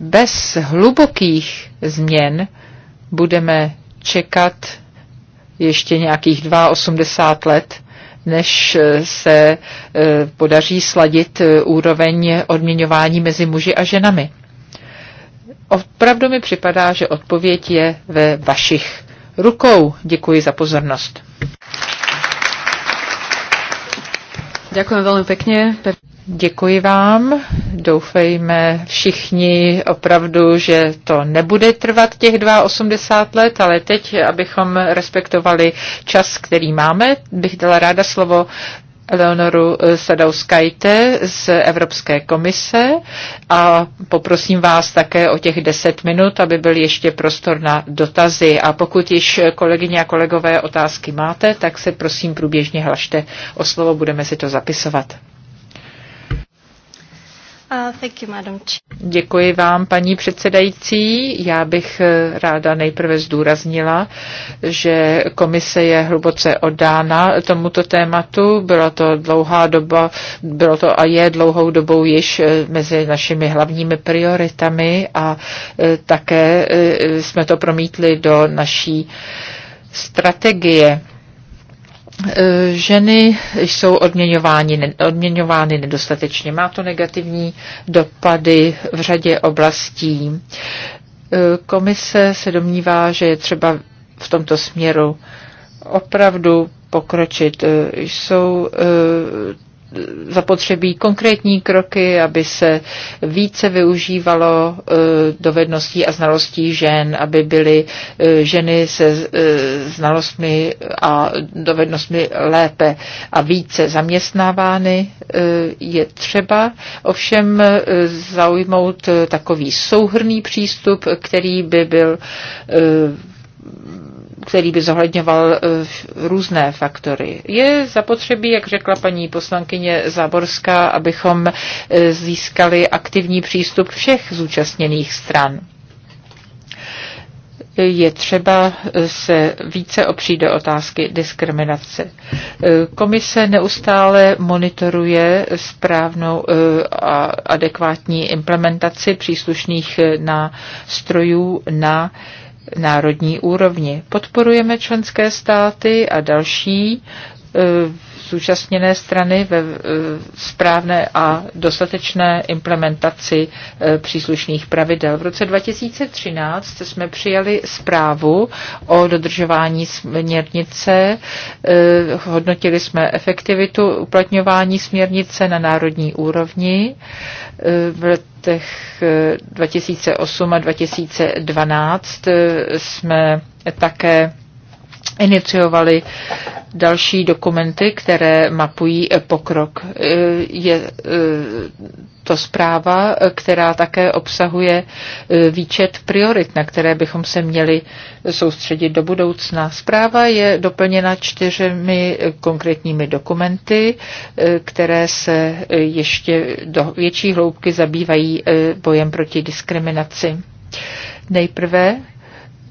bez hlubokých změn budeme čekat ještě nějakých 82 let, než eh, se eh, podaří sladit eh, úroveň odměňování mezi muži a ženami. Opravdu mi připadá, že odpověď je ve vašich rukou. Děkuji za pozornost. Děkuji velmi pekne. Děkuji vám. Doufejme všichni opravdu, že to nebude trvat těch 82 let, ale teď, abychom respektovali čas, který máme, bych dala ráda slovo Eleonoru Sadauskajte z Evropské komise a poprosím vás také o těch 10 minut, aby byl ještě prostor na dotazy. A pokud již kolegyně a kolegové otázky máte, tak se prosím průběžně hlašte o slovo, budeme si to zapisovat. Uh, Děkuji vám, paní předsedající. Já bych eh, ráda nejprve zdůraznila, že komise je hluboce oddána tomuto tématu. Byla to dlouhá doba, bylo to a je dlouhou dobou již eh, mezi našimi hlavními prioritami a eh, také jsme to promítli do naší strategie E, ženy jsou odměňovány, odměňovány nedostatečně. Má to negativní dopady v řadě oblastí. E, komise se domnívá, že je třeba v tomto směru opravdu pokročit. E, jsou zapotřebí konkrétní kroky, aby se více využívalo e, dovedností a znalostí žen, aby byly e, ženy se e, znalostmi a dovednostmi lépe a více zaměstnávány. Je třeba ovšem zaujmout takový souhrný přístup, který by byl který by zohledňoval eh, různé faktory. Je zapotřebí, jak řekla paní poslankyně Záborská, abychom eh, získali aktivní přístup všech zúčastněných stran je třeba eh, se více opřít do otázky diskriminace. Komise neustále monitoruje správnou a adekvátní implementaci příslušných nástrojů na národní úrovni. Podporujeme členské státy a další eh, zúčastněné strany ve e, správné a dostatečné implementaci e, příslušných pravidel. V roce 2013 jsme přijali zprávu o dodržování směrnice, e, hodnotili jsme efektivitu uplatňování směrnice na národní úrovni. V letech 2008 a 2012 jsme také iniciovali další dokumenty, které mapují pokrok. Je eh, to zpráva, která také obsahuje eh, výčet priorit, na které bychom se měli soustředit do budoucna. Zpráva je doplněna čtyřmi konkrétními dokumenty, eh, které se ještě do větší hloubky zabývají bojem proti diskriminaci. Nejprve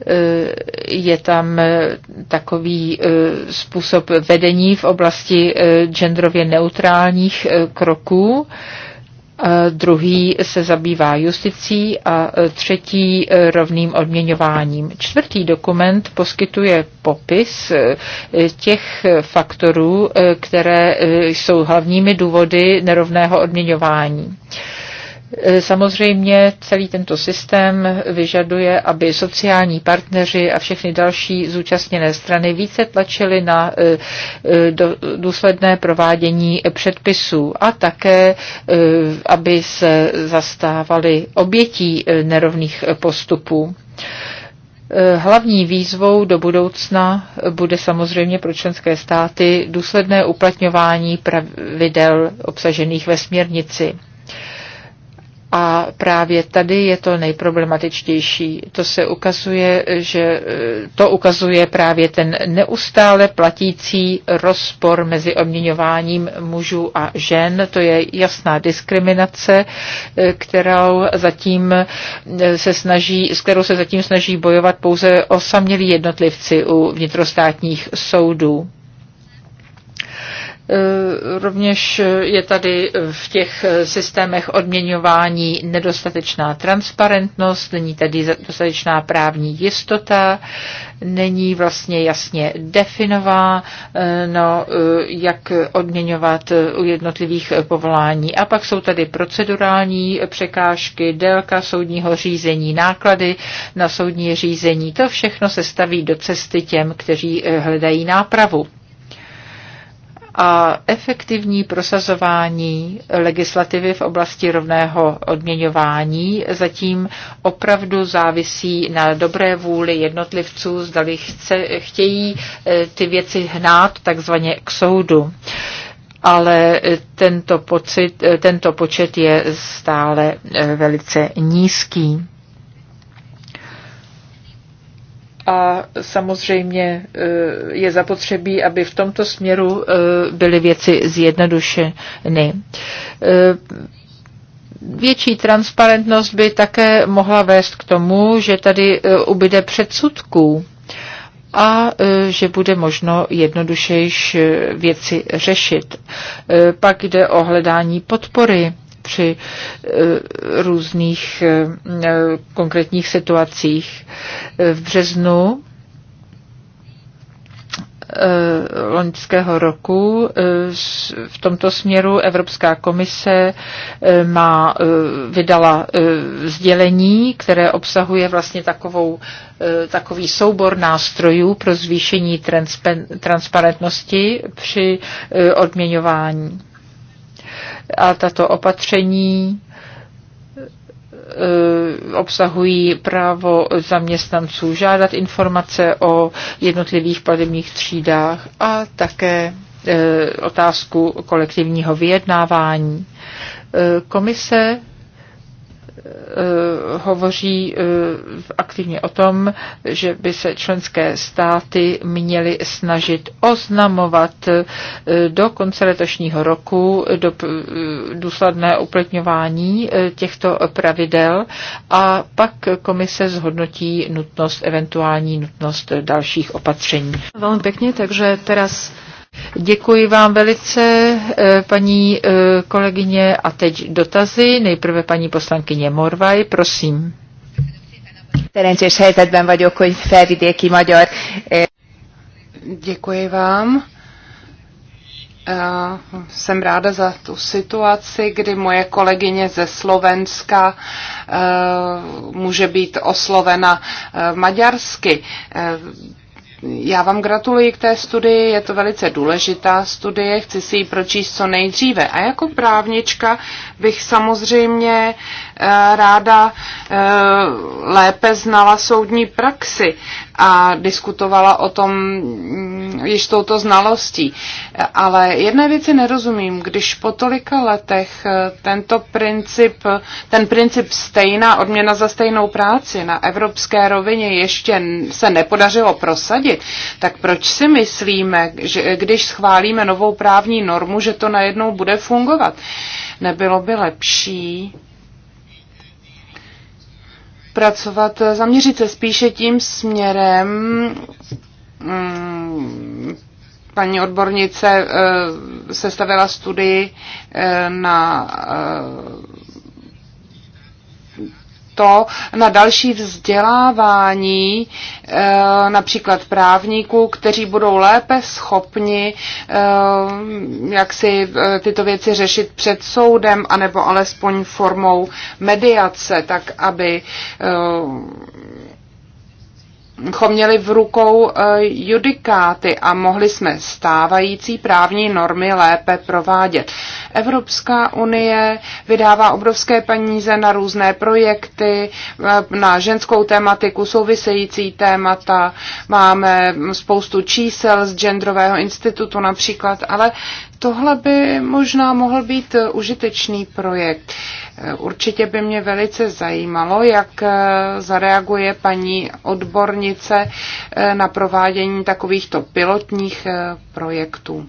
Eh, je tam eh, takový eh, způsob vedení v oblasti genderově neutrálních kroků, druhý se zabývá justicí a třetí rovným odměňováním. Čtvrtý dokument poskytuje popis těch faktorů, které jsou hlavními důvody nerovného odměňování. E, samozřejmě celý tento systém vyžaduje, aby sociální partneři a všechny další zúčastněné strany více tlačili na e, e, důsledné provádění předpisů a také, aby se zastávali obětí nerovných postupů. Hlavní výzvou do budoucna bude samozřejmě pro členské státy důsledné uplatňování pravidel obsažených ve směrnici. A právě tady je to nejproblematičtější. To se ukazuje, že eh, to ukazuje právě ten neustále platící rozpor mezi obměňováním mužů a žen. To je jasná diskriminace, eh, kterou zatím eh, se snaží, s kterou se zatím snaží bojovat pouze osamělí jednotlivci u vnitrostátních soudů. Eh, rovněž eh, je tady eh, v těch systémech odměňování nedostatečná transparentnost, není tady dostatečná právní jistota, není vlastně jasně definová, no, jak odměňovat u jednotlivých povolání. A pak jsou tady procedurální překážky, délka soudního řízení, náklady na soudní řízení. To všechno se staví do cesty těm, kteří hledají nápravu a efektivní prosazování legislativy v oblasti rovného odměňování zatím opravdu závisí na dobré vůli jednotlivců, zdali chce, chtějí eh, ty věci hnát takzvaně k soudu ale eh, tento, pocit, eh, tento počet je stále velice nízký. a samozřejmě eh, je zapotřebí, aby v tomto směru eh, byly věci zjednodušeny. Eh, větší transparentnost by také mohla vést k tomu, že tady ubyde předsudků a že bude možno jednodušejš věci řešit. Pak jde o hledání podpory při eh, různých eh, konkrétních situacích. Eh, v březnu loňského roku. V tomto směru Evropská komise má, vydala sdělení, které obsahuje vlastně takovou, takový soubor nástrojů pro zvýšení transparentnosti při odměňování a tato opatření eh, obsahují právo zaměstnanců žádat informace o jednotlivých platebních třídách a také eh, otázku kolektivního vyjednávání. Eh, komise Eh, hovoří eh, aktivně o tom, že by se členské státy měly snažit oznamovat eh, do konce letošního roku do důsledné uplatňování těchto pravidel a pak komise zhodnotí nutnost, eventuální nutnost dalších opatření. Velmi pěkně, takže teraz Děkuji vám velice, eh, paní eh, kolegyně. A teď dotazy. Nejprve paní poslankyně Morvaj, prosím. Szerencsés helyzetben vagyok, hogy felvidéki magyar. Eh, Děkuji vám. Já jsem ráda za tu situaci, kdy moje kolegyně ze Slovenska může být oslovena maďarsky. Já vám gratuluji k té studii, je to velice důležitá studie, chci si ji pročíst co nejdříve. A jako právnička bych samozřejmě eh, ráda eh, lépe znala soudní praxi a diskutovala o tom mm, již touto znalostí. Ale jedné věci nerozumím, když po tolika letech eh, tento princip, ten princip stejná odměna za stejnou práci na evropské rovině ještě se nepodařilo prosadit, tak proč si myslíme, že když schválíme novou právní normu, že to najednou bude fungovat? Nebylo by lepší pracovat, eh, zaměřit se spíše tím směrem, mm, paní odbornice eh, sestavila studii eh, na to na další vzdělávání eh, například právníků, kteří budou lépe schopni eh, jak si eh, tyto věci řešit před soudem, anebo alespoň formou mediace, tak aby měli v rukou e, judikáty a mohli jsme stávající právní normy lépe provádět. Evropská unie vydává obrovské peníze na různé projekty, e, na ženskou tématiku, související témata. Máme spoustu čísel z Genderového institutu například, ale Tohle by možná mohl být užitečný projekt. Určitě by mě velice zajímalo, jak eh, zareaguje paní odbornice eh, na provádění takovýchto pilotních eh, projektů.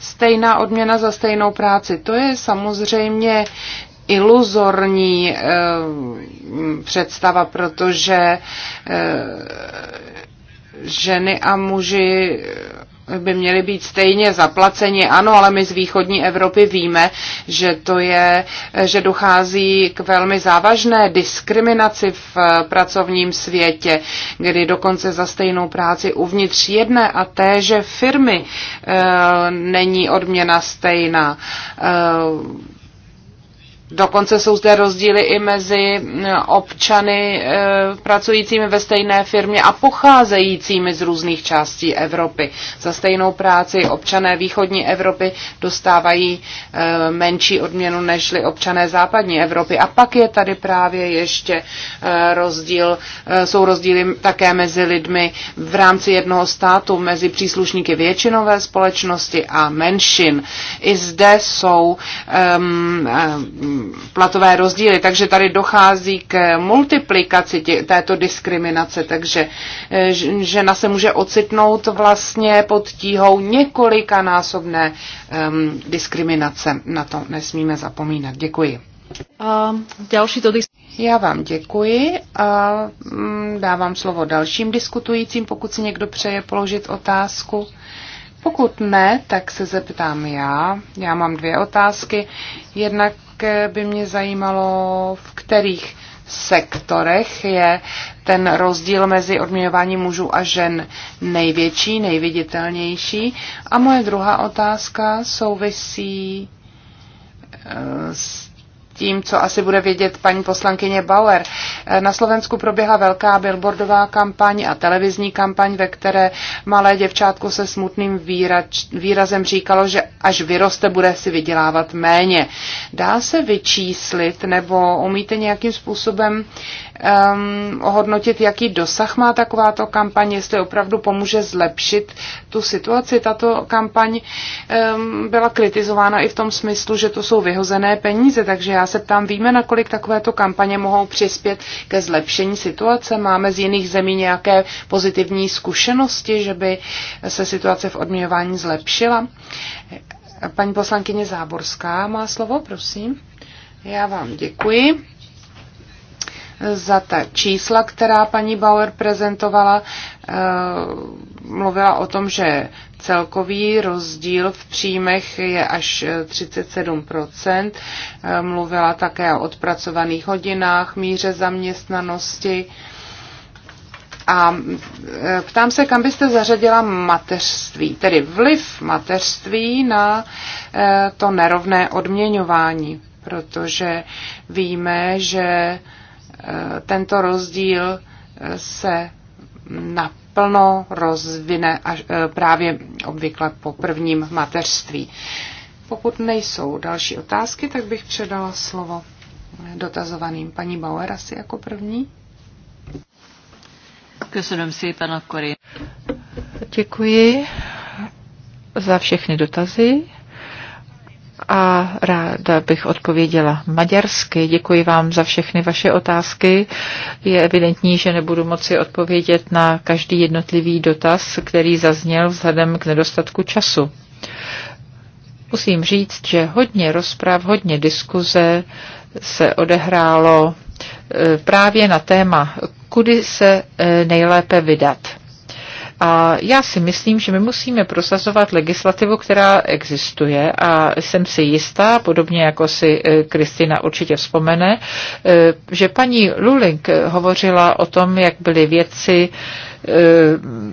Stejná odměna za stejnou práci. To je samozřejmě iluzorní e, představa, protože e, ženy a muži by měli být stejně zaplaceni. Ano, ale my z východní Evropy víme, že to je, že dochází k velmi závažné diskriminaci v pracovním světě, kdy dokonce za stejnou práci uvnitř jedné a téže firmy e, není odměna stejná. E, Dokonce jsou zde rozdíly i mezi občany e, pracujícími ve stejné firmě a pocházejícími z různých částí Evropy. Za stejnou práci občané východní Evropy dostávají e, menší odměnu nežli občané západní Evropy. A pak je tady právě ještě e, rozdíl, jsou rozdíly také mezi lidmi v rámci jednoho státu, mezi příslušníky většinové společnosti a menšin. I zde jsou um, um, platové rozdíly, takže tady dochází k multiplikaci tě, této diskriminace, takže eh, žena se může ocitnout vlastně pod tíhou několikanásobné um, diskriminace. Na to nesmíme zapomínat. Děkuji. A další to Já vám děkuji a mm, dávám slovo dalším diskutujícím, pokud si někdo přeje položit otázku. Pokud ne, tak se zeptám já. Já mám dvě otázky. Jednak také by mě zajímalo, v kterých sektorech je ten rozdíl mezi odměňováním mužů a žen největší, nejviditelnější. A moje druhá otázka souvisí s eh, tím, co asi bude vědět paní poslankyně Bauer. Eh, na Slovensku proběhla velká billboardová kampaň a televizní kampaň, ve které malé děvčátko se smutným výrač, výrazem říkalo, že až vyroste, bude si vydělávat méně. Dá se vyčíslit nebo umíte nějakým způsobem um, ohodnotit, jaký dosah má takováto kampaň, jestli opravdu pomůže zlepšit tu situaci. Tato kampaň um, byla kritizována i v tom smyslu, že to jsou vyhozené peníze, takže já se ptám, víme, nakolik takovéto kampaně mohou přispět ke zlepšení situace? Máme z jiných zemí nějaké pozitivní zkušenosti, že by se situace v odměňování zlepšila? Paní poslankyně Záborská má slovo, prosím. Já vám děkuji za ta čísla, která paní Bauer prezentovala. Eh, mluvila o tom, že celkový rozdíl v příjmech je až 37 eh, eh, Mluvila také o odpracovaných hodinách, míře zaměstnanosti. A ptám se, kam byste zařadila mateřství, tedy vliv mateřství na to nerovné odměňování, protože víme, že Eh, tento rozdíl eh, se naplno rozvine až eh, právě obvykle po prvním mateřství. Pokud nejsou další otázky, tak bych předala slovo dotazovaným. Paní Bauer asi jako první. Děkuji za všechny dotazy a ráda bych odpověděla maďarsky. Děkuji vám za všechny vaše otázky. Je evidentní, že nebudu moci odpovědět na každý jednotlivý dotaz, který zazněl vzhledem k nedostatku času. Musím říct, že hodně rozpráv, hodně diskuze se odehrálo eh, právě na téma, kudy se eh, nejlépe vydat. A já si myslím, že my musíme prosazovat legislativu, která existuje a jsem si jistá, podobně jako si eh, Kristina určitě vzpomene, eh, že paní Luling hovořila o tom, jak byly věci eh,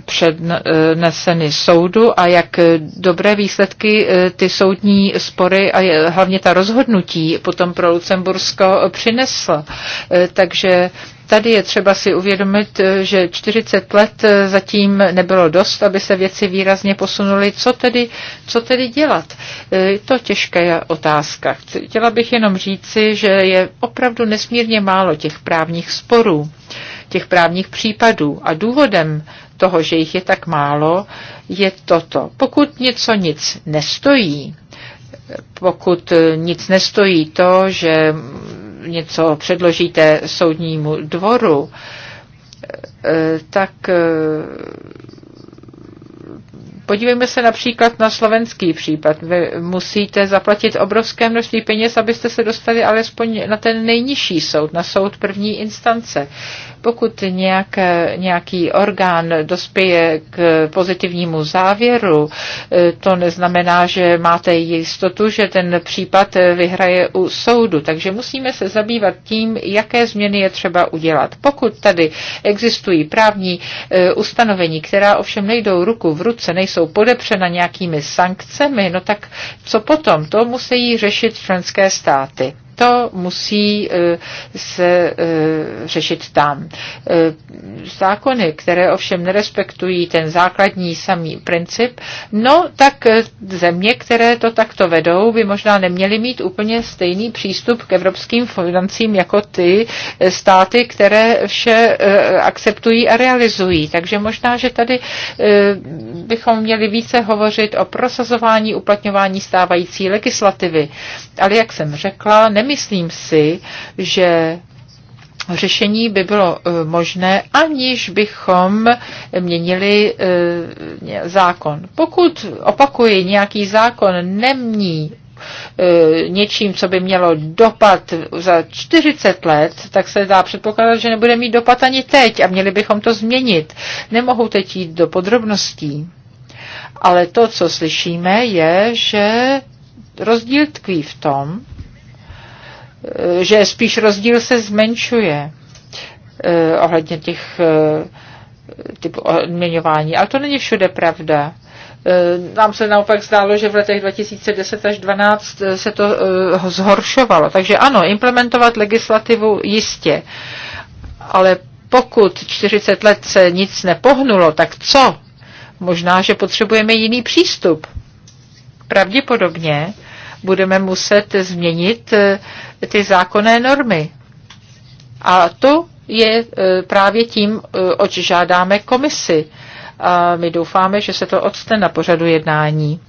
předneseny soudu a jak dobré výsledky ty soudní spory a hlavně ta rozhodnutí potom pro Lucembursko přinesla. Takže Tady je třeba si uvědomit, že 40 let zatím nebylo dost, aby se věci výrazně posunuly. Co tedy, co tedy dělat? Je to těžká otázka. Chtěla bych jenom říci, že je opravdu nesmírně málo těch právních sporů, těch právních případů a důvodem toho, že jich je tak málo, je toto. Pokud něco nic nestojí, pokud nic nestojí to, že něco předložíte soudnímu dvoru, eh, tak eh, Podívejme se například na slovenský případ. Vy musíte zaplatit obrovské množství peněz, abyste se dostali alespoň na ten nejnižší soud, na soud první instance. Pokud nějak, nějaký orgán dospěje k pozitivnímu závěru, to neznamená, že máte jistotu, že ten případ vyhraje u soudu. Takže musíme se zabývat tím, jaké změny je třeba udělat. Pokud tady existují právní eh, ustanovení, která ovšem nejdou ruku v ruce, nejsou jsou podepřena nějakými sankcemi, no tak co potom? To musí řešit členské státy to musí eh, se eh, řešit tam. Eh, zákony, které ovšem nerespektují ten základní samý princip, no tak země, které to takto vedou, by možná neměly mít úplně stejný přístup k evropským financím jako ty státy, které vše akceptují a realizují. Takže možná, že tady bychom měli více hovořit o prosazování, uplatňování stávající legislativy. Ale jak jsem řekla, nemyslím, Nemyslím si, že řešení by bylo eh, možné, aniž bychom měnili eh, zákon. Pokud opakuji, nějaký zákon nemní eh, něčím, co by mělo dopad za 40 let, tak se dá předpokládat, že nebude mít dopad ani teď a měli bychom to změnit. Nemohu teď jít do podrobností. Ale to, co slyšíme, je, že rozdíl tkví v tom, Eh, že spíš rozdíl se zmenšuje eh, ohledně těch eh, typu odměňování. Ale to není všude pravda. Nám se naopak zdálo, že v letech 2010 až 2012 se to zhoršovalo. Takže ano, implementovat legislativu jistě, ale pokud 40 let se nic nepohnulo, tak co? Možná, že potřebujeme jiný přístup. Pravděpodobně budeme muset změnit ty zákonné normy. A to je e, právě tím, e, oč žádáme komisi. A my doufáme, že se to odstne na pořadu jednání.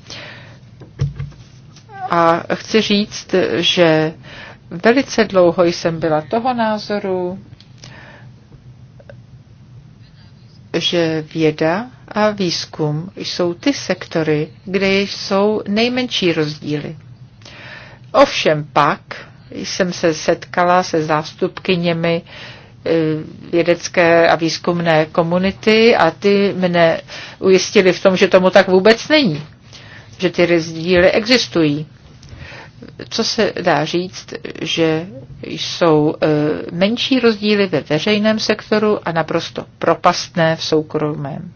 A chci říct, že velice dlouho jsem byla toho názoru, že věda a výzkum jsou ty sektory, kde jsou nejmenší rozdíly. Ovšem pak jsem se setkala se zástupkyněmi e, vědecké a výzkumné komunity a ty mne ujistili v tom, že tomu tak vůbec není, že ty rozdíly existují. Co se dá říct, že jsou e, menší rozdíly ve veřejném sektoru a naprosto propastné v soukromém.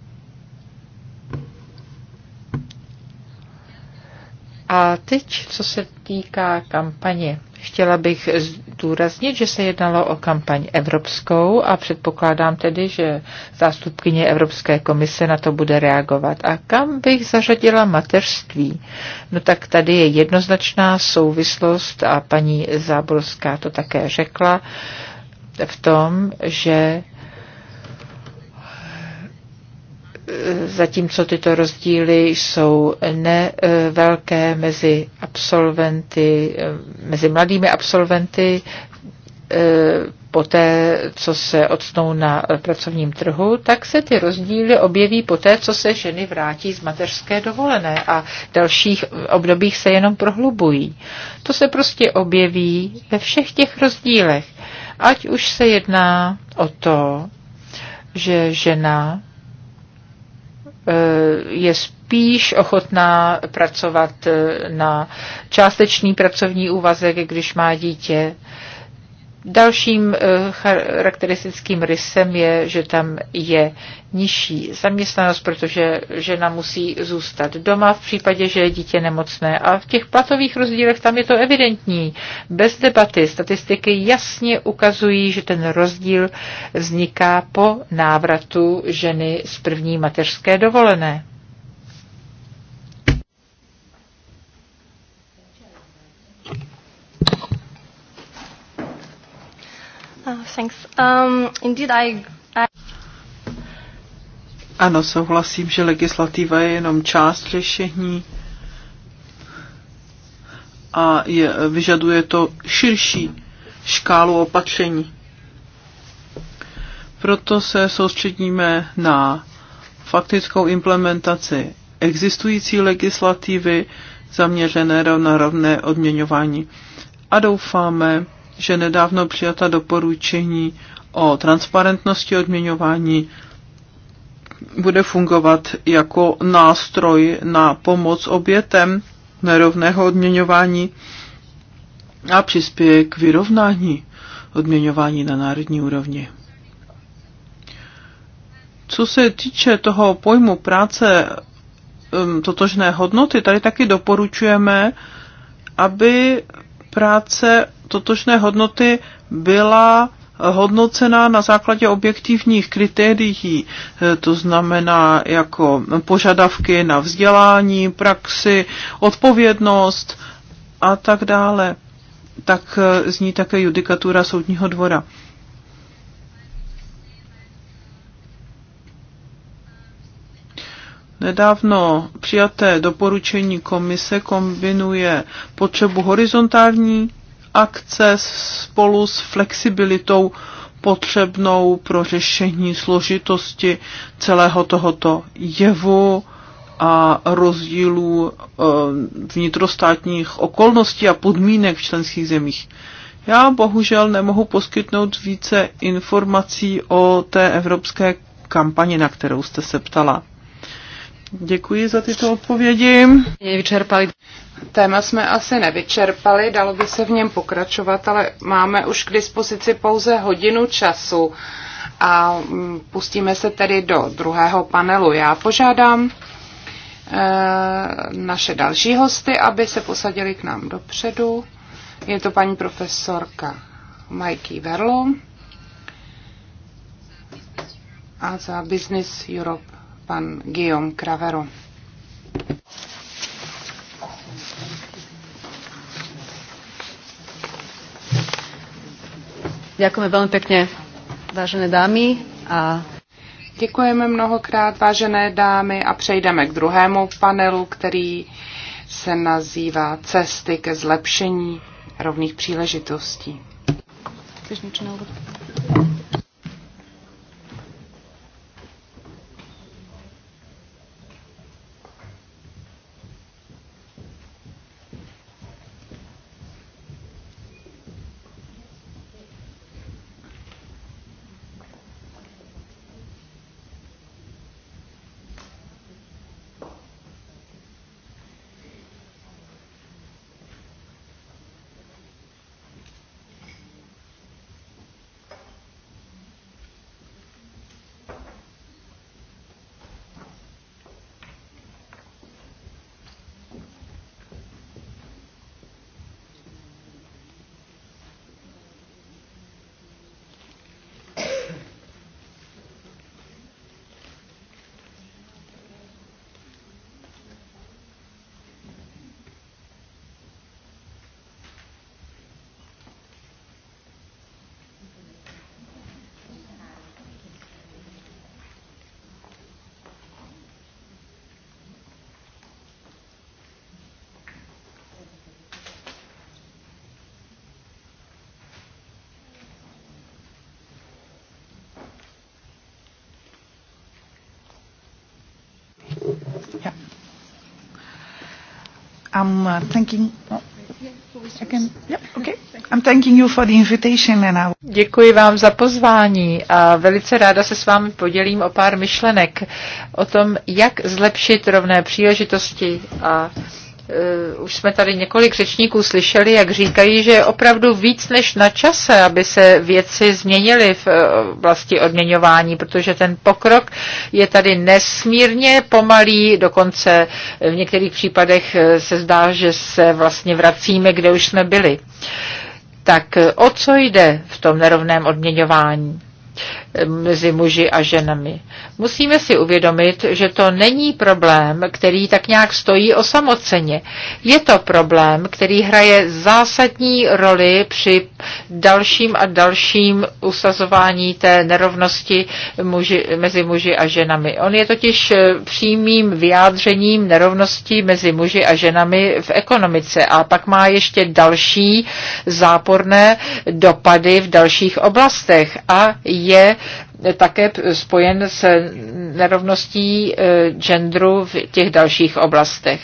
A teď, co se týká kampaně Chtěla bych zdůraznit, že se jednalo o kampaň evropskou a předpokládám tedy, že zástupkyně Evropské komise na to bude reagovat. A kam bych zařadila mateřství? No tak tady je jednoznačná souvislost a paní Záborská to také řekla v tom, že zatímco tyto rozdíly jsou nevelké mezi absolventy, mezi mladými absolventy poté, co se odstnou na pracovním trhu, tak se ty rozdíly objeví poté, co se ženy vrátí z mateřské dovolené a dalších obdobích se jenom prohlubují. To se prostě objeví ve všech těch rozdílech. Ať už se jedná o to, že žena Eh, je spíš ochotná pracovat eh, na částečný pracovní úvazek, když má dítě Dalším eh, charakteristickým rysem je, že tam je nižší zaměstnanost, protože žena musí zůstat doma v případě, že je dítě nemocné. A v těch platových rozdílech tam je to evidentní. Bez debaty statistiky jasně ukazují, že ten rozdíl vzniká po návratu ženy z první mateřské dovolené. thanks. Um, indeed, I, I... Ano, souhlasím, že legislativa je jenom část řešení a je, vyžaduje to širší škálu opatření. Proto se soustředíme na faktickou implementaci existující legislativy zaměřené na rovné odměňování. A doufáme, že nedávno přijata doporučení o transparentnosti odměňování bude fungovat jako nástroj na pomoc obětem nerovného odměňování a přispěje k vyrovnání odměňování na národní úrovni. Co se týče toho pojmu práce um, totožné hodnoty, tady taky doporučujeme, aby práce totožné hodnoty byla hodnocena na základě objektivních kritérií, eh, to znamená jako požadavky na vzdělání, praxi, odpovědnost a tak dále. Tak eh, zní také judikatura soudního dvora. Nedávno přijaté doporučení komise kombinuje potřebu horizontální akce spolu s flexibilitou potřebnou pro řešení složitosti celého tohoto jevu a rozdílů eh, vnitrostátních okolností a podmínek v členských zemích. Já bohužel nemohu poskytnout více informací o té evropské kampani, na kterou jste se ptala. Děkuji za tyto odpovědi. vyčerpali. Téma jsme asi nevyčerpali, dalo by se v něm pokračovat, ale máme už k dispozici pouze hodinu času a mm, pustíme se tedy do druhého panelu. Já požádám e, naše další hosty, aby se posadili k nám dopředu. Je to paní profesorka Mikey Verlo a za Business Europe pan Guillaume Cravero. Děkujeme velmi pěkně, vážené dámy. A... Děkujeme mnohokrát, vážené dámy, a přejdeme k druhému panelu, který se nazývá Cesty ke zlepšení rovných příležitostí. I'm uh, thanking. Oh, I can, yeah, okay. I'm thanking you for the invitation and I... Děkuji vám za pozvání a velice ráda se s vámi podělím o pár myšlenek o tom, jak zlepšit rovné příležitosti a Eh, už jsme tady několik řečníků slyšeli, jak říkají, že je opravdu víc než na čase, aby se věci změnily v vlasti eh, odměňování, protože ten pokrok je tady nesmírně pomalý, dokonce eh, v některých případech se zdá, že se vlastně vracíme, kde už jsme byli. Tak o co jde v tom nerovném odměňování? mezi muži a ženami. Musíme si uvědomit, že to není problém, který tak nějak stojí osamoceně. Je to problém, který hraje zásadní roli při dalším a dalším usazování té nerovnosti muži, mezi muži a ženami. On je totiž eh, přímým vyjádřením nerovnosti mezi muži a ženami v ekonomice a pak má ještě další záporné dopady v dalších oblastech a je také spojen s nerovností eh, genderu v těch dalších oblastech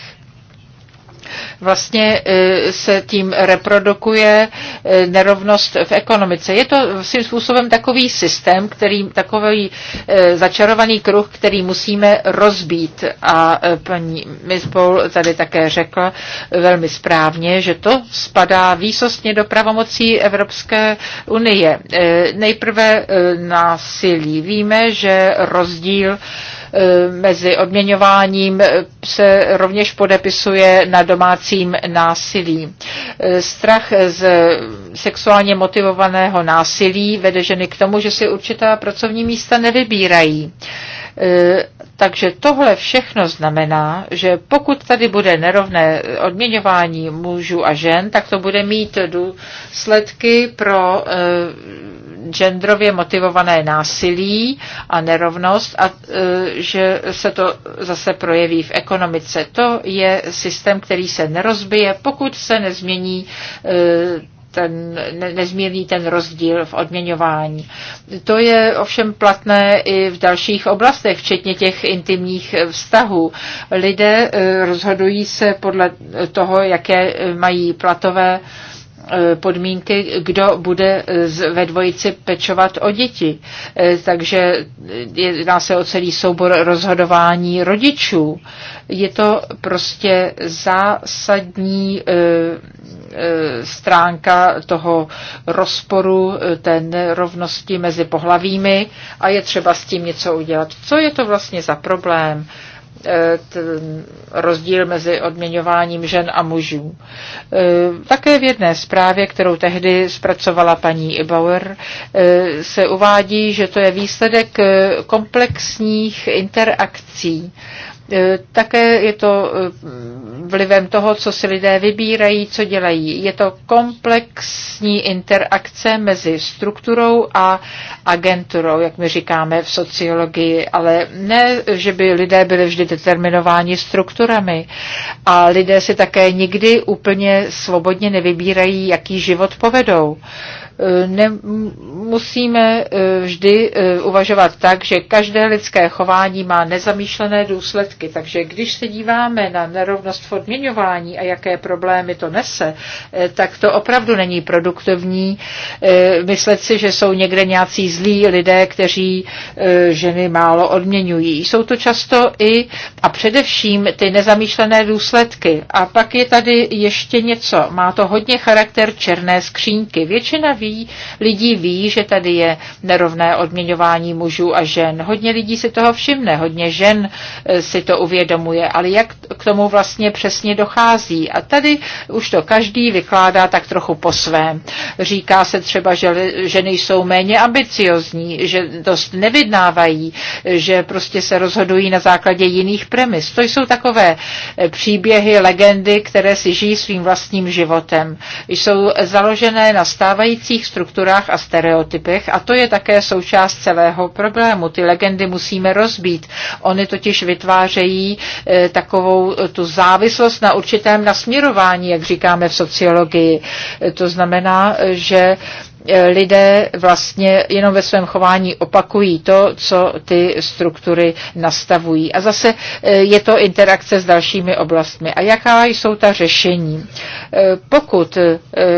vlastně e, se tím reprodukuje e, nerovnost v ekonomice. Je to svým způsobem takový systém, který, takový e, začarovaný kruh, který musíme rozbít. A paní Mispol tady také řekla velmi správně, že to spadá výsostně do pravomocí Evropské unie. Nejprve násilí. Víme, že rozdíl Eh, mezi odměňováním se rovněž podepisuje na domácím násilí. Eh, strach z sexuálně motivovaného násilí vede ženy k tomu, že si určitá pracovní místa nevybírají. Eh, takže tohle všechno znamená, že pokud tady bude nerovné odměňování mužů a žen, tak to bude mít důsledky pro genderově motivované násilí a nerovnost a e, že se to zase projeví v ekonomice. To je systém, který se nerozbije, pokud se nezmění e, ten, ne, nezmírný ten rozdíl v odměňování. To je ovšem platné i v dalších oblastech, včetně těch intimních vztahů. Lidé e, rozhodují se podle toho, jaké mají platové E, podmínky, kdo bude ve dvojici pečovat o děti. E, takže jedná se o celý soubor rozhodování rodičů. Je to prostě zásadní e, stránka toho rozporu, té nerovnosti mezi pohlavími a je třeba s tím něco udělat. Co je to vlastně za problém? Eh, rozdíl mezi odměňováním žen a mužů. Eh, také v jedné zprávě, kterou tehdy zpracovala paní Ibauer, eh, se uvádí, že to je výsledek komplexních interakcí E, také je to e, vlivem toho, co si lidé vybírají, co dělají. Je to komplexní interakce mezi strukturou a agenturou, jak my říkáme v sociologii, ale ne, že by lidé byli vždy determinováni strukturami. A lidé si také nikdy úplně svobodně nevybírají, jaký život povedou. Eh, Nemusíme eh, vždy eh, uvažovat tak, že každé lidské chování má nezamýšlené důsledky. Takže když se díváme na nerovnost v odměňování a jaké problémy to nese, tak to opravdu není produktivní myslet si, že jsou někde nějací zlí lidé, kteří ženy málo odměňují. Jsou to často i a především ty nezamýšlené důsledky. A pak je tady ještě něco. Má to hodně charakter černé skřínky. Většina ví, ví, lidí ví, že tady je nerovné odměňování mužů a žen. Hodně lidí si toho všimne, hodně žen eh, si to uvědomuje, ale jak k tomu vlastně přesně dochází? A tady už to každý vykládá tak trochu po svém. Říká se třeba, že ženy jsou méně ambiciozní, že dost nevydnávají, že prostě se rozhodují na základě jiných premis. To jsou takové eh, příběhy, legendy, které si žijí svým vlastním životem. Jsou založené na stávajících rodových strukturách a stereotypech a to je také součást celého problému. Ty legendy musíme rozbít. Ony totiž vytvářejí eh, takovou eh, tu závislost na určitém nasměrování, jak říkáme v sociologii. Eh, to znamená, že E, lidé vlastně jenom ve svém chování opakují to, co ty struktury nastavují. A zase e, je to interakce s dalšími oblastmi. A jaká jsou ta řešení? E, pokud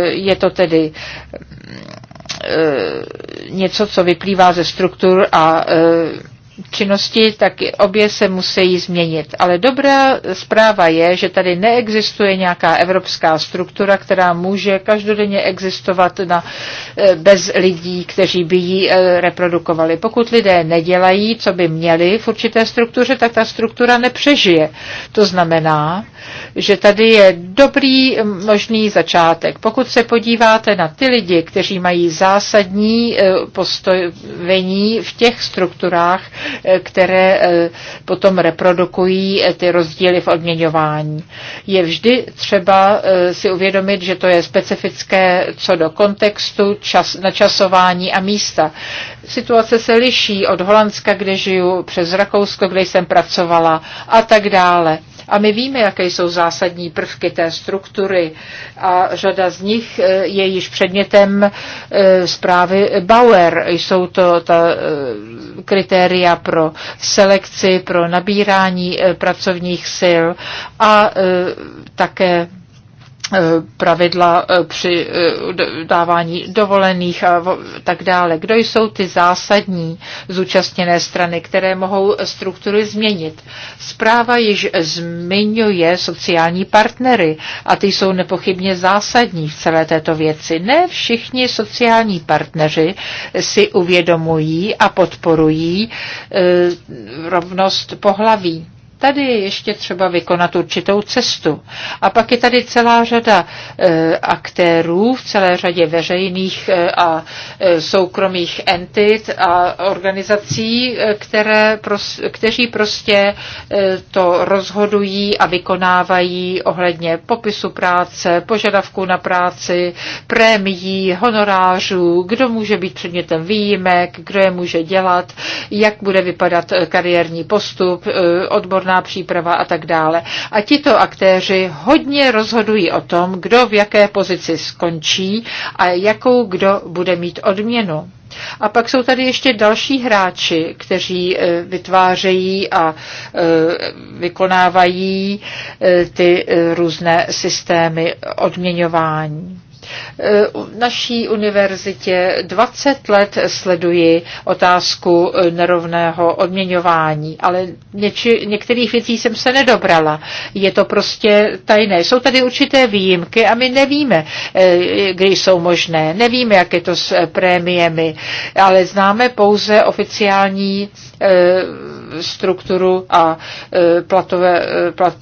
je to tedy něco, co vyplývá ze struktur a činnosti, tak obě se musí změnit. Ale dobrá zpráva je, že tady neexistuje nějaká evropská struktura, která může každodenně existovat na, eh, bez lidí, kteří by ji eh, reprodukovali. Pokud lidé nedělají, co by měli v určité struktuře, tak ta struktura nepřežije. To znamená, že tady je dobrý eh, možný začátek. Pokud se podíváte na ty lidi, kteří mají zásadní postojení v těch strukturách, které eh, potom reprodukují eh, ty rozdíly v odměňování. Je vždy třeba eh, si uvědomit, že to je specifické co do kontextu, čas, načasování a místa. Situace se liší od Holandska, kde žiju, přes Rakousko, kde jsem pracovala a tak dále. A my víme, jaké jsou zásadní prvky té struktury a řada z nich eh, je již předmětem eh, zprávy Bauer. Jsou to ta eh, kritéria pro selekci, pro nabírání pracovních sil a také Eh, pravidla eh, při eh, dávání dovolených a tak dále. Kdo jsou ty zásadní zúčastněné strany, které mohou struktury změnit? Zpráva již zmiňuje sociální partnery a ty jsou nepochybně zásadní v celé této věci. Ne všichni sociální partneři si uvědomují a podporují rovnost pohlaví. Tady je ještě třeba vykonat určitou cestu. A pak je tady celá řada e, aktérů v celé řadě veřejných e, a e, soukromých entit a organizací, e, které pros, kteří prostě e, to rozhodují a vykonávají ohledně popisu práce, požadavků na práci, prémií, honorářů, kdo může být předmětem výjimek, kdo je může dělat, jak bude vypadat e, kariérní postup, e, odborná odborná příprava a tak dále. A tito aktéři hodně rozhodují o tom, kdo v jaké pozici skončí a jakou kdo bude mít odměnu. A pak jsou tady ještě další hráči, kteří eh, vytvářejí a eh, vykonávají eh, ty různé systémy odměňování. Eh, naší univerzitě 20 let sleduji otázku eh, nerovného odměňování, ale něči, některých věcí jsem se nedobrala. Je to prostě tajné. Jsou tady určité výjimky a my nevíme, eh, kdy jsou možné. Nevíme, jak je to s prémiemi, ale známe pouze oficiální Eh, strukturu a eh, platové, eh, plat,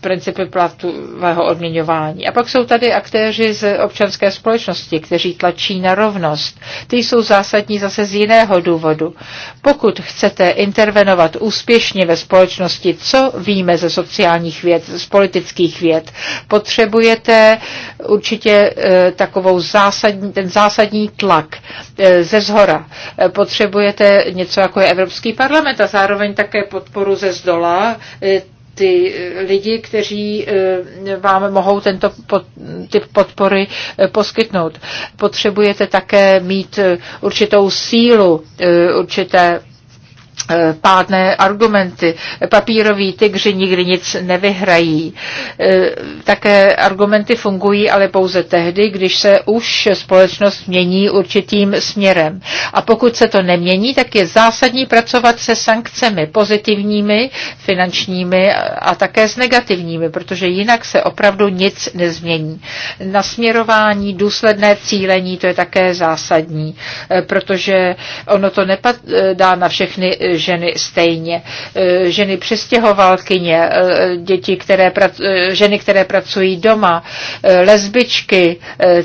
principy platového odměňování. A pak jsou tady aktéři z občanské společnosti, kteří tlačí na rovnost. Ty jsou zásadní zase z jiného důvodu. Pokud chcete intervenovat úspěšně ve společnosti, co víme ze sociálních věd, z politických věd, potřebujete určitě takovou zásadní, ten zásadní tlak ze zhora. Potřebujete něco jako je Evropský parlament, parlament a zároveň také podporu ze zdola eh, ty eh, lidi, kteří eh, vám mohou tento pod, typ podpory poskytnout. Potřebujete také mít určitou sílu, určité Eh, pádné argumenty. Papíroví tygři nikdy nic nevyhrají. Eh, také argumenty fungují ale pouze tehdy, když se už společnost mění určitým směrem. A pokud se to nemění, tak je zásadní pracovat se sankcemi, pozitivními, finančními a také s negativními, protože jinak se opravdu nic nezmění. Nasměrování, důsledné cílení, to je také zásadní, eh, protože ono to nepadá na všechny ženy stejně. Eh, ženy přestěhovalkyně, eh, děti, které, eh, ženy, které pracují doma, lesbičky,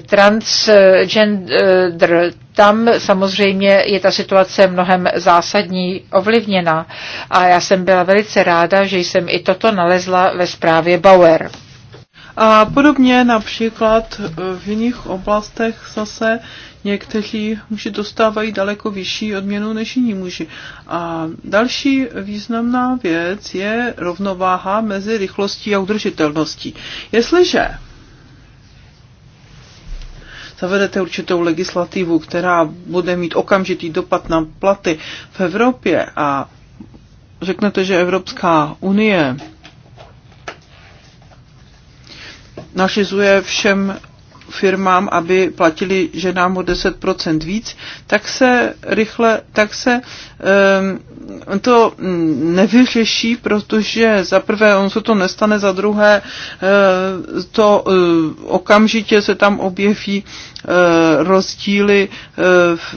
transgender, tam samozřejmě je ta situace mnohem zásadní ovlivněna. A já jsem byla velice ráda, že jsem i toto nalezla ve zprávě Bauer. A podobně například v jiných oblastech zase Někteří muži dostávají daleko vyšší odměnu než jiní muži. A další významná věc je rovnováha mezi rychlostí a udržitelností. Jestliže zavedete určitou legislativu, která bude mít okamžitý dopad na platy v Evropě a řeknete, že Evropská unie nařizuje všem firmám, aby platili ženám o 10% víc, tak se rychle, tak se um, to mm, nevyřeší, protože za prvé on se to nestane, za druhé uh, to uh, okamžitě se tam objeví uh, rozdíly uh, v,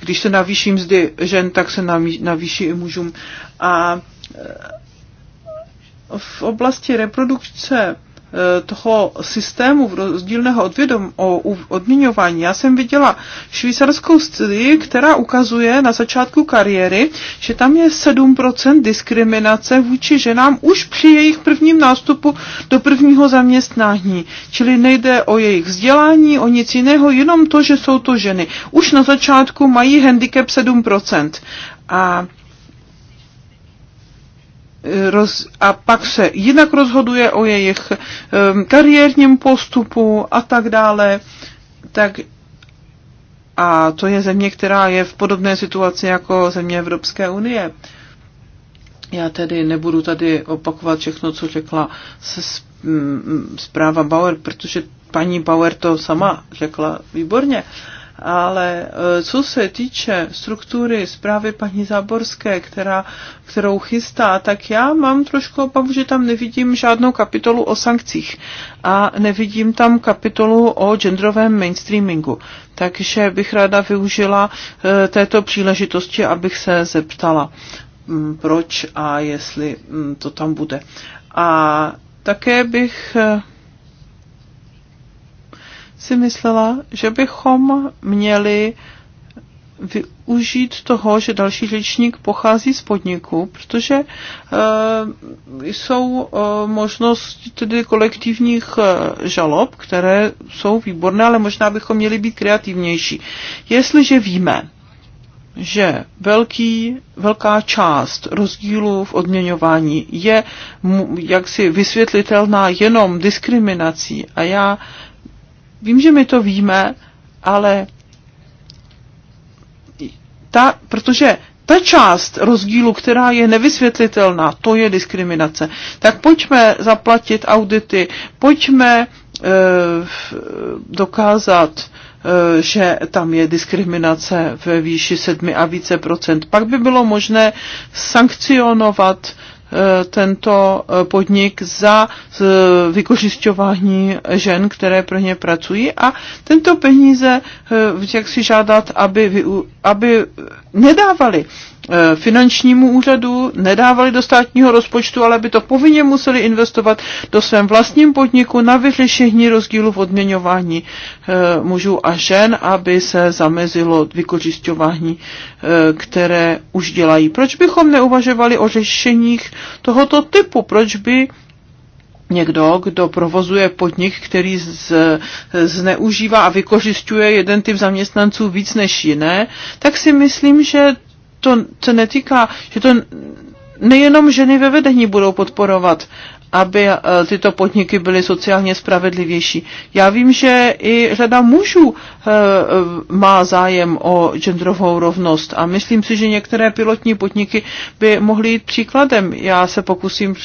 když se navýší mzdy žen, tak se navýší i mužům. A v oblasti reprodukce Eh, toho systému v rozdílného odvědom, o odměňování. Já jsem viděla švýcarskou studii, která ukazuje na začátku kariéry, že tam je 7% diskriminace vůči ženám už při jejich prvním nástupu do prvního zaměstnání. Čili nejde o jejich vzdělání, o nic jiného, jenom to, že jsou to ženy. Už na začátku mají handicap 7%. A roz, a pak se jinak rozhoduje o jejich um, kariérním postupu a tak dále. Tak a to je země, která je v podobné situaci jako země Evropské unie. Já tedy nebudu tady opakovat všechno, co řekla se mm, mm, zpráva Bauer, protože paní Bauer to sama řekla výborně. Uh, ale eh, co se týče struktury zprávy paní Záborské, která, kterou chystá, tak já mám trošku obavu, že tam nevidím žádnou kapitolu o sankcích a nevidím tam kapitolu o genderovém mainstreamingu. Takže bych ráda využila eh, této příležitosti, abych se zeptala, mm, proč a jestli mm, to tam bude. A také bych eh, si myslela, že bychom měli využít toho, že další řečník pochází z podniku, protože e, jsou e, možnosti tedy kolektivních e, žalob, které jsou výborné, ale možná bychom měli být kreativnější. Jestliže víme, že velký, velká část rozdílů v odměňování je jaksi vysvětlitelná jenom diskriminací a já Vím, že my to víme, ale ta, protože ta část rozdílu, která je nevysvětlitelná, to je diskriminace. Tak pojďme zaplatit audity, pojďme e, dokázat, e, že tam je diskriminace ve výši 7 a více procent. Pak by bylo možné sankcionovat Eh, tento eh, podnik za vykořišťování žen, které pro ně pracují a tento peníze eh, jak si žádat, aby, aby nedávali. Eh, finančnímu úřadu, nedávali do státního rozpočtu, ale by to povinně museli investovat do svém vlastním podniku na vyřešení rozdílu v odměňování eh, mužů a žen, aby se zamezilo vykořišťování, eh, které už dělají. Proč bychom neuvažovali o řešeních tohoto typu? Proč by někdo, kdo provozuje podnik, který z, zneužívá a vykořišťuje jeden typ zaměstnanců víc než jiné, tak si myslím, že to se netýká, že to nejenom ženy ve vedení budou podporovat, aby eh, tyto podniky byly sociálně spravedlivější. Já vím, že i řada mužů eh, má zájem o genderovou rovnost a myslím si, že některé pilotní podniky by mohly jít příkladem. Já se pokusím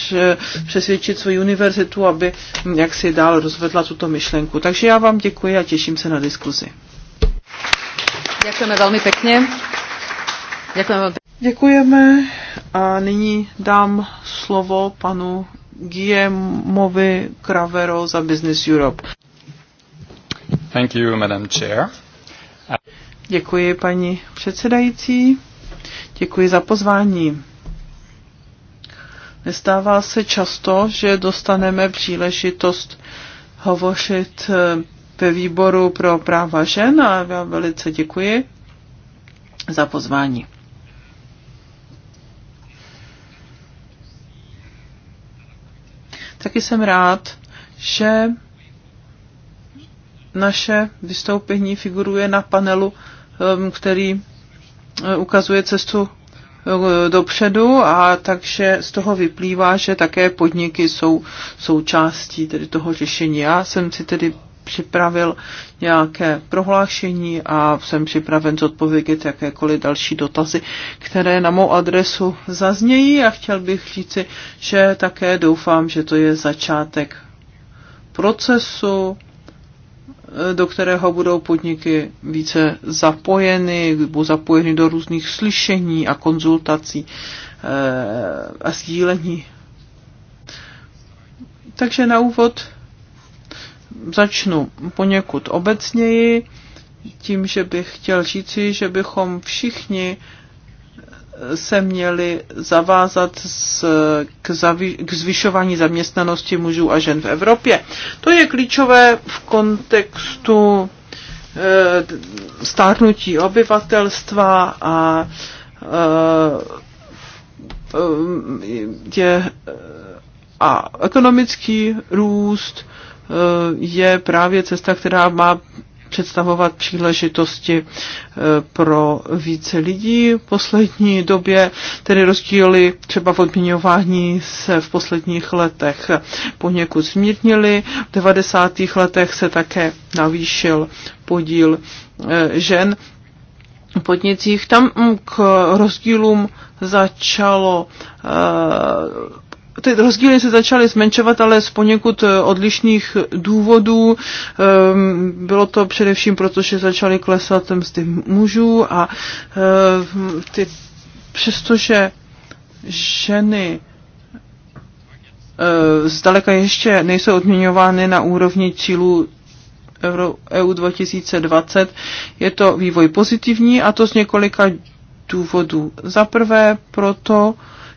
přesvědčit svoji univerzitu, aby hm, jak si dál rozvedla tuto myšlenku. Takže já vám děkuji a těším se na diskuzi. Děkujeme velmi pěkně. Děkujeme. Děkujeme a nyní dám slovo panu Guillemovi Cravero za Business Europe. Thank you, Madam Chair. Děkuji, paní předsedající. Děkuji za pozvání. Nestává se často, že dostaneme příležitost hovořit eh, ve výboru pro práva žen a já velice děkuji za pozvání. Taky jsem rád, že naše vystoupení figuruje na panelu, um, který uh, ukazuje cestu uh, dopředu a takže z toho vyplývá, že také podniky jsou součástí tedy toho řešení. Já jsem si tedy připravil nějaké prohlášení a jsem připraven zodpovědět jakékoliv další dotazy, které na mou adresu zaznějí a chtěl bych říci, že také doufám, že to je začátek procesu, do kterého budou podniky více zapojeny, budou zapojeny do různých slyšení a konzultací eh, a sdílení. Takže na úvod začnu poněkud obecněji, tím, že bych chtěl říci, že bychom všichni se měli zavázat z, k, zavi, k zvyšování zaměstnanosti mužů a žen v Evropě. To je klíčové v kontextu e, stárnutí obyvatelstva a e, e, a ekonomický růst Eh, je právě cesta, která má představovat příležitosti eh, pro více lidí. V poslední době tedy rozdíly třeba v odměňování se v posledních letech poněkud zmírnily. V 90. letech se také navýšil podíl eh, žen v podnicích. Tam k rozdílům začalo ty rozdíly se začaly zmenšovat, ale z poněkud eh, odlišných eh, důvodů. Ehm, bylo to především proto, že začaly klesat mzdy mužů a ehm, ty, přestože ženy eh, zdaleka ještě nejsou odměňovány na úrovni cílů EU 2020, e je to vývoj pozitivní a to z několika důvodů. Za prvé proto,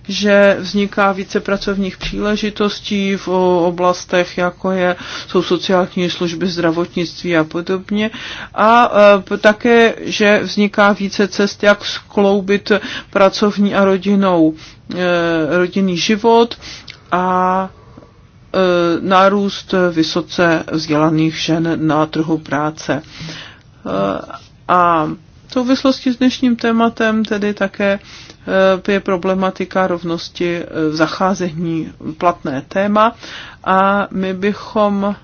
že vzniká více pracovních příležitostí v oblastech, jako je, jsou sociální služby, zdravotnictví a podobně. A e, také, že vzniká více cest, jak skloubit pracovní a rodinou, e, rodinný život a e, nárůst vysoce vzdělaných žen na trhu práce. A v souvislosti s dnešním tématem tedy také je problematika rovnosti v eh, zacházení platné téma a my bychom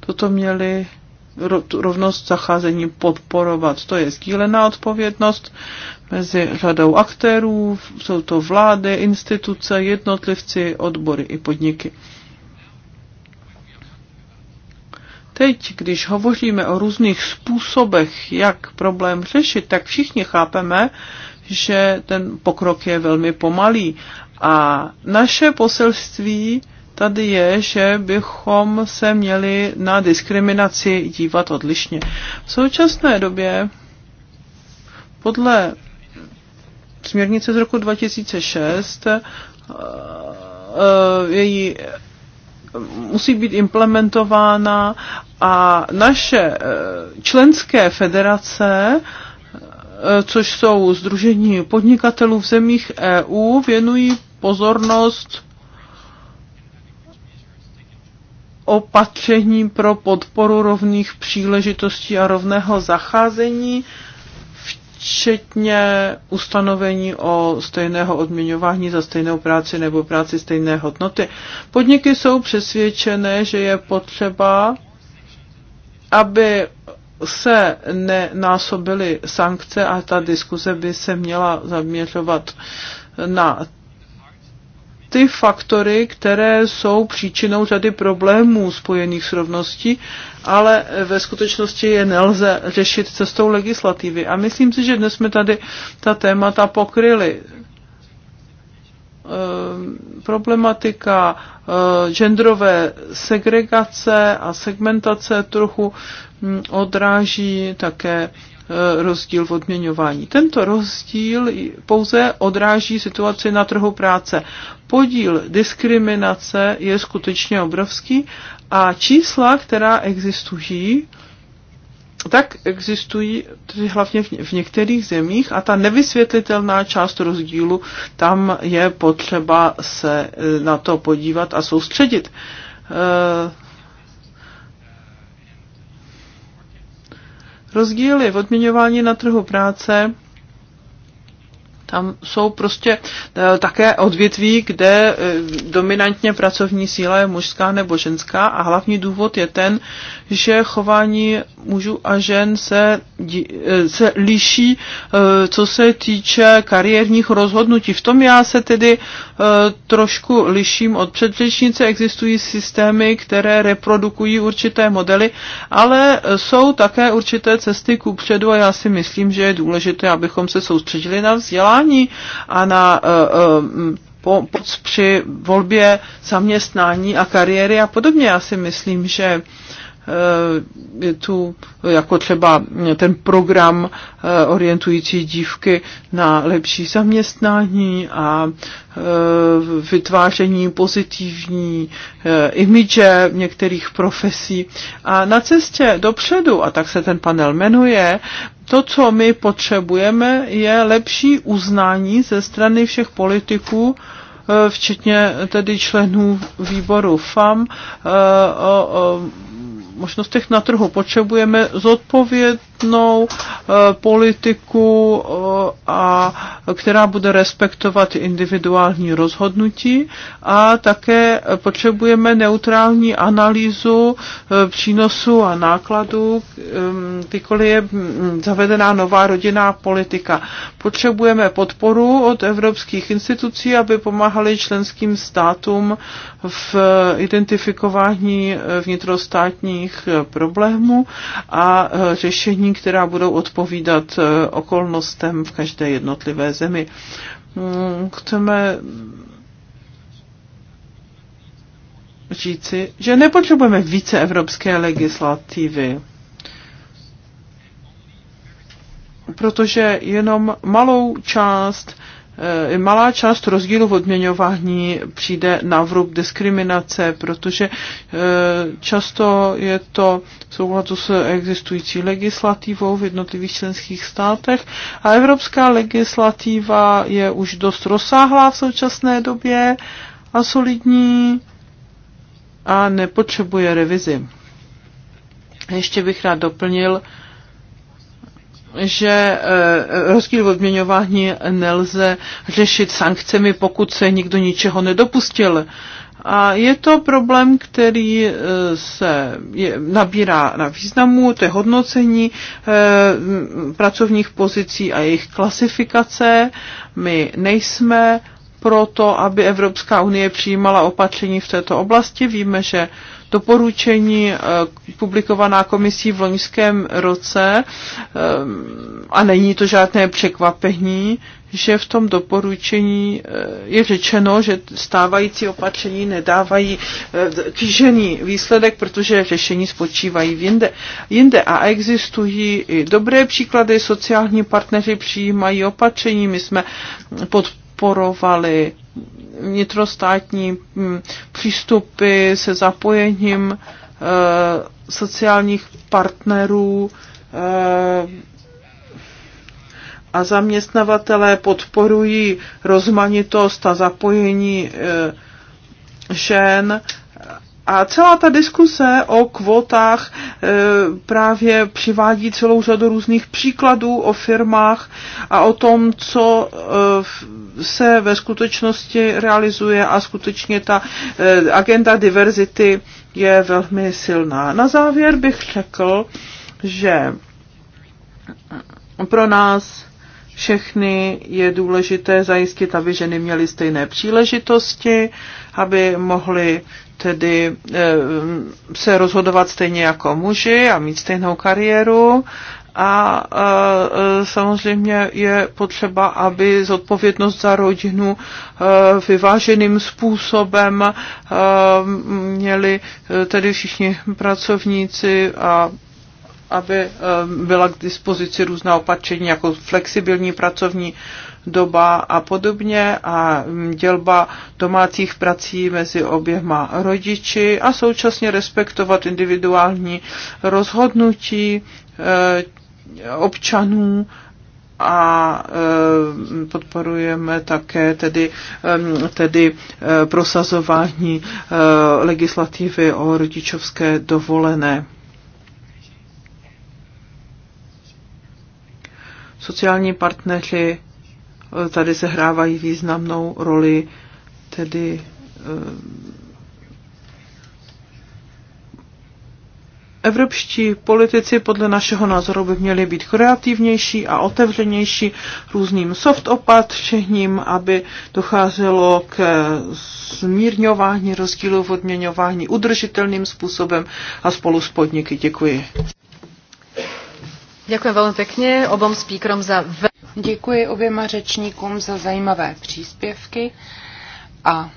toto měli rovnost zacházení podporovat. To je sdílená odpovědnost mezi řadou aktérů, jsou to vlády, instituce, jednotlivci, odbory i podniky. Teď, když hovoříme o různých způsobech, jak problém řešit, tak všichni chápeme, že ten pokrok je velmi pomalý. A naše poselství tady je, že bychom se měli na diskriminaci dívat odlišně. V současné době podle směrnice z roku 2006 eh, eh, její eh, musí být implementována a naše členské federace což jsou Združení podnikatelů v zemích EU, věnují pozornost opatření pro podporu rovných příležitostí a rovného zacházení, včetně ustanovení o stejného odměňování za stejnou práci nebo práci stejné hodnoty. Podniky jsou přesvědčené, že je potřeba, aby se nenásobily sankce a ta diskuze by se měla zaměřovat na ty faktory, které jsou příčinou řady problémů spojených s rovností, ale ve skutečnosti je nelze řešit cestou legislativy. A myslím si, že dnes jsme tady ta témata pokryli. Eh, problematika eh, genderové segregace a segmentace trochu mm, odráží také eh, rozdíl v odměňování. Tento rozdíl pouze odráží situaci na trhu práce. Podíl diskriminace je skutečně obrovský a čísla, která existují, tak existují tedy hlavně v některých zemích a ta nevysvětlitelná část rozdílu, tam je potřeba se eh, na to podívat a soustředit. Eh, Rozdíly v odměňování na trhu práce tam jsou prostě eh, také odvětví, kde dominantně pracovní síla je mužská nebo ženská a hlavní důvod je ten, že chování mužů a žen se, eh, se liší, eh, co se týče kariérních rozhodnutí. V tom já se tedy eh, trošku liším od předřečnice. Existují systémy, které reprodukují určité modely, ale jsou také určité cesty ku předu a já si myslím, že je důležité, abychom se soustředili na vzdělání a na při volbě zaměstnání a kariéry a podobně. Já si myslím, že Eh, tu, jako třeba ten program eh, orientující dívky na lepší zaměstnání a eh, vytváření pozitivní imidže některých profesí. A na cestě dopředu, a tak se ten panel jmenuje, to, co my potřebujeme, je lepší uznání ze strany všech politiků, včetně tedy členů výboru FAM, o, o, možnostech na trhu. Potřebujeme zodpověd jednotnou eh, politiku, eh, a, která bude respektovat individuální rozhodnutí a také potřebujeme neutrální analýzu eh, přínosu a nákladů, kdykoliv je mm, zavedená nová rodinná politika. Potřebujeme podporu od evropských institucí, aby pomáhali členským státům v identifikování vnitrostátních problémů a řešení opatření, která budou odpovídat eh, okolnostem v každé jednotlivé zemi. Hmm, chceme říci, že nepotřebujeme více evropské legislativy, protože jenom malou část Eh, malá část rozdílu v odměňování přijde na vrub diskriminace, protože eh, často je to v souladu s existující legislativou v jednotlivých členských státech a evropská legislativa je už dost rozsáhlá v současné době a solidní a nepotřebuje revizi. Ještě bych rád doplnil, že e, rozdíl v odměňování nelze řešit sankcemi, pokud se nikdo ničeho nedopustil. A je to problém, který e, se je, nabírá na významu, to je hodnocení e, pracovních pozicí a jejich klasifikace. My nejsme proto, aby Evropská unie přijímala opatření v této oblasti. Víme, že doporučení eh, publikovaná komisí v loňském roce eh, a není to žádné překvapení, že v tom doporučení eh, je řečeno, že stávající opatření nedávají kýžený výsledek, protože řešení spočívají v jinde. jinde. A existují i dobré příklady, sociální partneři přijímají opatření, my jsme podporovali vnitrostátní hm, přístupy se zapojením eh, sociálních partnerů eh, a zaměstnavatelé podporují rozmanitost a zapojení eh, žen a celá ta diskuse o kvotách e, právě přivádí celou řadu různých příkladů o firmách a o tom, co e, se ve skutečnosti realizuje a skutečně ta e, agenda diverzity je velmi silná. Na závěr bych řekl, že pro nás všechny je důležité zajistit, aby ženy měly stejné příležitosti, aby mohly tedy eh, se rozhodovat stejně jako muži a mít stejnou kariéru. A eh, samozřejmě je potřeba, aby zodpovědnost za rodinu eh, vyváženým způsobem měli tedy všichni pracovníci a aby ehm, byla k dispozici různá opatření, jako flexibilní pracovní doba a podobně a mm, dělba domácích prací mezi oběma rodiči a současně respektovat individuální rozhodnutí eh, občanů a ehm, podporujeme také tedy, ehm, tedy eh, prosazování eh, legislativy o rodičovské dovolené. Sociální partneři eh, tady sehrávají významnou roli, tedy eh, Evropští politici podle našeho názoru by měli být kreativnější a otevřenější různým soft opatřením, aby docházelo k zmírňování rozdílu v odměňování udržitelným způsobem a spolu s podniky. Děkuji. Děkuji velmi pěkně obom speakerům za... Děkuji oběma řečníkům za zajímavé příspěvky a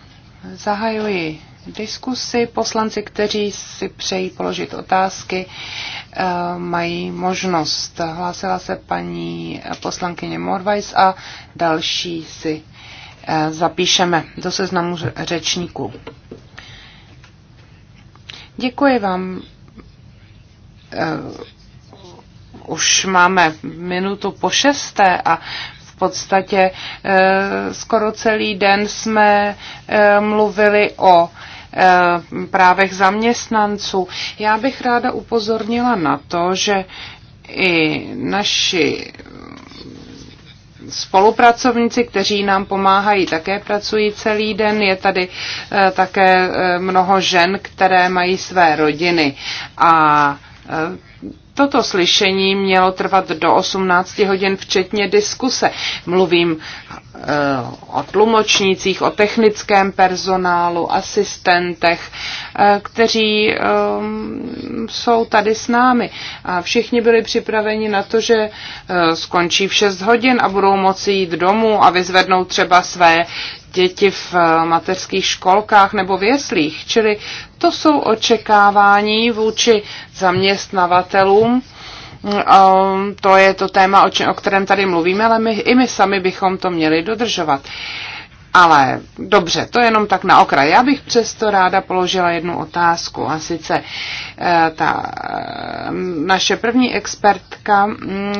zahajuji diskusy. Poslanci, kteří si přejí položit otázky, eh, mají možnost. Hlásila se paní poslankyně Morvajs a další si eh, zapíšeme do seznamu řečníků. Děkuji vám eh, už máme minutu po šesté a v podstatě eh, skoro celý den jsme eh, mluvili o eh, právech zaměstnanců. Já bych ráda upozornila na to, že i naši spolupracovníci, kteří nám pomáhají, také pracují celý den. Je tady také mnoho žen, které mají své rodiny. A Toto slyšení mělo trvat do 18 hodin, včetně diskuse. Mluvím eh, o tlumočnících, o technickém personálu, asistentech, eh, kteří eh, jsou tady s námi. A všichni byli připraveni na to, že skončí v 6 hodin a budou moci jít domů a vyzvednout třeba své děti v eh, mateřských školkách nebo v jeslích. Čili to jsou očekávání vůči zaměstnavatelům. Eh, to je to téma, o kterém tady mluvíme, ale my, i my sami bychom to měli dodržovat. Ale dobře, to jenom tak na okraj. Já bych přesto ráda položila jednu otázku a sice eh, ta eh, naše první expertka mm,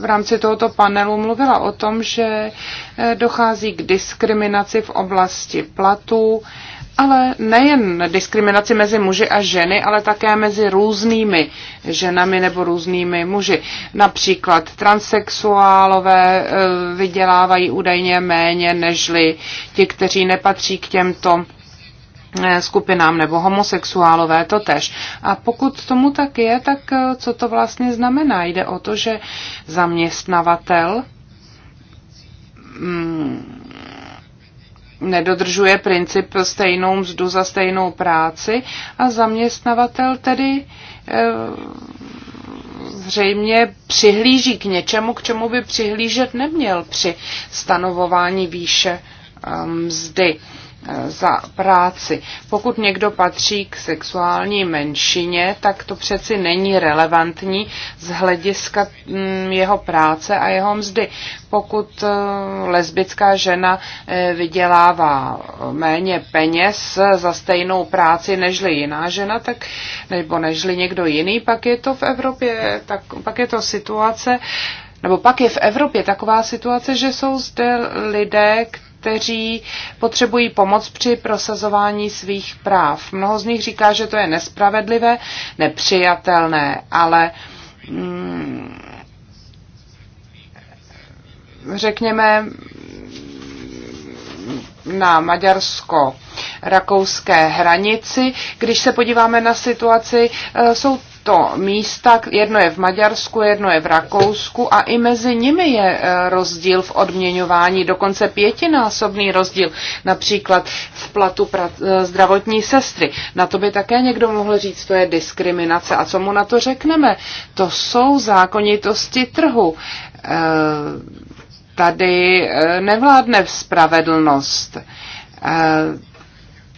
v rámci tohoto panelu mluvila o tom, že eh, dochází k diskriminaci v oblasti platů ale nejen diskriminaci mezi muži a ženy, ale také mezi různými ženami nebo různými muži. Například transsexuálové eh, vydělávají údajně méně nežli ti, kteří nepatří k těmto eh, skupinám nebo homosexuálové to tež. A pokud tomu tak je, tak eh, co to vlastně znamená? Jde o to, že zaměstnavatel mm, nedodržuje princip stejnou mzdu za stejnou práci a zaměstnavatel tedy eh, zřejmě přihlíží k něčemu, k čemu by přihlížet neměl při stanovování výše eh, mzdy za práci. Pokud někdo patří k sexuální menšině, tak to přeci není relevantní z hlediska mm, jeho práce a jeho mzdy. Pokud eh, lesbická žena eh, vydělává méně peněz za stejnou práci nežli jiná žena, tak, nebo nežli někdo jiný, pak je to v Evropě, tak, pak je to situace, nebo pak je v Evropě taková situace, že jsou zde lidé, kteří kteří potřebují pomoc při prosazování svých práv. Mnoho z nich říká, že to je nespravedlivé, nepřijatelné, ale mm, řekněme na maďarsko-rakouské hranici. Když se podíváme na situaci, eh, jsou to místa, jedno je v Maďarsku, jedno je v Rakousku a i mezi nimi je eh, rozdíl v odměňování, dokonce pětinásobný rozdíl, například v platu eh, zdravotní sestry. Na to by také někdo mohl říct, to je diskriminace. A co mu na to řekneme? To jsou zákonitosti trhu. Eh, tady nevládne spravedlnost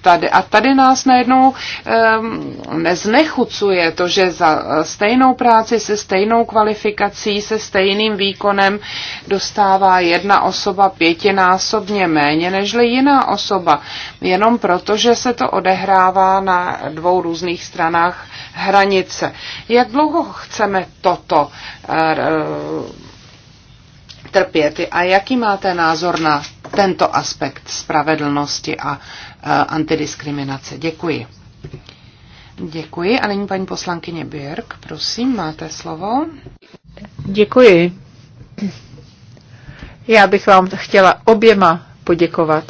tady, a tady nás najednou um, neznechucuje to, že za stejnou práci se stejnou kvalifikací, se stejným výkonem dostává jedna osoba pětinásobně méně než jiná osoba, jenom proto, že se to odehrává na dvou různých stranách hranice. Jak dlouho chceme toto uh, trpět a jaký máte názor na tento aspekt spravedlnosti a e, antidiskriminace. Děkuji. Děkuji a nyní paní poslankyně Birk, prosím, máte slovo. Děkuji. Já bych vám chtěla oběma poděkovat.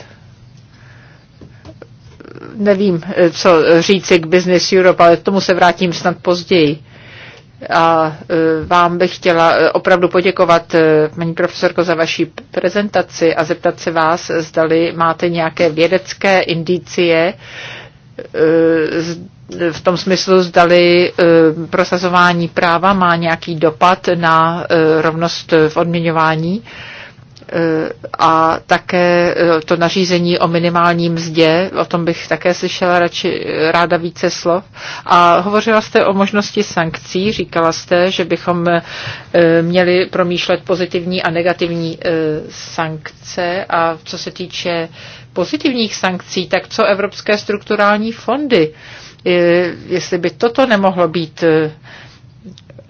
Nevím, co říci k Business Europe, ale k tomu se vrátím snad později. A e, vám bych chtěla e, opravdu poděkovat, e, paní profesorko, za vaši prezentaci a zeptat se vás, zdali máte nějaké vědecké indicie, v tom smyslu, zdali prosazování práva má nějaký dopad na rovnost v odměňování Eh, a také eh, to nařízení o minimální mzdě, o tom bych také slyšela radši, ráda více slov. A hovořila jste o možnosti sankcí, říkala jste, že bychom eh, měli promýšlet pozitivní a negativní sankce a co se týče pozitivních sankcí, tak co evropské strukturální fondy, jestli by toto nemohlo být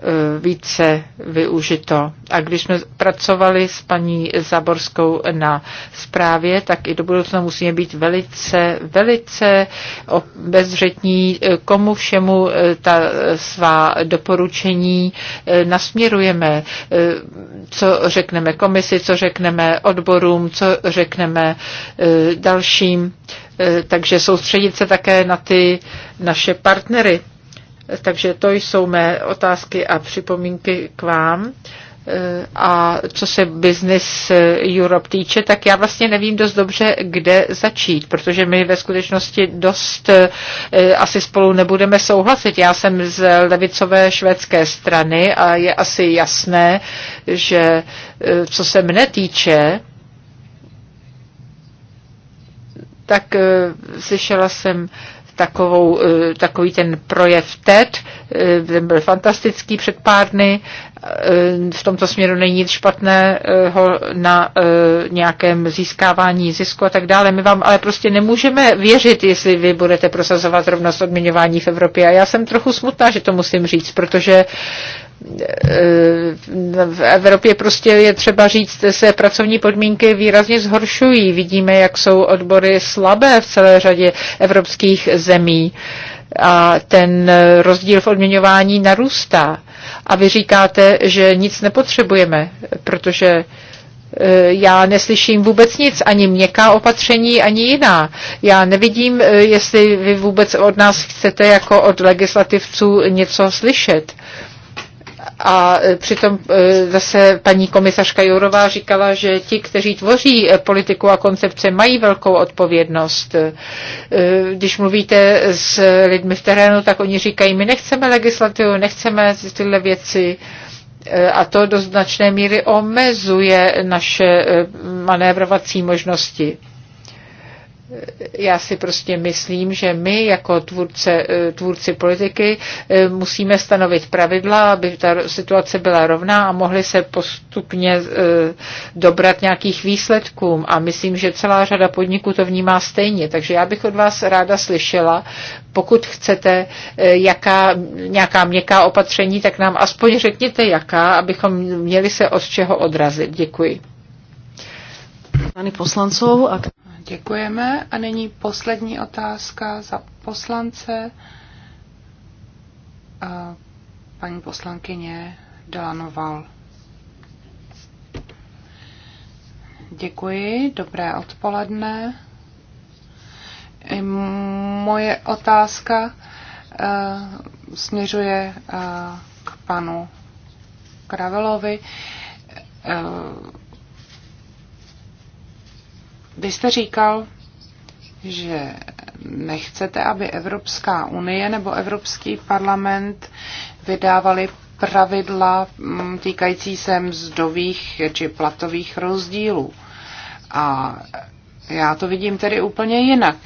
Eh, více využito. A když jsme pracovali s paní Zaborskou na zprávě, tak i do budoucna musíme být velice, velice bezřetní, eh, komu všemu eh, ta svá doporučení nasměrujeme, co řekneme komisi, co řekneme odborům, co řekneme dalším. Takže soustředit se také na ty naše partnery takže to jsou mé otázky a připomínky k vám. Eh, a co se Business eh, Europe týče, tak já vlastně nevím dost dobře, kde začít, protože my ve skutečnosti dost eh, asi spolu nebudeme souhlasit. Já jsem z levicové švédské strany a je asi jasné, že co se mne týče, tak slyšela jsem takovou, eh, takový ten projev TED, eh, ten byl fantastický před pár dny, eh, v tomto směru není nic špatného na nějakém získávání zisku a tak dále. My vám ale prostě nemůžeme věřit, jestli vy budete prosazovat rovnost odměňování v Evropě. A já jsem trochu smutná, že to musím říct, protože Eh, v Evropě prostě je třeba říct, se pracovní podmínky výrazně zhoršují. Vidíme, jak jsou odbory slabé v celé řadě evropských zemí a ten eh, rozdíl v odměňování narůstá. A vy říkáte, že nic nepotřebujeme, protože eh, já neslyším vůbec nic, ani měkká opatření, ani jiná. Já nevidím, jestli vy vůbec od nás chcete jako od legislativců něco slyšet. Uh, a e, přitom e, zase paní komisařka Jourová říkala, že ti, kteří tvoří e, politiku a koncepce, mají velkou odpovědnost. Když mluvíte s lidmi v terénu, tak oni říkají, my nechceme legislativu, nechceme tyhle věci a to do značné míry omezuje naše manévrovací možnosti já si prostě myslím, že my jako tvůrce, eh, tvůrci politiky eh, musíme stanovit pravidla, aby ta situace byla rovná a mohli se postupně eh, dobrat nějakých výsledkům. A myslím, že celá řada podniků to vnímá stejně. Takže já bych od vás ráda slyšela, pokud chcete jaká, nějaká měkká opatření, tak nám aspoň řekněte jaká, abychom měli se od čeho odrazit. Děkuji. Pani poslancov, ak... Děkujeme. A nyní poslední otázka za poslance. A paní poslankyně Delanoval. Děkuji, dobré odpoledne. Moje otázka uh, směřuje uh, k panu Kravelovi. Uh, eh, vy jste říkal, že nechcete, aby Evropská unie nebo Evropský parlament vydávali pravidla mm, týkající se mzdových či platových rozdílů. A já to vidím tedy úplně jinak.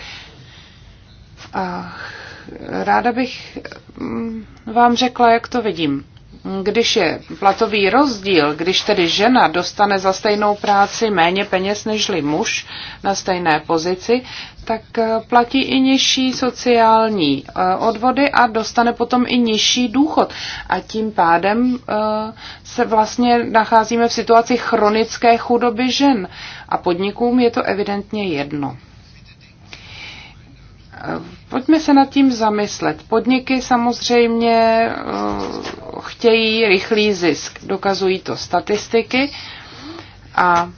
A ráda bych mm, vám řekla, jak to vidím když je platový rozdíl, když tedy žena dostane za stejnou práci méně peněz nežli muž na stejné pozici, tak eh, platí i nižší sociální eh, odvody a dostane potom i nižší důchod. A tím pádem eh, se vlastně nacházíme v situaci chronické chudoby žen. A podnikům je to evidentně jedno. Pojďme se nad tím zamyslet. Podniky samozřejmě eh, chtějí rychlý zisk, dokazují to statistiky a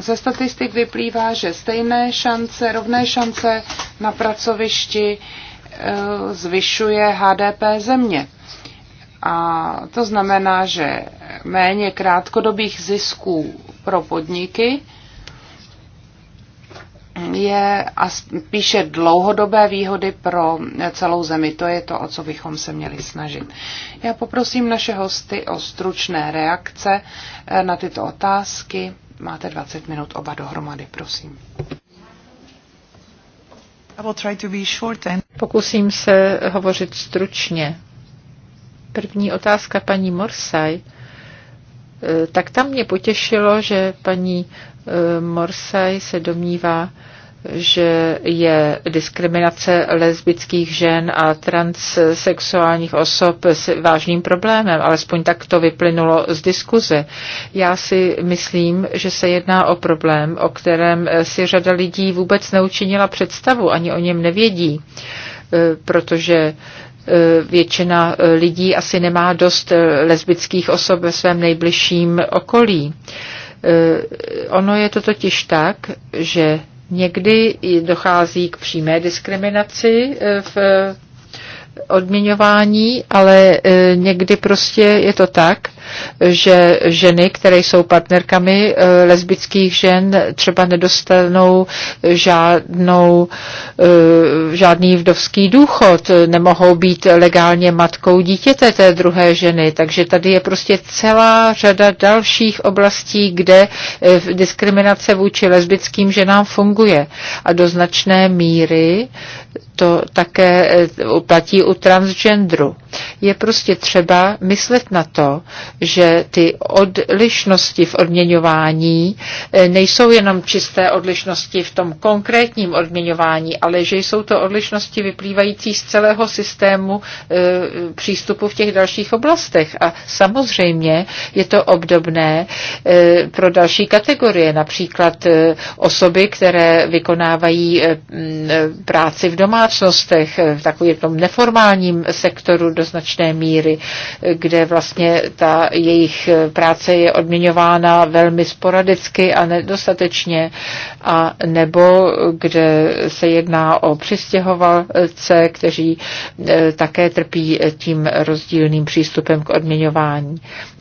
ze statistik vyplývá, že stejné šance, rovné šance na pracovišti eh, zvyšuje HDP země. A to znamená, že méně krátkodobých zisků pro podniky je a spíše dlouhodobé výhody pro celou zemi. To je to, o co bychom se měli snažit. Já poprosím naše hosty o stručné reakce eh, na tyto otázky. Máte 20 minut oba dohromady, prosím. Pokusím se hovořit stručně. První otázka paní Morsaj eh, tak tam mě potěšilo, že paní Eh, Morsaj se domnívá, že je diskriminace lesbických žen a transsexuálních osob s vážným problémem, alespoň tak to vyplynulo z diskuze. Já si myslím, že se jedná o problém, o kterém si řada lidí vůbec neučinila představu, ani o něm nevědí, eh, protože eh, většina lidí asi nemá dost lesbických osob ve svém nejbližším okolí. Eh, ono je to totiž tak, že někdy dochází k přímé diskriminaci eh, v eh, odměňování, ale někdy prostě je to tak, že ženy, které jsou partnerkami eh, lesbických žen, třeba nedostanou žádnou, eh, žádný vdovský důchod, nemohou být legálně matkou dítěte té druhé ženy. Takže tady je prostě celá řada dalších oblastí, kde eh, diskriminace vůči lesbickým ženám funguje. A do značné míry to také platí u transgendru. Je prostě třeba myslet na to, že ty odlišnosti v odměňování eh, nejsou jenom čisté odlišnosti v tom konkrétním odměňování, ale že jsou to odlišnosti vyplývající z celého systému eh, přístupu v těch dalších oblastech. A samozřejmě je to obdobné eh, pro další kategorie, například osoby, které vykonávají práci v domácnostech, v takovém neformálním sektoru do značné míry, kde vlastně ta jejich práce je odměňována velmi sporadicky a nedostatečně, a nebo kde se jedná o přistěhovalce, kteří eh, také trpí tím rozdílným přístupem k odměňování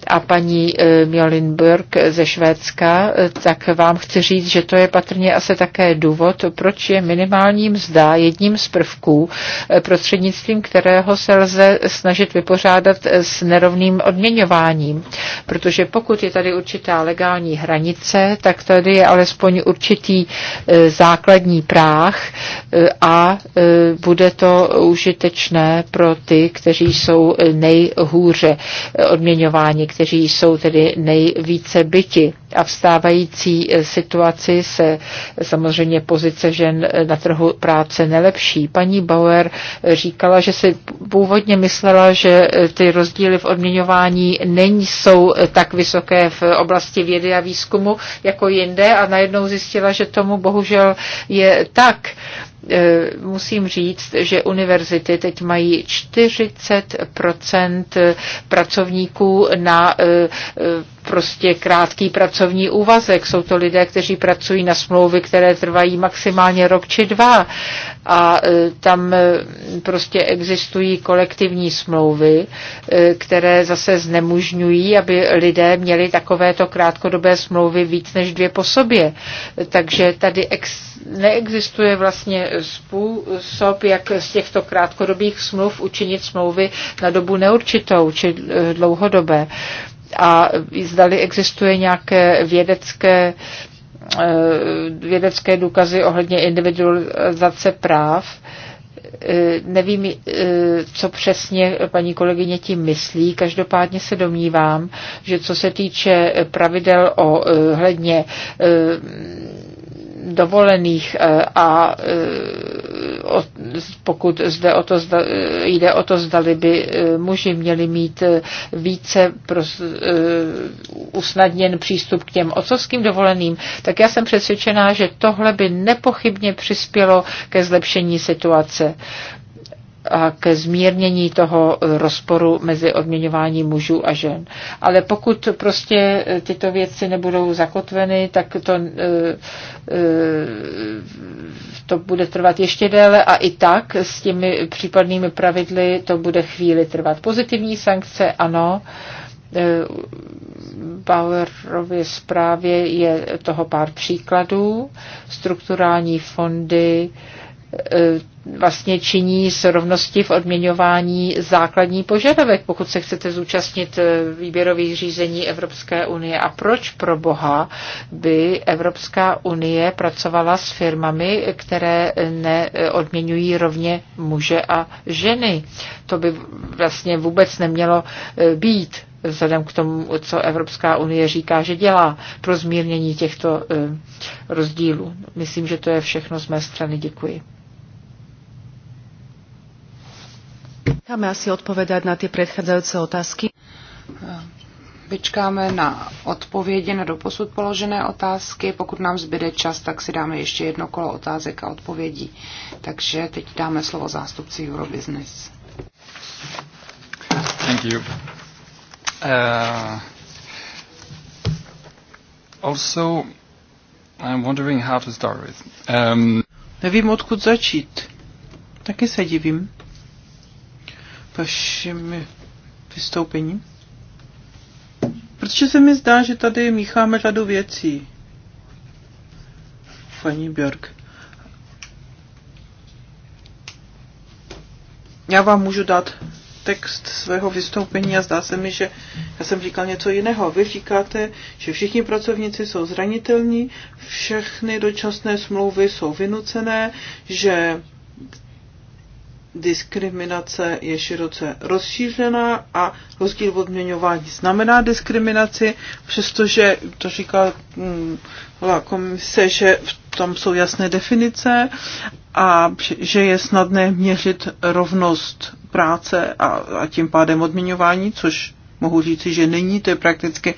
a paní eh, Mjolin ze Švédska, eh, tak vám chci říct, že to je patrně asi také důvod, proč je minimální mzda jedním z prvků, eh, prostřednictvím kterého se lze snažit vypořádat s nerovným odměňováním. Protože pokud je tady určitá legální hranice, tak tady je alespoň určitý základní práh a bude to užitečné pro ty, kteří jsou nejhůře odměňováni kteří jsou tedy nejvíce byti. A vstávající eh, situaci se eh, samozřejmě pozice žen eh, na trhu práce nelepší. Paní Bauer říkala, že si původně myslela, že ty rozdíly v odměňování není jsou tak vysoké v oblasti vědy a výzkumu jako jinde a najednou zjistila, že tomu bohužel je tak. E, musím říct, že univerzity teď mají 40 pracovníků na e, e, prostě krátký pracovní úvazek. Jsou to lidé, kteří pracují na smlouvy, které trvají maximálně rok či dva. A e, tam e, prostě existují kolektivní smlouvy, e, které zase znemožňují, aby lidé měli takovéto krátkodobé smlouvy víc než dvě po sobě. Takže tady ex- neexistuje vlastně způsob, jak z těchto krátkodobých smluv učinit smlouvy na dobu neurčitou či dlouhodobé a zdali existuje nějaké vědecké, eh, vědecké důkazy ohledně individualizace práv. Eh, nevím, eh, co přesně paní kolegyně tím myslí, každopádně se domnívám, že co se týče pravidel o hledně dovolených a pokud zde o to zda, jde o to, zdali by e, muži měli mít e, více pros, e, usnadněn přístup k těm otcovským dovoleným, tak já jsem přesvědčená, že tohle by nepochybně přispělo ke zlepšení situace a ke zmírnění toho rozporu mezi odměňováním mužů a žen. Ale pokud prostě tyto věci nebudou zakotveny, tak to, eh, eh, to bude trvat ještě déle a i tak s těmi případnými pravidly to bude chvíli trvat. Pozitivní sankce, ano, eh, Bauerově zprávě je toho pár příkladů. Strukturální fondy, Eh, vlastně činí s rovnosti v odměňování základní požadavek, pokud se chcete zúčastnit eh, výběrových řízení Evropské unie. A proč pro boha by Evropská unie pracovala s firmami, které neodměňují eh, rovně muže a ženy? To by vlastně vůbec nemělo být vzhledem k tomu, co Evropská unie říká, že dělá pro zmírnění těchto rozdílů. Myslím, že to je všechno z mé strany. Děkuji. Necháme asi odpovědět na ty předcházející otázky. Eh, vyčkáme na odpovědi na doposud položené otázky. Pokud nám zbyde čas, tak si dáme ještě jedno kolo otázek a odpovědí. Takže teď dáme slovo zástupci Eurobusiness. Thank you. Uh, also, I'm wondering how to start with. Um, Nevím, odkud začít. Taky se divím vašim vystoupením? Protože se mi zdá, že tady mícháme řadu věcí. Paní Björk. Já vám můžu dát text svého vystoupení a zdá se mi, že já jsem říkal něco jiného. Vy říkáte, že všichni pracovníci jsou zranitelní, všechny dočasné smlouvy jsou vynucené, že diskriminace je široce rozšířená a rozdíl v odměňování znamená diskriminaci, přestože to říká hm, komise, že v tom jsou jasné definice a že je snadné měřit rovnost práce a, a tím pádem odměňování, což mohu říci, že není, to je prakticky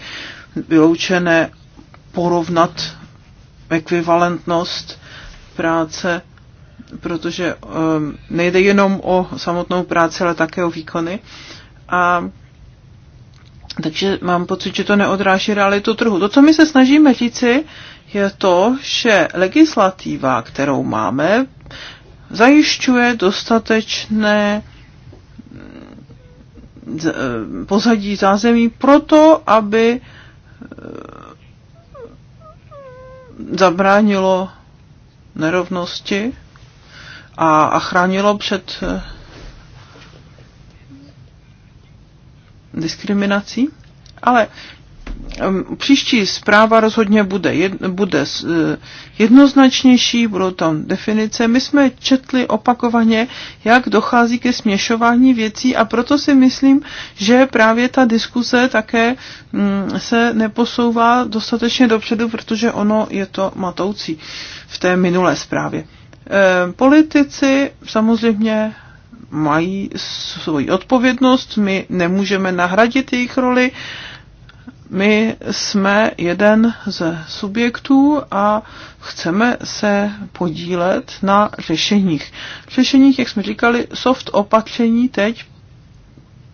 vyloučené porovnat ekvivalentnost práce protože ehm, nejde jenom o samotnou práci, ale také o výkony. A takže mám pocit, že to neodráží realitu trhu. To, co my se snažíme říci, je to, že legislativa, kterou máme, zajišťuje dostatečné ehm, pozadí zázemí proto, aby ehm, zabránilo nerovnosti a, a chránilo před eh, diskriminací. Ale příští zpráva rozhodně bude, jed, bude eh, jednoznačnější, budou tam definice. My jsme četli opakovaně, jak dochází ke směšování věcí a proto si myslím, že právě ta diskuze také mm, se neposouvá dostatečně dopředu, protože ono je to matoucí v té minulé zprávě. Eh, politici samozřejmě mají svoji odpovědnost, my nemůžeme nahradit jejich roli, my jsme jeden ze subjektů a chceme se podílet na řešeních. Řešeních, jak jsme říkali, soft opatření teď,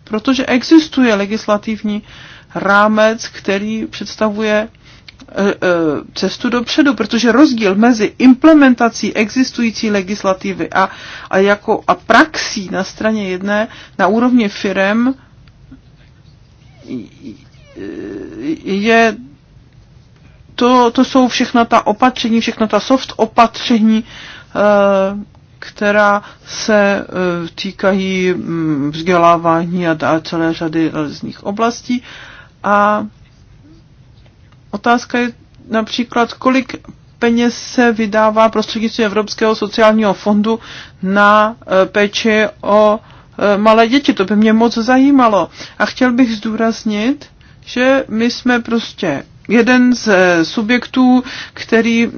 protože existuje legislativní rámec, který představuje E, e, cestu dopředu, protože rozdíl mezi implementací existující legislativy a, a, jako, a praxí na straně jedné na úrovni firem je to, to jsou všechna ta opatření, všechna ta soft opatření, e, která se týkají mm, vzdělávání a celé řady různých oblastí. A Otázka je například, kolik peněz se vydává prostřednictvím Evropského sociálního fondu na e, péči o e, malé děti. To by mě moc zajímalo. A chtěl bych zdůraznit, že my jsme prostě jeden z e, subjektů, který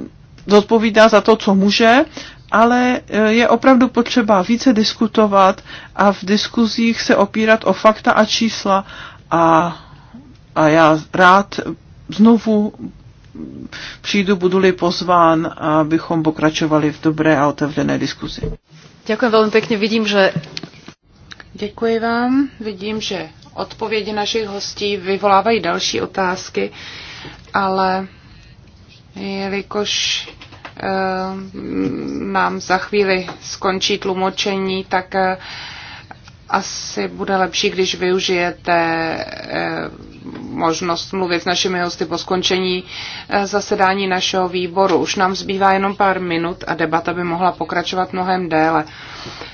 zodpovídá za to, co může, ale je opravdu potřeba více diskutovat a v diskuzích se opírat o fakta a čísla a, a já rád znovu přijdu, budu-li pozván, abychom pokračovali v dobré a otevřené diskuzi. Děkuji velmi pěkně, vidím, že... Děkuji vám, vidím, že odpovědi našich hostí vyvolávají další otázky, ale jelikož eh, nám za chvíli skončí tlumočení, tak eh, asi bude lepší, když využijete eh, možnost mluvit s našimi hosty po skončení eh, zasedání našeho výboru. Už nám zbývá jenom pár minut a debata by mohla pokračovat mnohem déle.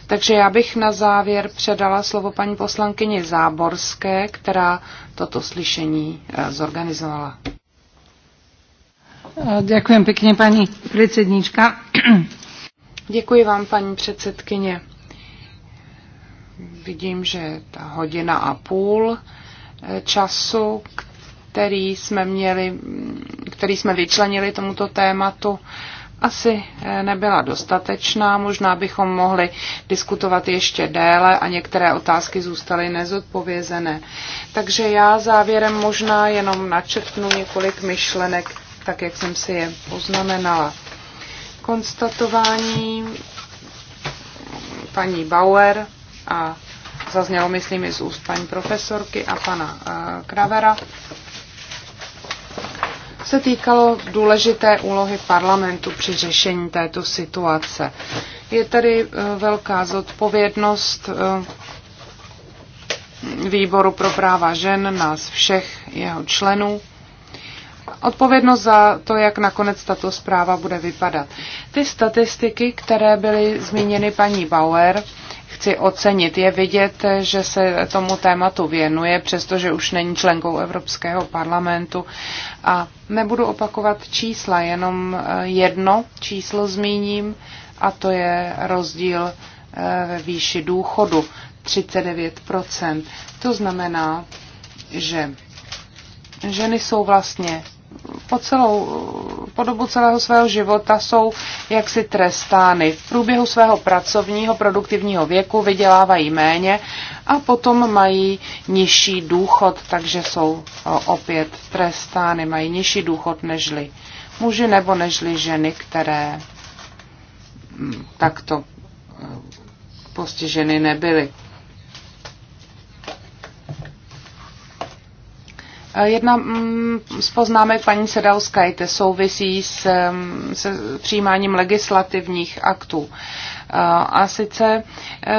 Takže já bych na závěr předala slovo paní poslankyni Záborské, která toto slyšení eh, zorganizovala. Děkuji pěkně, paní předsednička. Děkuji vám, paní předsedkyně. Vidím, že ta hodina a půl eh, času, který jsme měli, mm, který jsme vyčlenili tomuto tématu, asi eh, nebyla dostatečná. Možná bychom mohli diskutovat ještě déle a některé otázky zůstaly nezodpovězené. Takže já závěrem možná jenom načrtnu několik myšlenek, tak jak jsem si je poznamenala. Konstatování paní Bauer a Zaznělo, myslím, i z úst paní profesorky a pana eh, Kravera. Se týkalo důležité úlohy parlamentu při řešení této situace. Je tady eh, velká zodpovědnost eh, výboru pro práva žen, nás všech, jeho členů. Odpovědnost za to, jak nakonec tato zpráva bude vypadat. Ty statistiky, které byly zmíněny paní Bauer, chci ocenit. Je vidět, že se tomu tématu věnuje, přestože už není členkou Evropského parlamentu. A nebudu opakovat čísla, jenom eh, jedno číslo zmíním, a to je rozdíl eh, ve výši důchodu 39 To znamená, že ženy jsou vlastně po celou po dobu celého svého života jsou jaksi trestány. V průběhu svého pracovního produktivního věku vydělávají méně a potom mají nižší důchod, takže jsou opět trestány, mají nižší důchod nežli muži nebo nežli ženy, které mm, takto e, postiženy nebyly. Jedna mm, z poznámek paní Sedalskajte souvisí s, mm, s přijímáním legislativních aktů. Eh, a sice eh,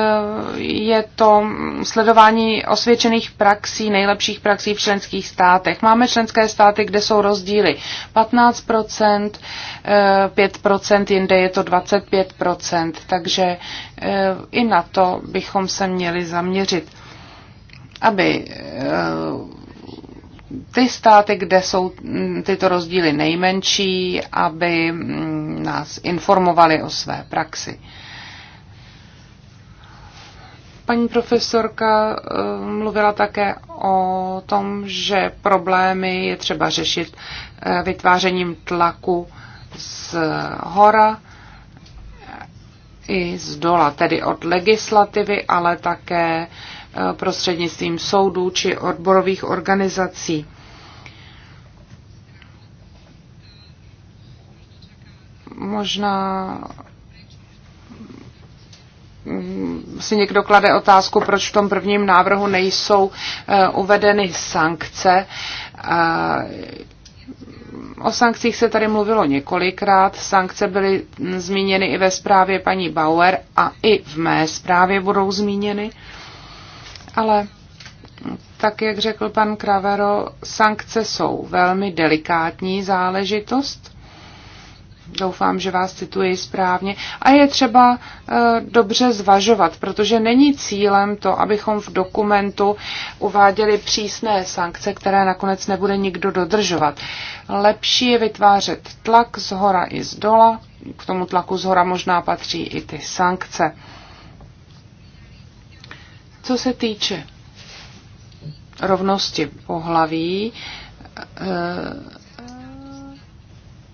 je to sledování osvědčených praxí, nejlepších praxí v členských státech. Máme členské státy, kde jsou rozdíly 15%, 5%, eh, jinde je to 25%, takže i na to bychom se měli zaměřit aby ty státy, kde jsou mm, tyto rozdíly nejmenší, aby mm, nás informovali o své praxi. Paní profesorka eh, mluvila také o tom, že problémy je třeba řešit eh, vytvářením tlaku z hora eh, i z dola, tedy od legislativy, ale také Eh, prostřednictvím soudů či odborových organizací. Možná mm, si někdo klade otázku, proč v tom prvním návrhu nejsou eh, uvedeny sankce. Eh, o sankcích se tady mluvilo několikrát. Sankce byly mm, zmíněny i ve zprávě paní Bauer a i v mé zprávě budou zmíněny. Ale tak, jak řekl pan Kravero, sankce jsou velmi delikátní záležitost. Doufám, že vás cituji správně. A je třeba e, dobře zvažovat, protože není cílem to, abychom v dokumentu uváděli přísné sankce, které nakonec nebude nikdo dodržovat. Lepší je vytvářet tlak z hora i z dola. K tomu tlaku z hora možná patří i ty sankce. Co se týče rovnosti pohlaví, eh,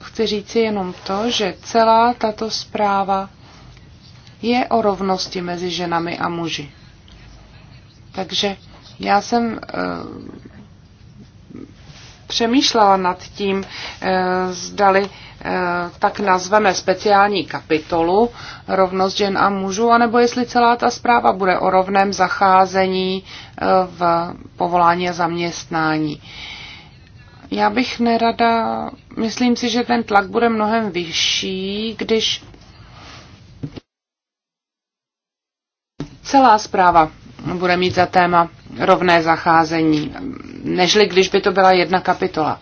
chci říci jenom to, že celá tato zpráva je o rovnosti mezi ženami a muži. Takže já jsem eh, přemýšlela nad tím, eh, zdali eh, tak nazveme speciální kapitolu rovnost žen a mužů, anebo jestli celá ta zpráva bude o rovném zacházení eh, v povolání a zaměstnání. Já bych nerada, myslím si, že ten tlak bude mnohem vyšší, když celá zpráva bude mít za téma rovné zacházení, nežli když by to byla jedna kapitola.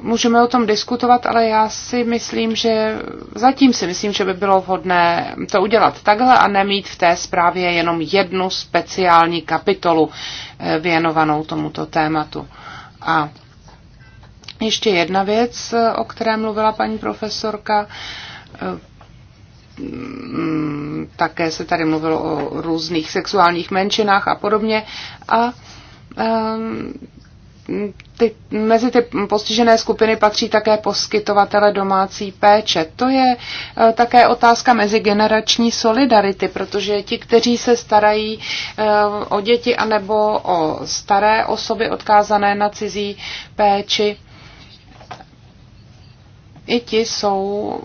Můžeme o tom diskutovat, ale já si myslím, že zatím si myslím, že by bylo vhodné to udělat takhle a nemít v té zprávě jenom jednu speciální kapitolu eh, věnovanou tomuto tématu. A ještě jedna věc, o které mluvila paní profesorka, eh, Mm, také se tady mluvilo o různých sexuálních menšinách a podobně. A ehm, ty, mezi ty postižené skupiny patří také poskytovatele domácí péče. To je eh, také otázka mezigenerační solidarity, protože ti, kteří se starají eh, o děti anebo o staré osoby odkázané na cizí péči, i ti jsou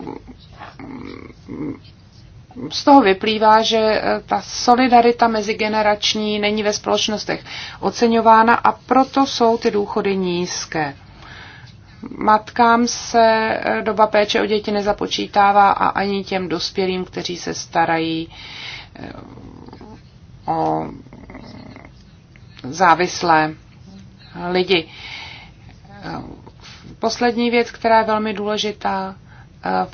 z toho vyplývá, že eh, ta solidarita mezigenerační není ve společnostech oceňována a proto jsou ty důchody nízké. Matkám se eh, doba péče o děti nezapočítává a ani těm dospělým, kteří se starají eh, o závislé lidi. Poslední věc, která je velmi důležitá,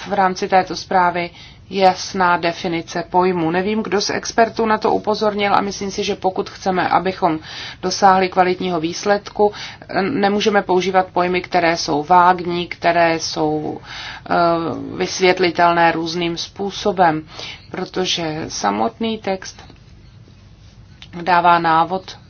v rámci této zprávy jasná definice pojmu. Nevím, kdo z expertů na to upozornil a myslím si, že pokud chceme, abychom dosáhli kvalitního výsledku, nemůžeme používat pojmy, které jsou vágní, které jsou eh, vysvětlitelné různým způsobem, protože samotný text dává návod